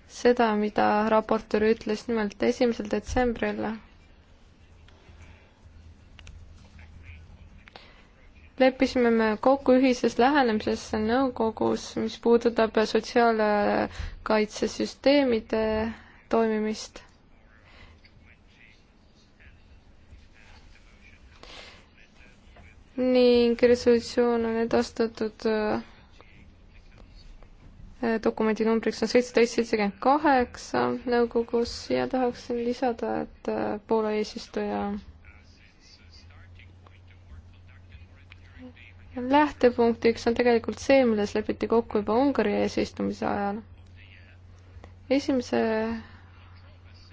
seda, mida raportöör ütles nimelt esimesel detsembril. leppisime me kokku ühises lähenemises nõukogus, mis puudutab sotsiaalkaitsesüsteemide toimimist. ning resolutsioon on edastatud äh, äh, dokumendi numbriks on seitseteist seitsekümmend kaheksa nõukogus ja tahaksin lisada, et äh, Poola eesistuja lähtepunktiks on tegelikult see, milles lepiti kokku juba Ungari eesistumise ajal. esimese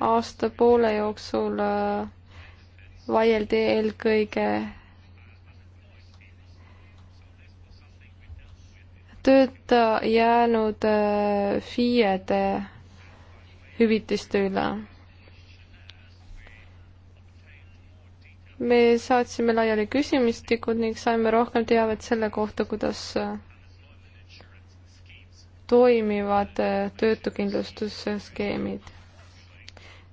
aasta poole jooksul äh, vaieldi eelkõige tööta jäänud äh, FIE-de hüvitiste üle. me saatsime laiali küsimistikud ning saime rohkem teavet selle kohta, kuidas äh, toimivad töötukindlustusskeemid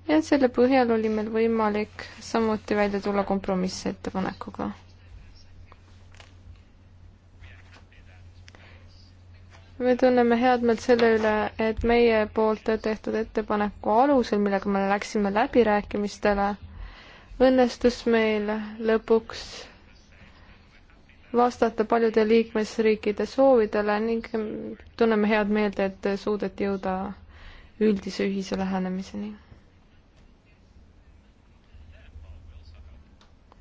ja selle põhjal oli meil võimalik samuti välja tulla kompromissettepanekuga. me tunneme head meelt selle üle, et meie poolt tehtud ettepaneku alusel, millega me läksime läbirääkimistele, õnnestus meil lõpuks vastata paljude liikmesriikide soovidele ning tunneme head meelt, et suudeti jõuda üldise ühise lähenemiseni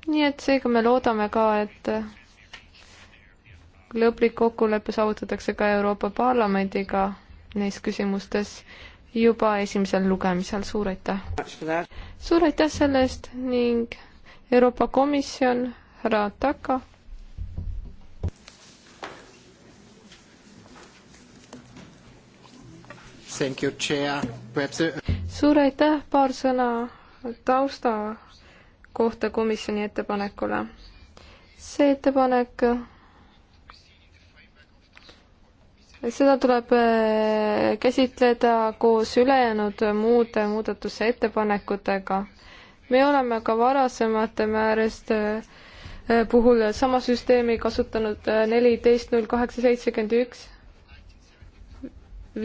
nii et seega me loodame ka, et lõplik kokkulepe saavutatakse ka Euroopa Parlamendiga neis küsimustes juba esimesel lugemisel, suur aitäh! suur aitäh selle eest ning Euroopa Komisjon, härra Taka. Uh, suur aitäh, paar sõna tausta kohta komisjoni ettepanekule. see ettepanek, seda tuleb eh, käsitleda koos ülejäänud muude muudatuse ettepanekutega. me oleme ka varasemate määrest eh, puhul sama süsteemi kasutanud eh, neliteist null kaheksa seitsekümmend üks,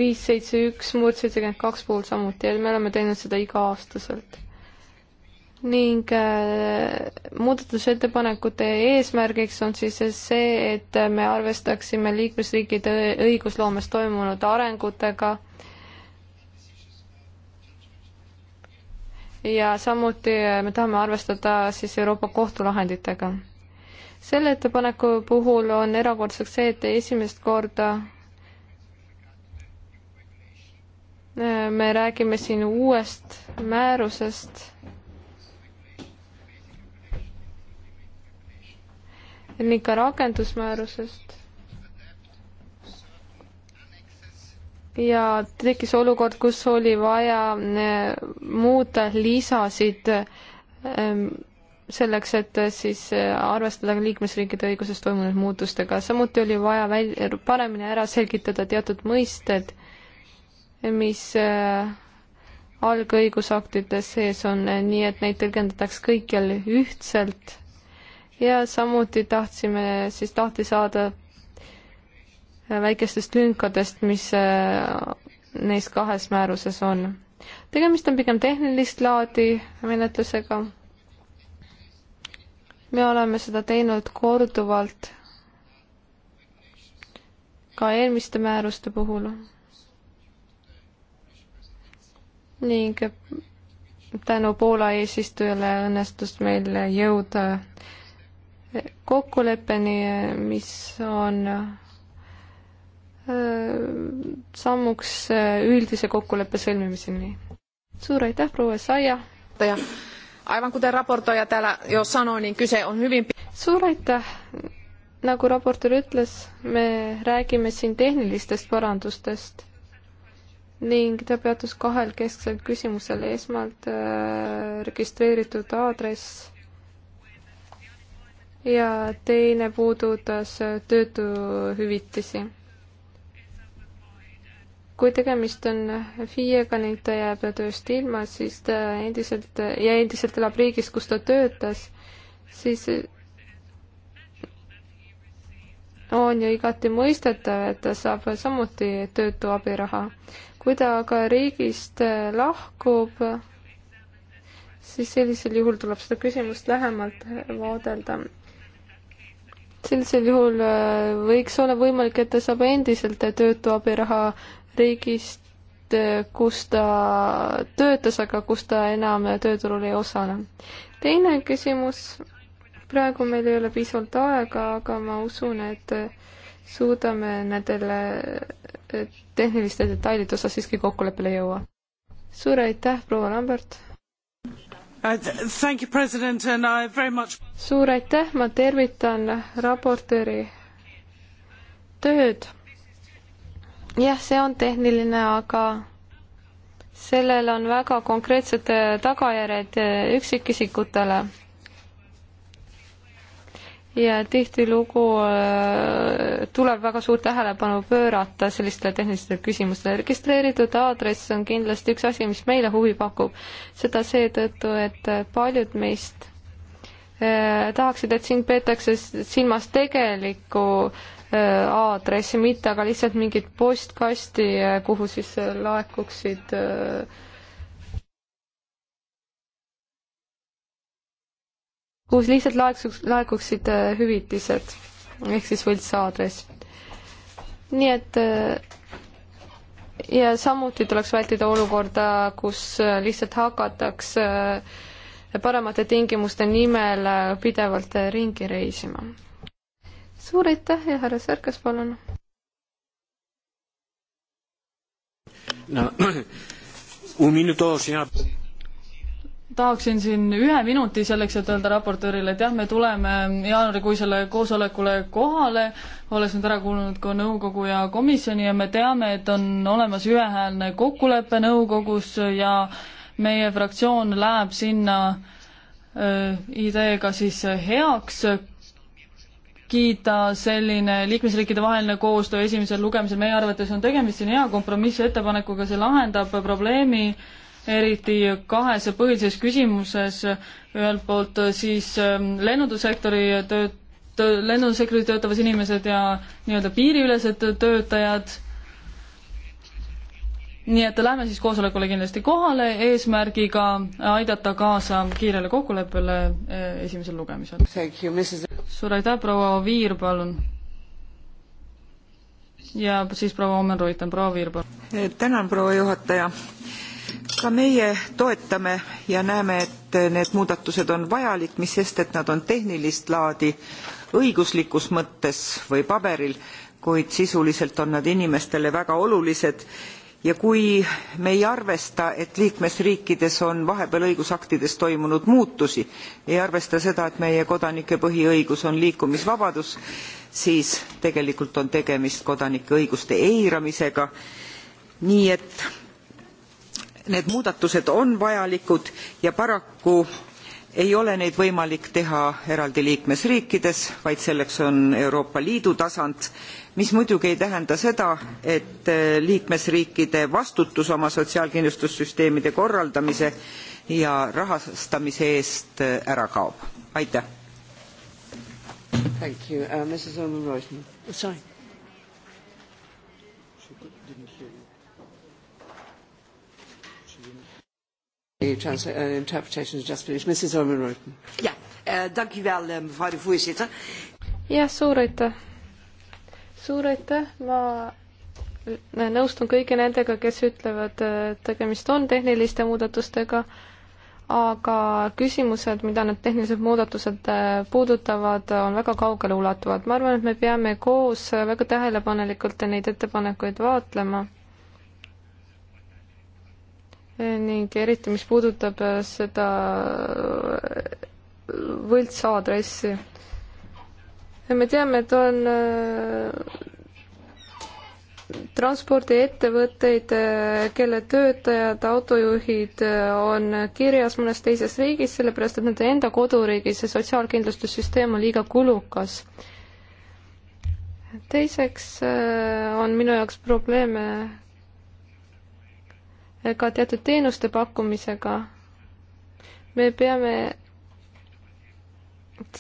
viis seitse üks, muud seitsekümmend kaks puhul samuti ja me oleme teinud seda iga-aastaselt ning äh, muudatusettepanekute eesmärgiks on siis see, et me arvestaksime liikmesriikide õigusloomes toimunud arengutega ja samuti äh, me tahame arvestada siis Euroopa kohtulahenditega. selle ettepaneku puhul on erakordseks see, et esimest korda äh, me räägime siin uuest määrusest ning ka rakendusmäärusest. ja tekkis olukord, kus oli vaja muuta lisasid ehm, selleks, et siis eh, arvestada liikmesriikide õiguses toimunud muutustega, samuti oli vaja väl-, paremini ära selgitada teatud mõisted, mis eh, algõigusaktides sees on, eh, nii et neid tõlgendataks kõikjal ühtselt ja samuti tahtsime siis lahti saada väikestest lünkadest, mis äh, neis kahes määruses on. tegemist on pigem tehnilist laadi menetlusega. me oleme seda teinud korduvalt ka eelmiste määruste puhul. ning tänu Poola eesistujale õnnestus meil jõuda äh, kokkuleppeni, mis on äh, sammuks äh, üldise kokkuleppe sõlmimiseni. suur aitäh, proua Saia! aivan kuten raportoija täällä jo sanoi, niin kyse on hyvin... Suur aitäh! Nagu raportöör ütles, me räägime siin tehnilistest parandustest ning ta peatus kahel kesksel küsimusel. Esmalt äh, registreeritud aadress ja teine puudutas töötuhüvitisi. kui tegemist on FIE-ga ning ta jääb tööst ilma, siis ta endiselt ja endiselt elab riigis, kus ta töötas, siis on ju igati mõistetav, et ta saab samuti töötu abiraha. kui ta aga riigist lahkub, siis sellisel juhul tuleb seda küsimust lähemalt vaadelda sellisel juhul äh, võiks olla võimalik, et ta saab endiselt töötu abiraha riigist, äh, kus ta töötas, aga kus ta enam tööturul ei osale. teine küsimus, praegu meil ei ole piisavalt aega, aga ma usun, et suudame nendele äh, tehniliste detailide osas siiski kokkuleppele jõua. suur aitäh, proua Lambert! Uh, you, much... suur aitäh, ma tervitan raportööri tööd. jah, see on tehniline, aga sellel on väga konkreetsed tagajärjed üksikisikutele ja tihtilugu äh, tuleb väga suurt tähelepanu pöörata sellistele tehnilistele küsimustele. registreeritud aadress on kindlasti üks asi, mis meile huvi pakub. seda seetõttu, et paljud meist äh, tahaksid, et siin peetakse silmas tegelikku äh, aadressi, mitte aga lihtsalt mingit postkasti, kuhu siis laekuksid äh, kus lihtsalt laekuks, laekuksid äh, hüvitised ehk siis võltsaadress. nii et äh, ja samuti tuleks vältida olukorda, kus äh, lihtsalt hakatakse paremate tingimuste nimel pidevalt ringi reisima. suur aitäh ja härra Särkas, palun. no un minuto, sina tahaksin siin ühe minuti selleks, et öelda raportöörile, et jah, me tuleme jaanuarikuisele koosolekule kohale, olles nüüd ära kuulanud ka nõukogu ja komisjoni ja me teame, et on olemas ühehäälne kokkulepe nõukogus ja meie fraktsioon läheb sinna äh, ideega siis heaks kiita selline liikmesriikide vaheline koostöö esimesel lugemisel, meie arvates on tegemist siin hea kompromissettepanekuga, see lahendab probleemi äh, eriti kahes põhilises küsimuses, ühelt poolt siis ähm, lennundussektori tööd, lennundussektoris töötavad inimesed ja nii-öelda piiriülesed töötajad, nii et lähme siis koosolekule kindlasti kohale eesmärgiga aidata kaasa kiirele kokkuleppele äh, esimesel lugemisel. suur aitäh, proua Oviir, palun. ja siis proua Omen-Ruiten, proua Oviir, palun. tänan, proua juhataja ka meie toetame ja näeme et need muudatused on vajalik mis sest et nad on tehnilist laadi õiguslikus mõttes või paberil kuid sisuliselt on nad inimestele väga olulised ja kui me ei arvesta et liikmesriikides on vahepeal õigusaktides toimunud muutusi ei arvesta seda et meie kodanike põhiõigus on liikumisvabadus siis tegelikult on tegemist kodanike õiguste eiramisega nii et need muudatused on vajalikud ja paraku ei ole neid võimalik teha eraldi liikmesriikides vaid selleks on euroopa liidu tasand mis muidugi ei tähenda seda et eh, liikmesriikide vastutus oma sotsiaalkindlustussüsteemide korraldamise ja rahastamise eest eh, ära kaob. aitäh! Uh, interpretation is just finished. Mrs. Omen-Ruijten. Ja, uh, dank u wel, uh, mevrouw de voorzitter. jah, suur aitäh. suur aitäh, ma nõustun kõigi nendega, kes ütlevad, et tegemist on tehniliste muudatustega, aga küsimused, mida need tehnilised muudatused eh, puudutavad, on väga kaugele ulatuvad. ma arvan, et me peame koos väga tähelepanelikult neid ettepanekuid vaatlema ning eriti, mis puudutab äh, seda äh, võltsaadressi. me teame, et on äh, transpordiettevõtteid, kelle töötajad, autojuhid on kirjas mõnes teises riigis, sellepärast et nende enda koduriigis see sotsiaalkindlustussüsteem on liiga kulukas. teiseks on minu jaoks probleeme ka teatud teenuste pakkumisega. me peame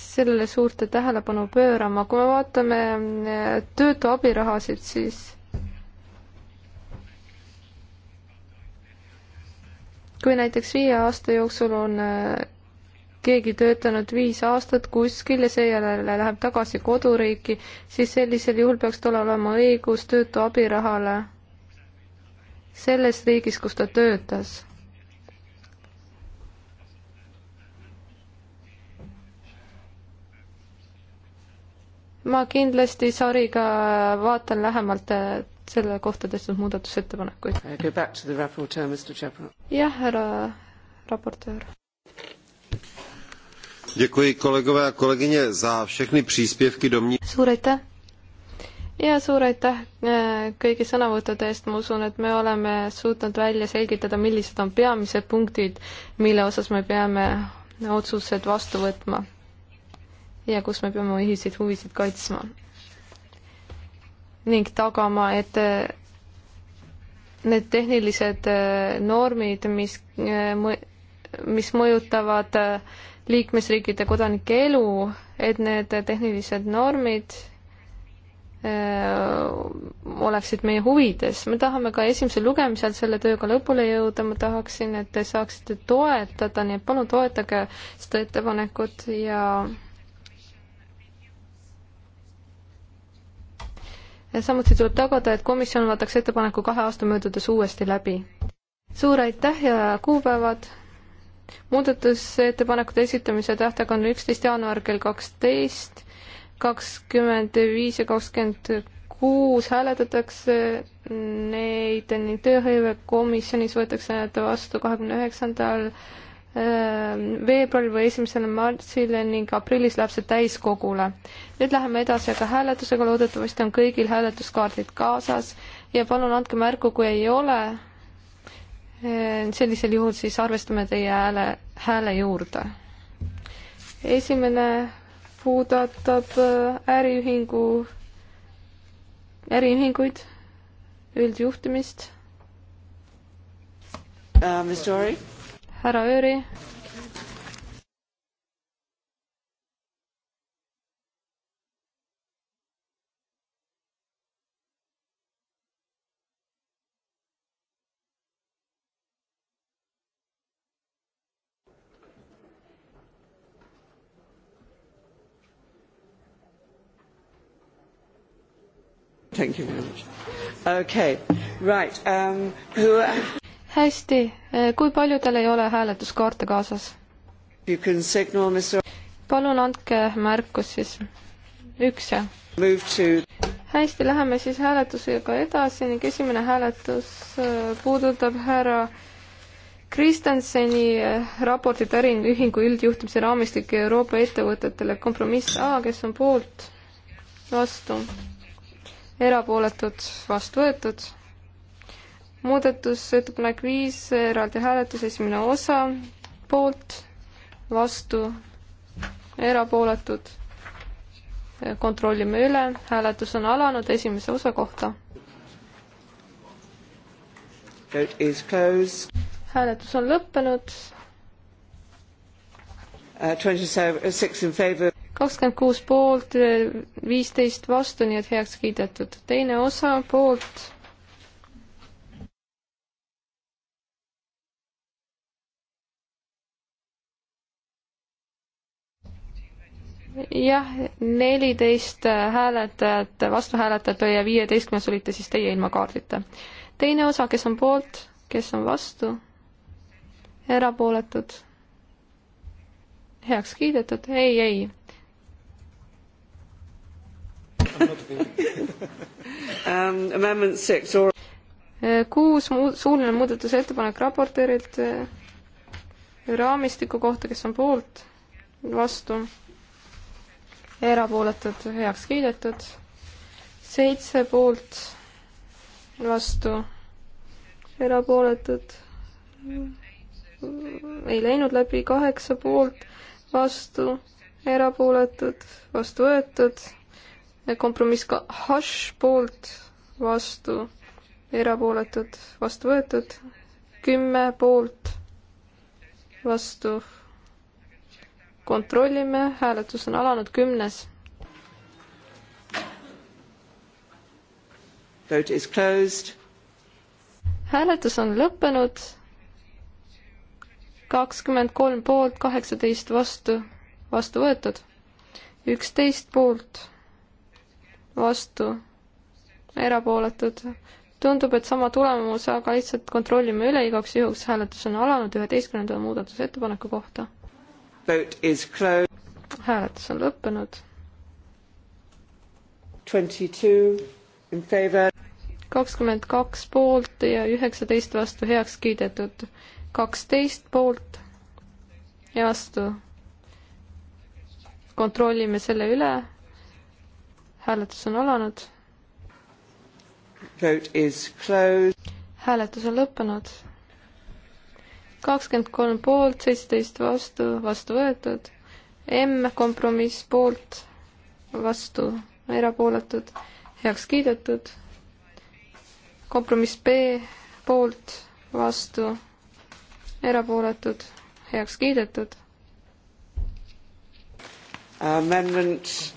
sellele suurt tähelepanu pöörama, kui me vaatame eh, töötu abirahasid, siis kui näiteks viie aasta jooksul on eh, keegi töötanud viis aastat kuskil ja seejärel läheb tagasi koduriiki, siis sellisel juhul peaks tal olema õigus töötu abirahale selles riigis, kus ta töötas. ma kindlasti Sariga vaatan lähemalt selle kohta tehtud muudatusettepanekuid. jah, härra raportöör. Děkuji kolegové a kolegyně za všechny příspěvky do mě. Suur aitäh ja suur aitäh äh, kõigi sõnavõttude eest, ma usun, et me oleme suutnud välja selgitada, millised on peamised punktid, mille osas me peame otsused vastu võtma ja kus me peame ühiseid huvisid kaitsma. ning tagama, et äh, need tehnilised äh, normid, mis, mis mõjutavad liikmesriikide kodanike elu, et need tehnilised normid Äh, oleksid meie huvides. me tahame ka esimesel lugemisel selle tööga lõpule jõuda, ma tahaksin, et te saaksite toetada, nii et palun toetage seda ettepanekut ja ja samuti tuleb tagada, et komisjon vaataks ettepaneku kahe aasta möödudes uuesti läbi. suur aitäh ja kuupäevad! muudatusettepanekute esitamise tähtaeg on üksteist jaanuar kell kaksteist kakskümmend viis ja kakskümmend kuus hääletatakse neid ning tööhõivekomisjonis võetakse need vastu kahekümne üheksandal ähm, veebruaril või esimesel märtsil ning aprillis läheb see täiskogule. nüüd läheme edasi aga hääletusega, loodetavasti on kõigil hääletuskaardid kaasas ja palun andke märku, kui ei ole. Äh, sellisel juhul siis arvestame teie hääle, hääle juurde. esimene puudutab äh, äriühingu, äriühinguid, üldjuhtimist. Uh, härra Ööri. Thank you very much. Okay, right um,. Who... hästi, kui paljudel ei ole hääletuskaarte kaasas? You can signal, Mr. palun andke märkus siis. üks ja. Move to hästi, läheme siis hääletusega edasi ning esimene hääletus äh, puudutab härra Kristenseni äh, raportit äriühingu üldjuhtimise raamistik Euroopa ettevõtetele kompromiss A, kes on poolt, vastu, erapooletud, vastu võetud. muudatusettepanek viis, eraldi hääletus, esimene osa, poolt, vastu, erapooletud. kontrollime üle, hääletus on alanud esimese osa kohta. hääletus on lõppenud. Uh, 26 uh, in favor kakskümmend kuus poolt, viisteist vastu, nii et heaks kiidetud. teine osa poolt. jah, neliteist hääletajat, vastuhääletajat oli ja viieteistkümnes olite siis teie ilma kaardita. teine osa, kes on poolt, kes on vastu, erapooletud, heaks kiidetud, ei, ei Um, eh, kuus muu-, suuline muudatusettepanek raportöörilt eh, raamistiku kohta, kes on poolt, vastu, erapooletud, heaks kiidetud, seitse poolt, vastu, erapooletud, ei läinud läbi, kaheksa poolt, vastu, erapooletud, vastu võetud kompromiss ka hash poolt, vastu, erapooletud, vastu võetud, kümme poolt, vastu. kontrollime, hääletus on alanud, kümnes. Vote is closed. hääletus on lõppenud. kakskümmend kolm poolt, kaheksateist vastu, vastu võetud. üksteist poolt vastu, erapooletud. tundub, et sama tulemus, aga lihtsalt kontrollime üle, igaks juhuks hääletus on alanud üheteistkümnenda muudatusettepaneku kohta. hääletus on lõppenud. kakskümmend kaks poolt ja üheksateist vastu heaks kiidetud, kaksteist poolt ja vastu kontrollime selle üle hääletus on alanud. hääletus on lõppenud. kakskümmend kolm poolt, seitseteist vastu, vastu võetud. M kompromiss poolt, vastu, erapooletud, heaks kiidetud. kompromiss B poolt, vastu, erapooletud, heaks kiidetud. Amendment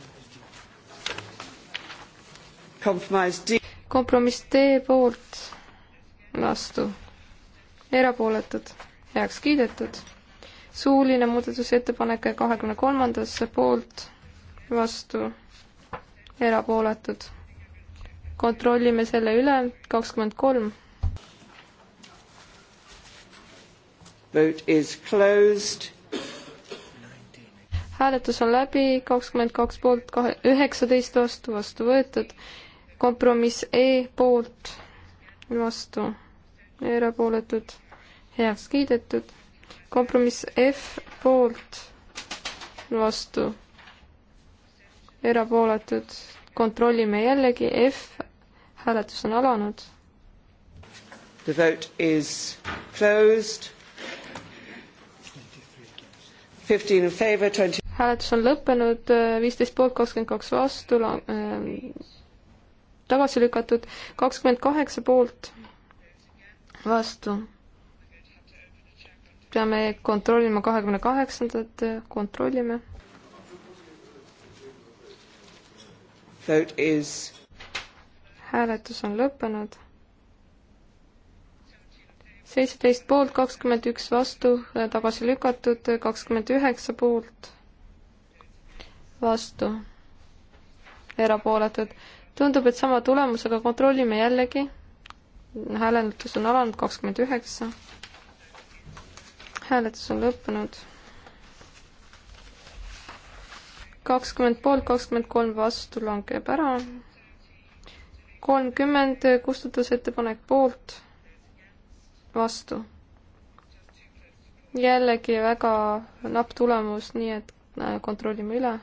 kompromiss D poolt, vastu, erapooletud, heaks kiidetud. suuline muudatusettepanek kahekümne kolmandasse poolt, vastu, erapooletud. kontrollime selle üle, kakskümmend kolm. Vote is closed hääletus on läbi, kakskümmend kaks poolt, kahe, üheksateist vastu, vastu võetud kompromiss E poolt, vastu, erapooletud, heaks kiidetud. kompromiss F poolt, vastu, erapooletud, kontrollime jällegi, F, hääletus on alanud. The vote is closed. Fifteen in favor, twenty. hääletus on lõppenud, viisteist poolt, kakskümmend kaks vastu, tagasi lükatud, kakskümmend kaheksa poolt, vastu. peame kontrollima kahekümne kaheksandat, kontrollime. Is... hääletus on lõppenud. seitseteist poolt, kakskümmend üks vastu, tagasi lükatud, kakskümmend üheksa poolt, vastu, erapooletud tundub, et sama tulemusega kontrollime jällegi. hääletus on alanud kakskümmend üheksa. hääletus on lõppenud. kakskümmend poolt, kakskümmend kolm vastu langeb ära. kolmkümmend kustutusettepanek poolt, vastu. jällegi väga napp tulemus, nii et äh, kontrollime üle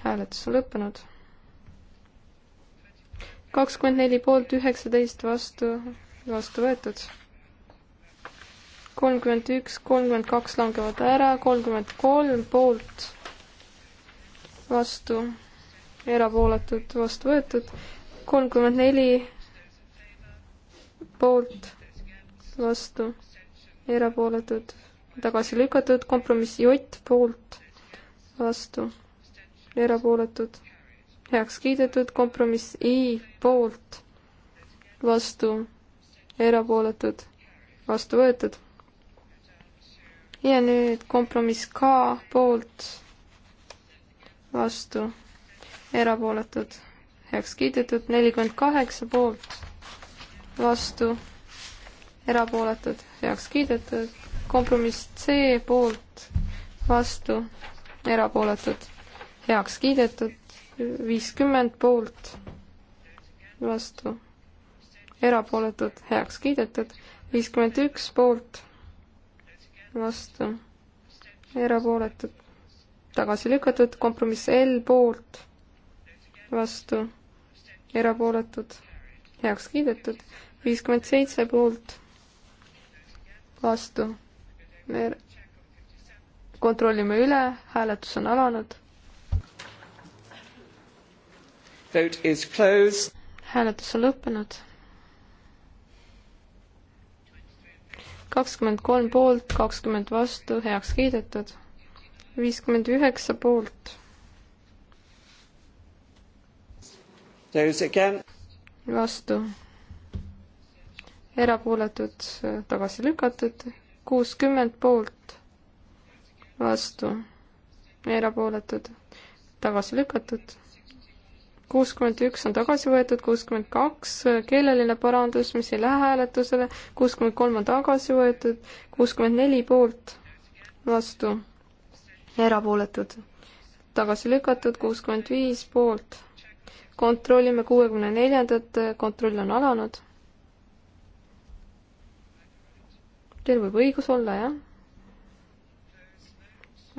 hääletus on lõppenud. kakskümmend neli poolt, üheksateist vastu, vastu võetud. kolmkümmend üks, kolmkümmend kaks langevad ära, kolmkümmend kolm poolt, vastu, erapooletud, vastu võetud, kolmkümmend neli poolt, vastu, erapooletud, tagasi lükatud, kompromissi Ott poolt vastu, erapooletud, heaks kiidetud, kompromiss I poolt, vastu, erapooletud, vastu võetud. ja nüüd kompromiss K poolt, vastu, erapooletud, heaks kiidetud, nelikümmend kaheksa poolt, vastu, erapooletud, heaks kiidetud, kompromiss C poolt, vastu, erapooletud, heaks kiidetud, viiskümmend poolt, vastu, erapooletud, heaks kiidetud, viiskümmend üks poolt, vastu, erapooletud, tagasi lükatud, kompromiss L poolt, vastu, erapooletud, heaks kiidetud, viiskümmend seitse poolt, vastu, kontrollime üle, hääletus on alanud. hääletus on lõppenud. kakskümmend kolm poolt, kakskümmend vastu, heaks kiidetud. viiskümmend üheksa poolt. vastu. erapooletud, tagasi lükatud, kuuskümmend poolt vastu, erapooletud, tagasi lükatud. kuuskümmend üks on tagasi võetud, kuuskümmend kaks keeleline parandus, mis ei lähe hääletusele, kuuskümmend kolm on tagasi võetud, kuuskümmend neli poolt, vastu, erapooletud, tagasi lükatud, kuuskümmend viis poolt. kontrollime kuuekümne neljandat, kontroll on alanud. Teil võib õigus olla, jah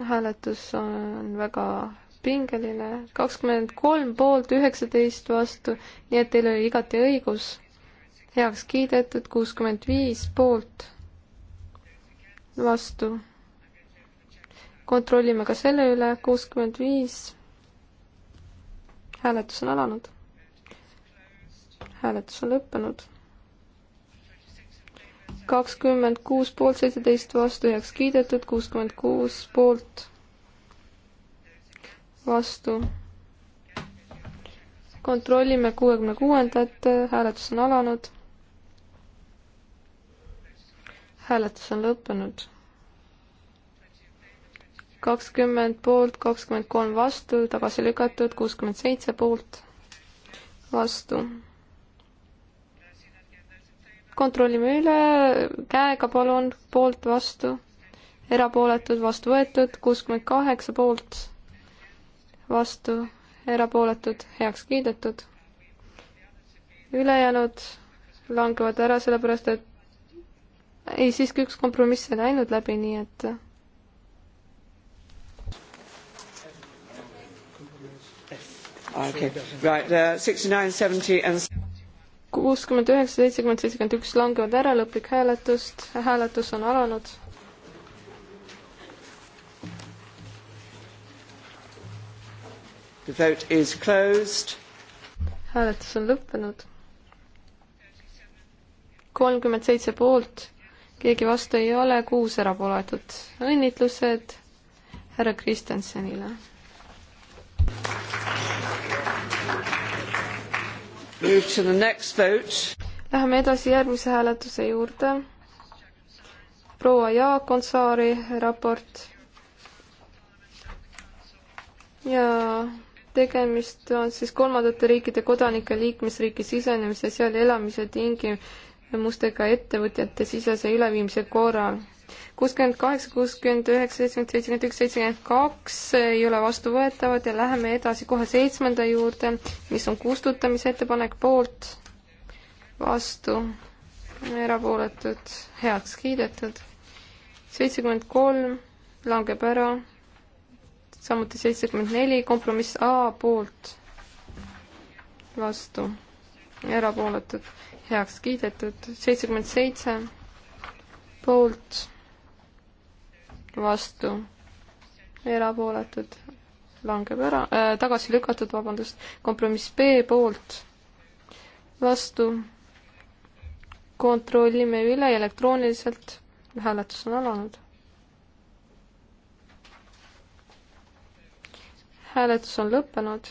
hääletus on väga pingeline, kakskümmend kolm poolt, üheksateist vastu, nii et teil oli igati õigus. heaks kiidetud kuuskümmend viis poolt, vastu. kontrollime ka selle üle, kuuskümmend viis. hääletus on alanud. hääletus on lõppenud kakskümmend kuus poolt, seitseteist vastu heaks kiidetud, kuuskümmend kuus poolt vastu. kontrollime kuuekümne kuuendat, hääletus on alanud. hääletus on lõppenud. kakskümmend poolt, kakskümmend kolm vastu, tagasi lükatud, kuuskümmend seitse poolt, vastu kontrollime üle, käega palun, poolt, vastu, erapooletud, vastu võetud, kuuskümmend kaheksa poolt, vastu, erapooletud, heaks kiidetud. ülejäänud langevad ära, sellepärast et ei, siiski üks kompromiss ei läinud läbi, nii et ah, okay. right, uh, 69, 70 and kuuskümmend üheksa, seitsekümmend, seitsekümmend üks langevad ära, lõplik hääletust, hääletus on alanud. The vote is closed. hääletus on lõppenud. kolmkümmend seitse poolt, keegi vastu ei ole, kuus erapooletut. õnnitlused härra Kristjansonile. Läheme edasi järgmise hääletuse juurde. proua Jaak Onsaari raport. ja tegemist on siis kolmandate riikide kodanike liikmesriigi sisenemise, seal elamise tingimustega ettevõtjate sisese üleviimise korral kuuskümmend kaheksa, kuuskümmend üheksa, seitsekümmend, seitsekümmend üks, seitsekümmend kaks ei ole vastuvõetavad ja läheme edasi kohe seitsmenda juurde, mis on kustutamise ettepanek poolt, vastu, erapooletud, heaks kiidetud. seitsekümmend kolm langeb ära, samuti seitsekümmend neli, kompromiss A poolt, vastu, erapooletud, heaks kiidetud, seitsekümmend seitse poolt vastu, erapooletud, langeb ära äh,, tagasi lükatud, vabandust, kompromiss B poolt, vastu, kontrollime üle elektrooniliselt, hääletus on alanud. hääletus on lõppenud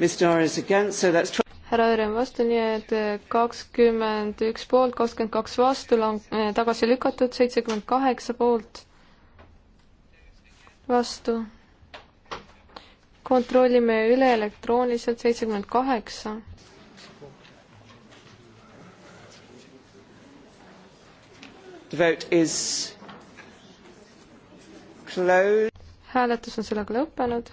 Ms Dar is against, so that's härra Jürgen vastu, nii et äh, kakskümmend üks poolt, kakskümmend kaks vastu, lang-, äh, tagasi lükatud, seitsekümmend kaheksa poolt vastu. kontrollime üle elektrooniliselt, seitsekümmend kaheksa. The vote is closed. hääletus on sellega lõppenud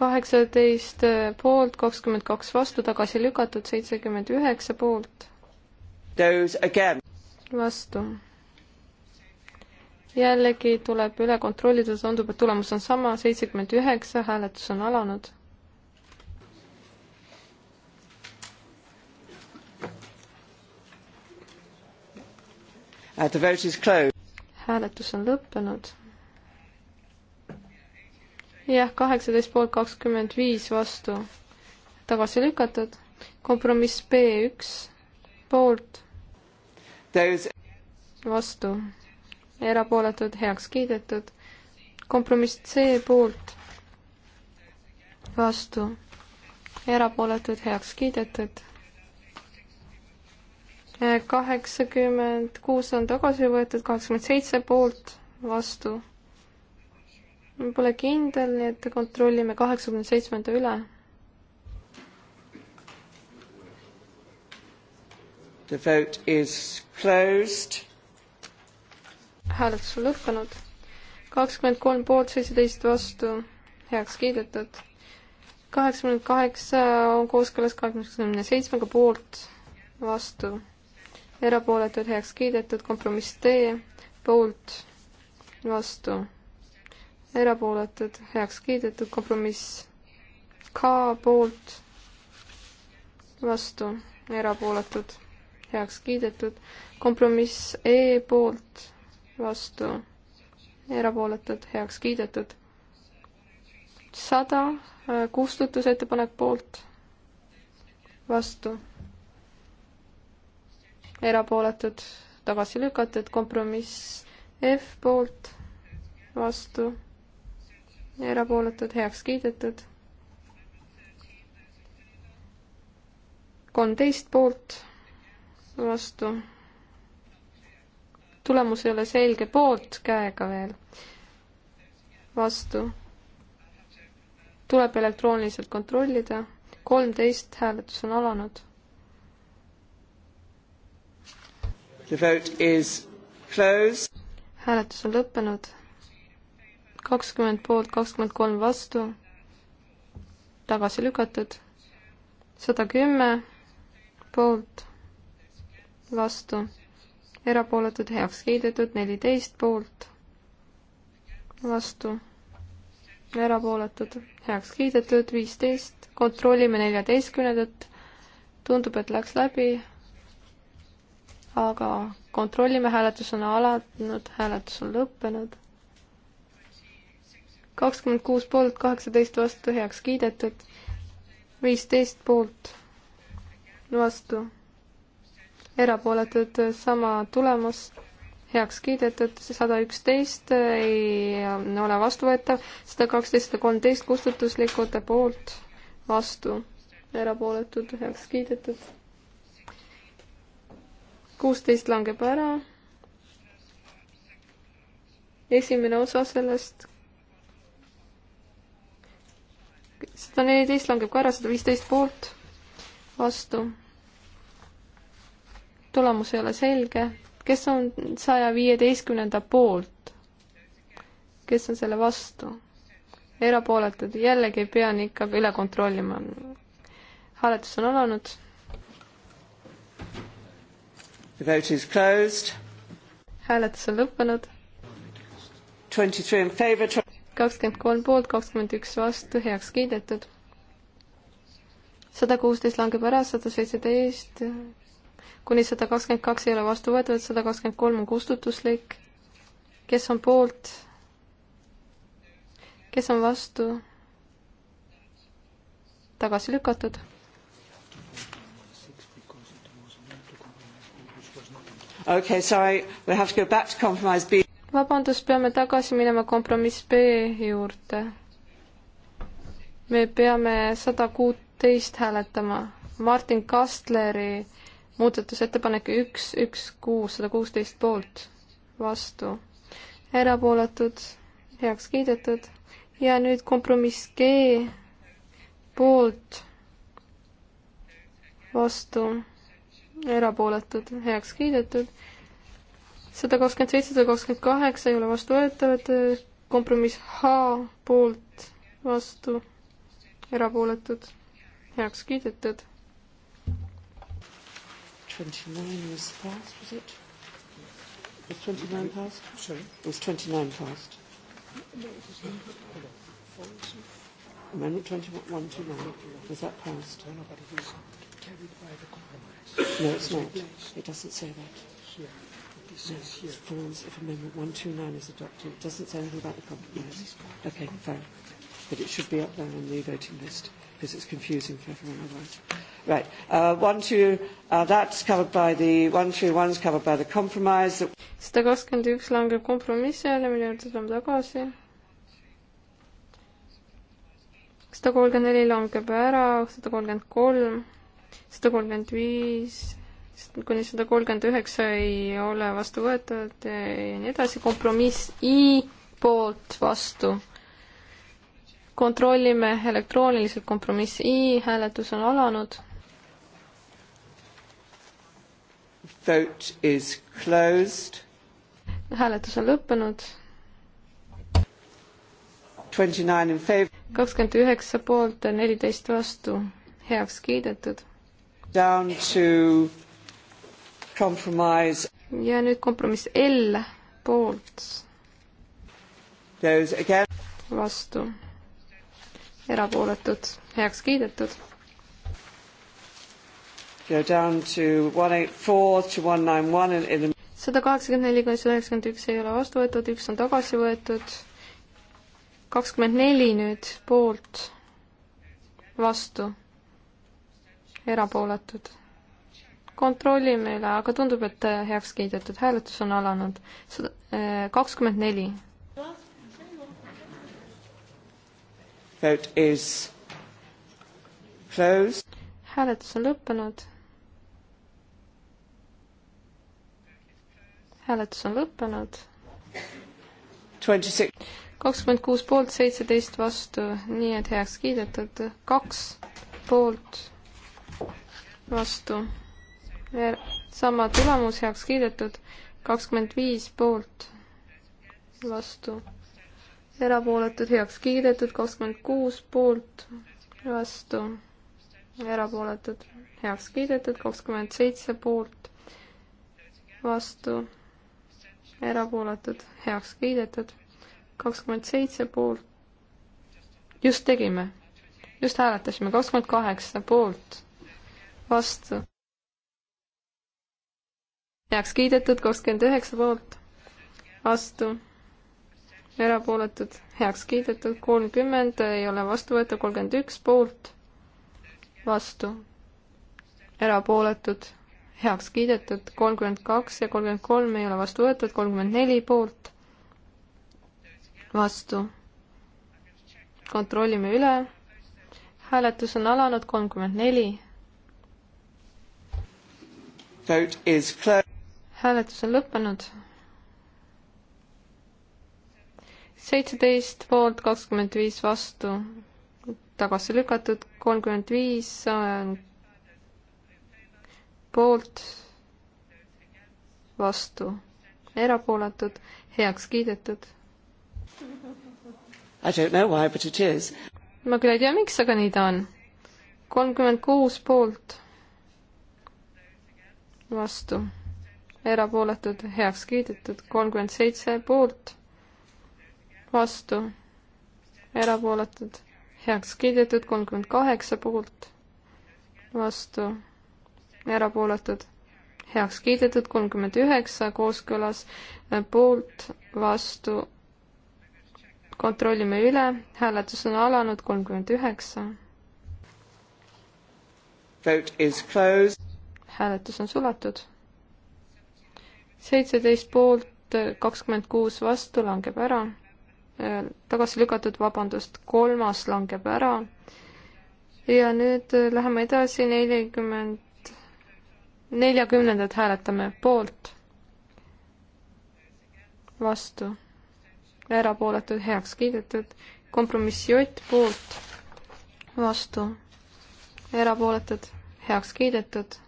kaheksateist eh, poolt, kakskümmend kaks vastu, tagasi lükatud, seitsekümmend üheksa poolt. vastu. jällegi tuleb üle kontrollida, tundub, et tulemus on sama, seitsekümmend üheksa, hääletus on alanud. Uh, hääletus on lõppenud jah, kaheksateist poolt kakskümmend viis vastu tagasi lükatud. kompromiss B üks poolt vastu erapooletud heaks kiidetud. kompromiss C poolt vastu erapooletud heaks kiidetud kaheksakümmend kuus on tagasi võetud, kaheksakümmend seitse poolt, vastu, Pole kindel, nii et kontrollime kaheksakümne seitsmenda üle. The vote is closed. hääletus on lõppenud. kakskümmend kolm poolt, seitseteist vastu, heaks kiidetud. kaheksakümmend kaheksa on kooskõlas kahekümne seitsmega poolt, vastu, erapooletud, heaks kiidetud, kompromiss D, poolt, vastu erapooletud, heaks kiidetud, kompromiss K poolt, vastu, erapooletud, heaks kiidetud, kompromiss E poolt, vastu, erapooletud, heaks kiidetud, sada, äh, kustutusettepanek poolt, vastu, erapooletud, tagasi lükatud, kompromiss F poolt, vastu erapooletud, heaks kiidetud. kolmteist poolt, vastu. tulemus ei ole selge, poolt käega veel, vastu. tuleb elektrooniliselt kontrollida, kolmteist hääletus on alanud. The vote is closed. hääletus on lõppenud kakskümmend poolt, kakskümmend kolm vastu, tagasi lükatud, sada kümme poolt, vastu, erapooletud, heaks kiidetud, neliteist poolt, vastu, erapooletud, heaks kiidetud, viisteist, kontrollime neljateistkümnendat, tundub, et läks läbi, aga kontrollime, hääletus on alanud, hääletus on lõppenud kakskümmend kuus poolt, kaheksateist vastu heaks kiidetud, viisteist poolt vastu, erapooletud sama tulemus, heaks kiidetud, sada üksteist ei ole vastuvõetav, sada kaksteist, sada kolmteist kustutuslikud poolt, vastu, erapooletud, heaks kiidetud. kuusteist langeb ära esimene osa sellest sada neliteist langeb ka ära, sada viisteist poolt, vastu. tulemus ei ole selge, kes on saja viieteistkümnenda poolt, kes on selle vastu? erapooletud, jällegi pean ikka üle kontrollima. hääletus on alanud. hääletus on lõppenud kakskümmend kolm poolt, kakskümmend üks vastu, heaks kiidetud. sada kuusteist langeb ära, sada seitseteist kuni sada kakskümmend kaks ei ole vastu võetud, sada kakskümmend kolm on kustutuslik. kes on poolt? kes on vastu? tagasi lükatud Okay, sorry, we have to go back to compromise B vabandust, peame tagasi minema kompromiss B juurde. me peame sada kuuteist hääletama. Martin Kastleri muudatusettepanek üks, üks, kuus, sada kuusteist poolt, vastu, erapooletud, heaks kiidetud ja nüüd kompromiss G poolt, vastu, erapooletud, heaks kiidetud sada kakskümmend seitse, sada kakskümmend kaheksa ei ole vastuvõetavad, äh, kompromiss H poolt vastu, erapooletud, heaks kiidetud. Twenty nine was passed, was it? Was twenty nine passed? Sorry? It was twenty nine passed. No, it was Amendment 2129, was that passed? No, no, but it is carried by the compromise. No, it's not. It doesn't say that. Yeah says here. Follows if Amendment 129 is adopted. It doesn't say anything about the compromise. Okay, fine. But it should be up there on the voting list because it's confusing for everyone otherwise. Right. Uh, one, two, uh, that's covered by the, one, two, one's covered by the compromise. sada kakskümmend üks langeb kompromissile, mille juurde tuleme tagasi. sada kolmkümmend neli langeb ära, sada kolmkümmend kolm, sada kolmkümmend viis kuni sada kolmkümmend üheksa ei ole vastu võetud ja nii edasi, kompromiss I poolt vastu. kontrollime elektrooniliselt kompromiss I, hääletus on alanud. Vote is closed. hääletus on lõppenud. kakskümmend üheksa poolt ja neliteist vastu, heaks kiidetud. Down to ja nüüd kompromiss L poolt. vastu. erapooletud, heaks kiidetud. sada kaheksakümmend neli kuni sada üheksakümmend üks ei ole vastu võetud, üks on tagasi võetud. kakskümmend neli nüüd poolt, vastu, erapooletud kontrollime üle, aga tundub, et äh, heaks kiidetud hääletus on alanud. Äh, kakskümmend neli. Vote is closed. hääletus on lõppenud. hääletus on lõppenud. kakskümmend kuus poolt, seitseteist vastu, nii et heaks kiidetud, kaks poolt, vastu sama tulemus heaks kiidetud, kakskümmend viis poolt, vastu, erapooletud heaks kiidetud, kakskümmend kuus poolt, vastu, erapooletud heaks kiidetud, kakskümmend seitse poolt, vastu, erapooletud heaks kiidetud, kakskümmend seitse poolt, just tegime, just hääletasime, kakskümmend kaheksa poolt, vastu heaks kiidetud, kakskümmend üheksa poolt, vastu, erapooletud, heaks kiidetud, kolmkümmend ei ole vastu võetud, kolmkümmend üks poolt, vastu, erapooletud, heaks kiidetud, kolmkümmend kaks ja kolmkümmend kolm ei ole vastu võetud, kolmkümmend neli poolt, vastu. kontrollime üle, hääletus on alanud, kolmkümmend neli. Vote is closed hääletus on lõppenud. seitseteist poolt, kakskümmend viis vastu, tagasi lükatud, kolmkümmend viis äh, poolt, vastu, erapooletud, heaks kiidetud. I don't know why, but it is. ma küll ei tea, miks, aga nii ta on. kolmkümmend kuus poolt, vastu erapooletud, heaks kiidetud, kolmkümmend seitse poolt, vastu, erapooletud, heaks kiidetud, kolmkümmend kaheksa poolt, vastu, erapooletud, heaks kiidetud, kolmkümmend üheksa kooskõlas, poolt, vastu, kontrollime üle, hääletus on alanud, kolmkümmend üheksa. hääletus on suletud seitseteist poolt, kakskümmend kuus vastu langeb ära, tagasi lükatud, vabandust, kolmas langeb ära. ja nüüd läheme edasi, nelikümmend, neljakümnendat hääletame poolt, vastu, erapooletud, heaks kiidetud, kompromiss J poolt, vastu, erapooletud, heaks kiidetud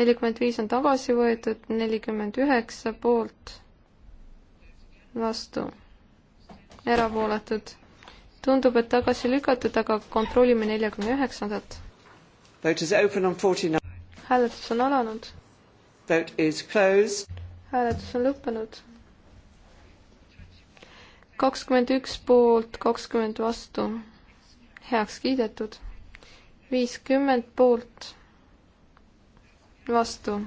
nelikümmend viis on tagasi võetud, nelikümmend üheksa poolt, vastu, erapooletud. tundub, et tagasi lükatud, aga kontrollime neljakümne üheksandat. hääletus on alanud. hääletus on lõppenud. kakskümmend üks poolt, kakskümmend vastu, heaks kiidetud. viiskümmend poolt vastu,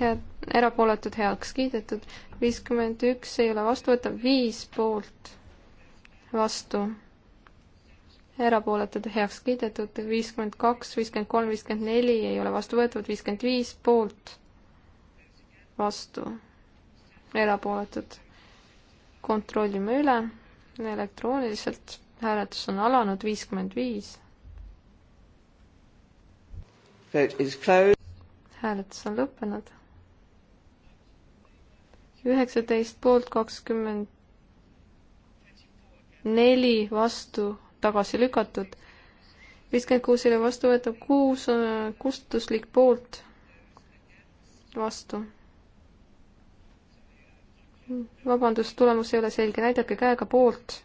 head, erapooletud heaks kiidetud, viiskümmend üks ei ole vastu võetav, viis poolt, vastu, erapooletud heaks kiidetud, viiskümmend kaks, viiskümmend kolm, viiskümmend neli ei ole vastu võetud, viiskümmend viis poolt, vastu, erapooletud. kontrollime üle elektrooniliselt, hääletus on alanud, viiskümmend viis hääletus on lõppenud. üheksateist poolt kakskümmend neli vastu tagasi lükatud. viiskümmend kuus oli vastu võetav, kuus kustutuslik poolt vastu. vabandust, tulemus ei ole selge, näidake käega poolt,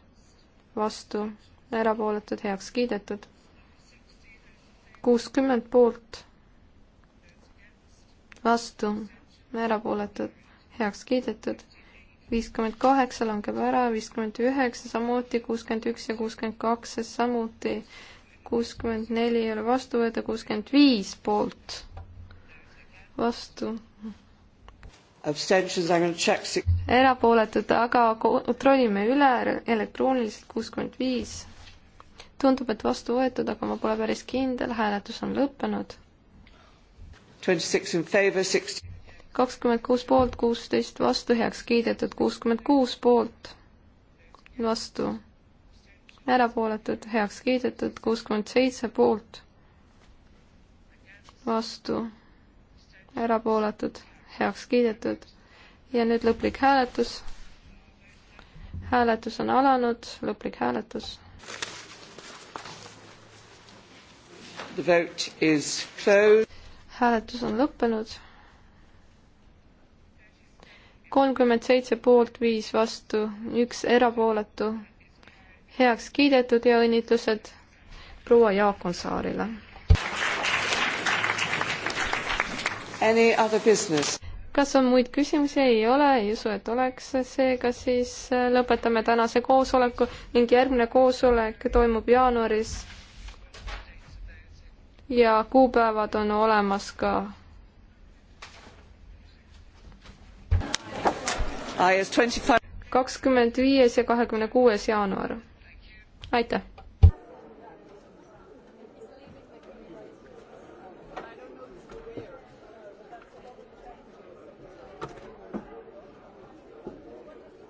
vastu, erapooletud, heaks kiidetud kuuskümmend poolt, vastu, erapooletud, heaks kiidetud. viiskümmend kaheksa langeb ära, viiskümmend üheksa samuti, kuuskümmend üks ja kuuskümmend kaks samuti, kuuskümmend neli ei ole vastu võetud, kuuskümmend viis poolt, vastu erapooletud, aga kontrollime üle elektrooniliselt kuuskümmend viis tundub, et vastu võetud, aga ma pole päris kindel, hääletus on lõppenud. kakskümmend kuus poolt, kuusteist vastu, heaks kiidetud, kuuskümmend kuus poolt, vastu, erapooletud, heaks kiidetud, kuuskümmend seitse poolt, vastu, erapooletud, heaks kiidetud ja nüüd lõplik hääletus. hääletus on alanud, lõplik hääletus. The vote is closed. hääletus on lõppenud. kolmkümmend seitse poolt, viis vastu, üks erapooletu. heaks kiidetud ja õnnitlused proua Jaakonsaarile. Any other business? kas on muid küsimusi, ei ole, ei usu, et oleks, seega siis lõpetame tänase koosoleku ning järgmine koosolek toimub jaanuaris ja kuupäevad on olemas ka. Ah, kakskümmend viies ja kahekümne kuues jaanuar. aitäh!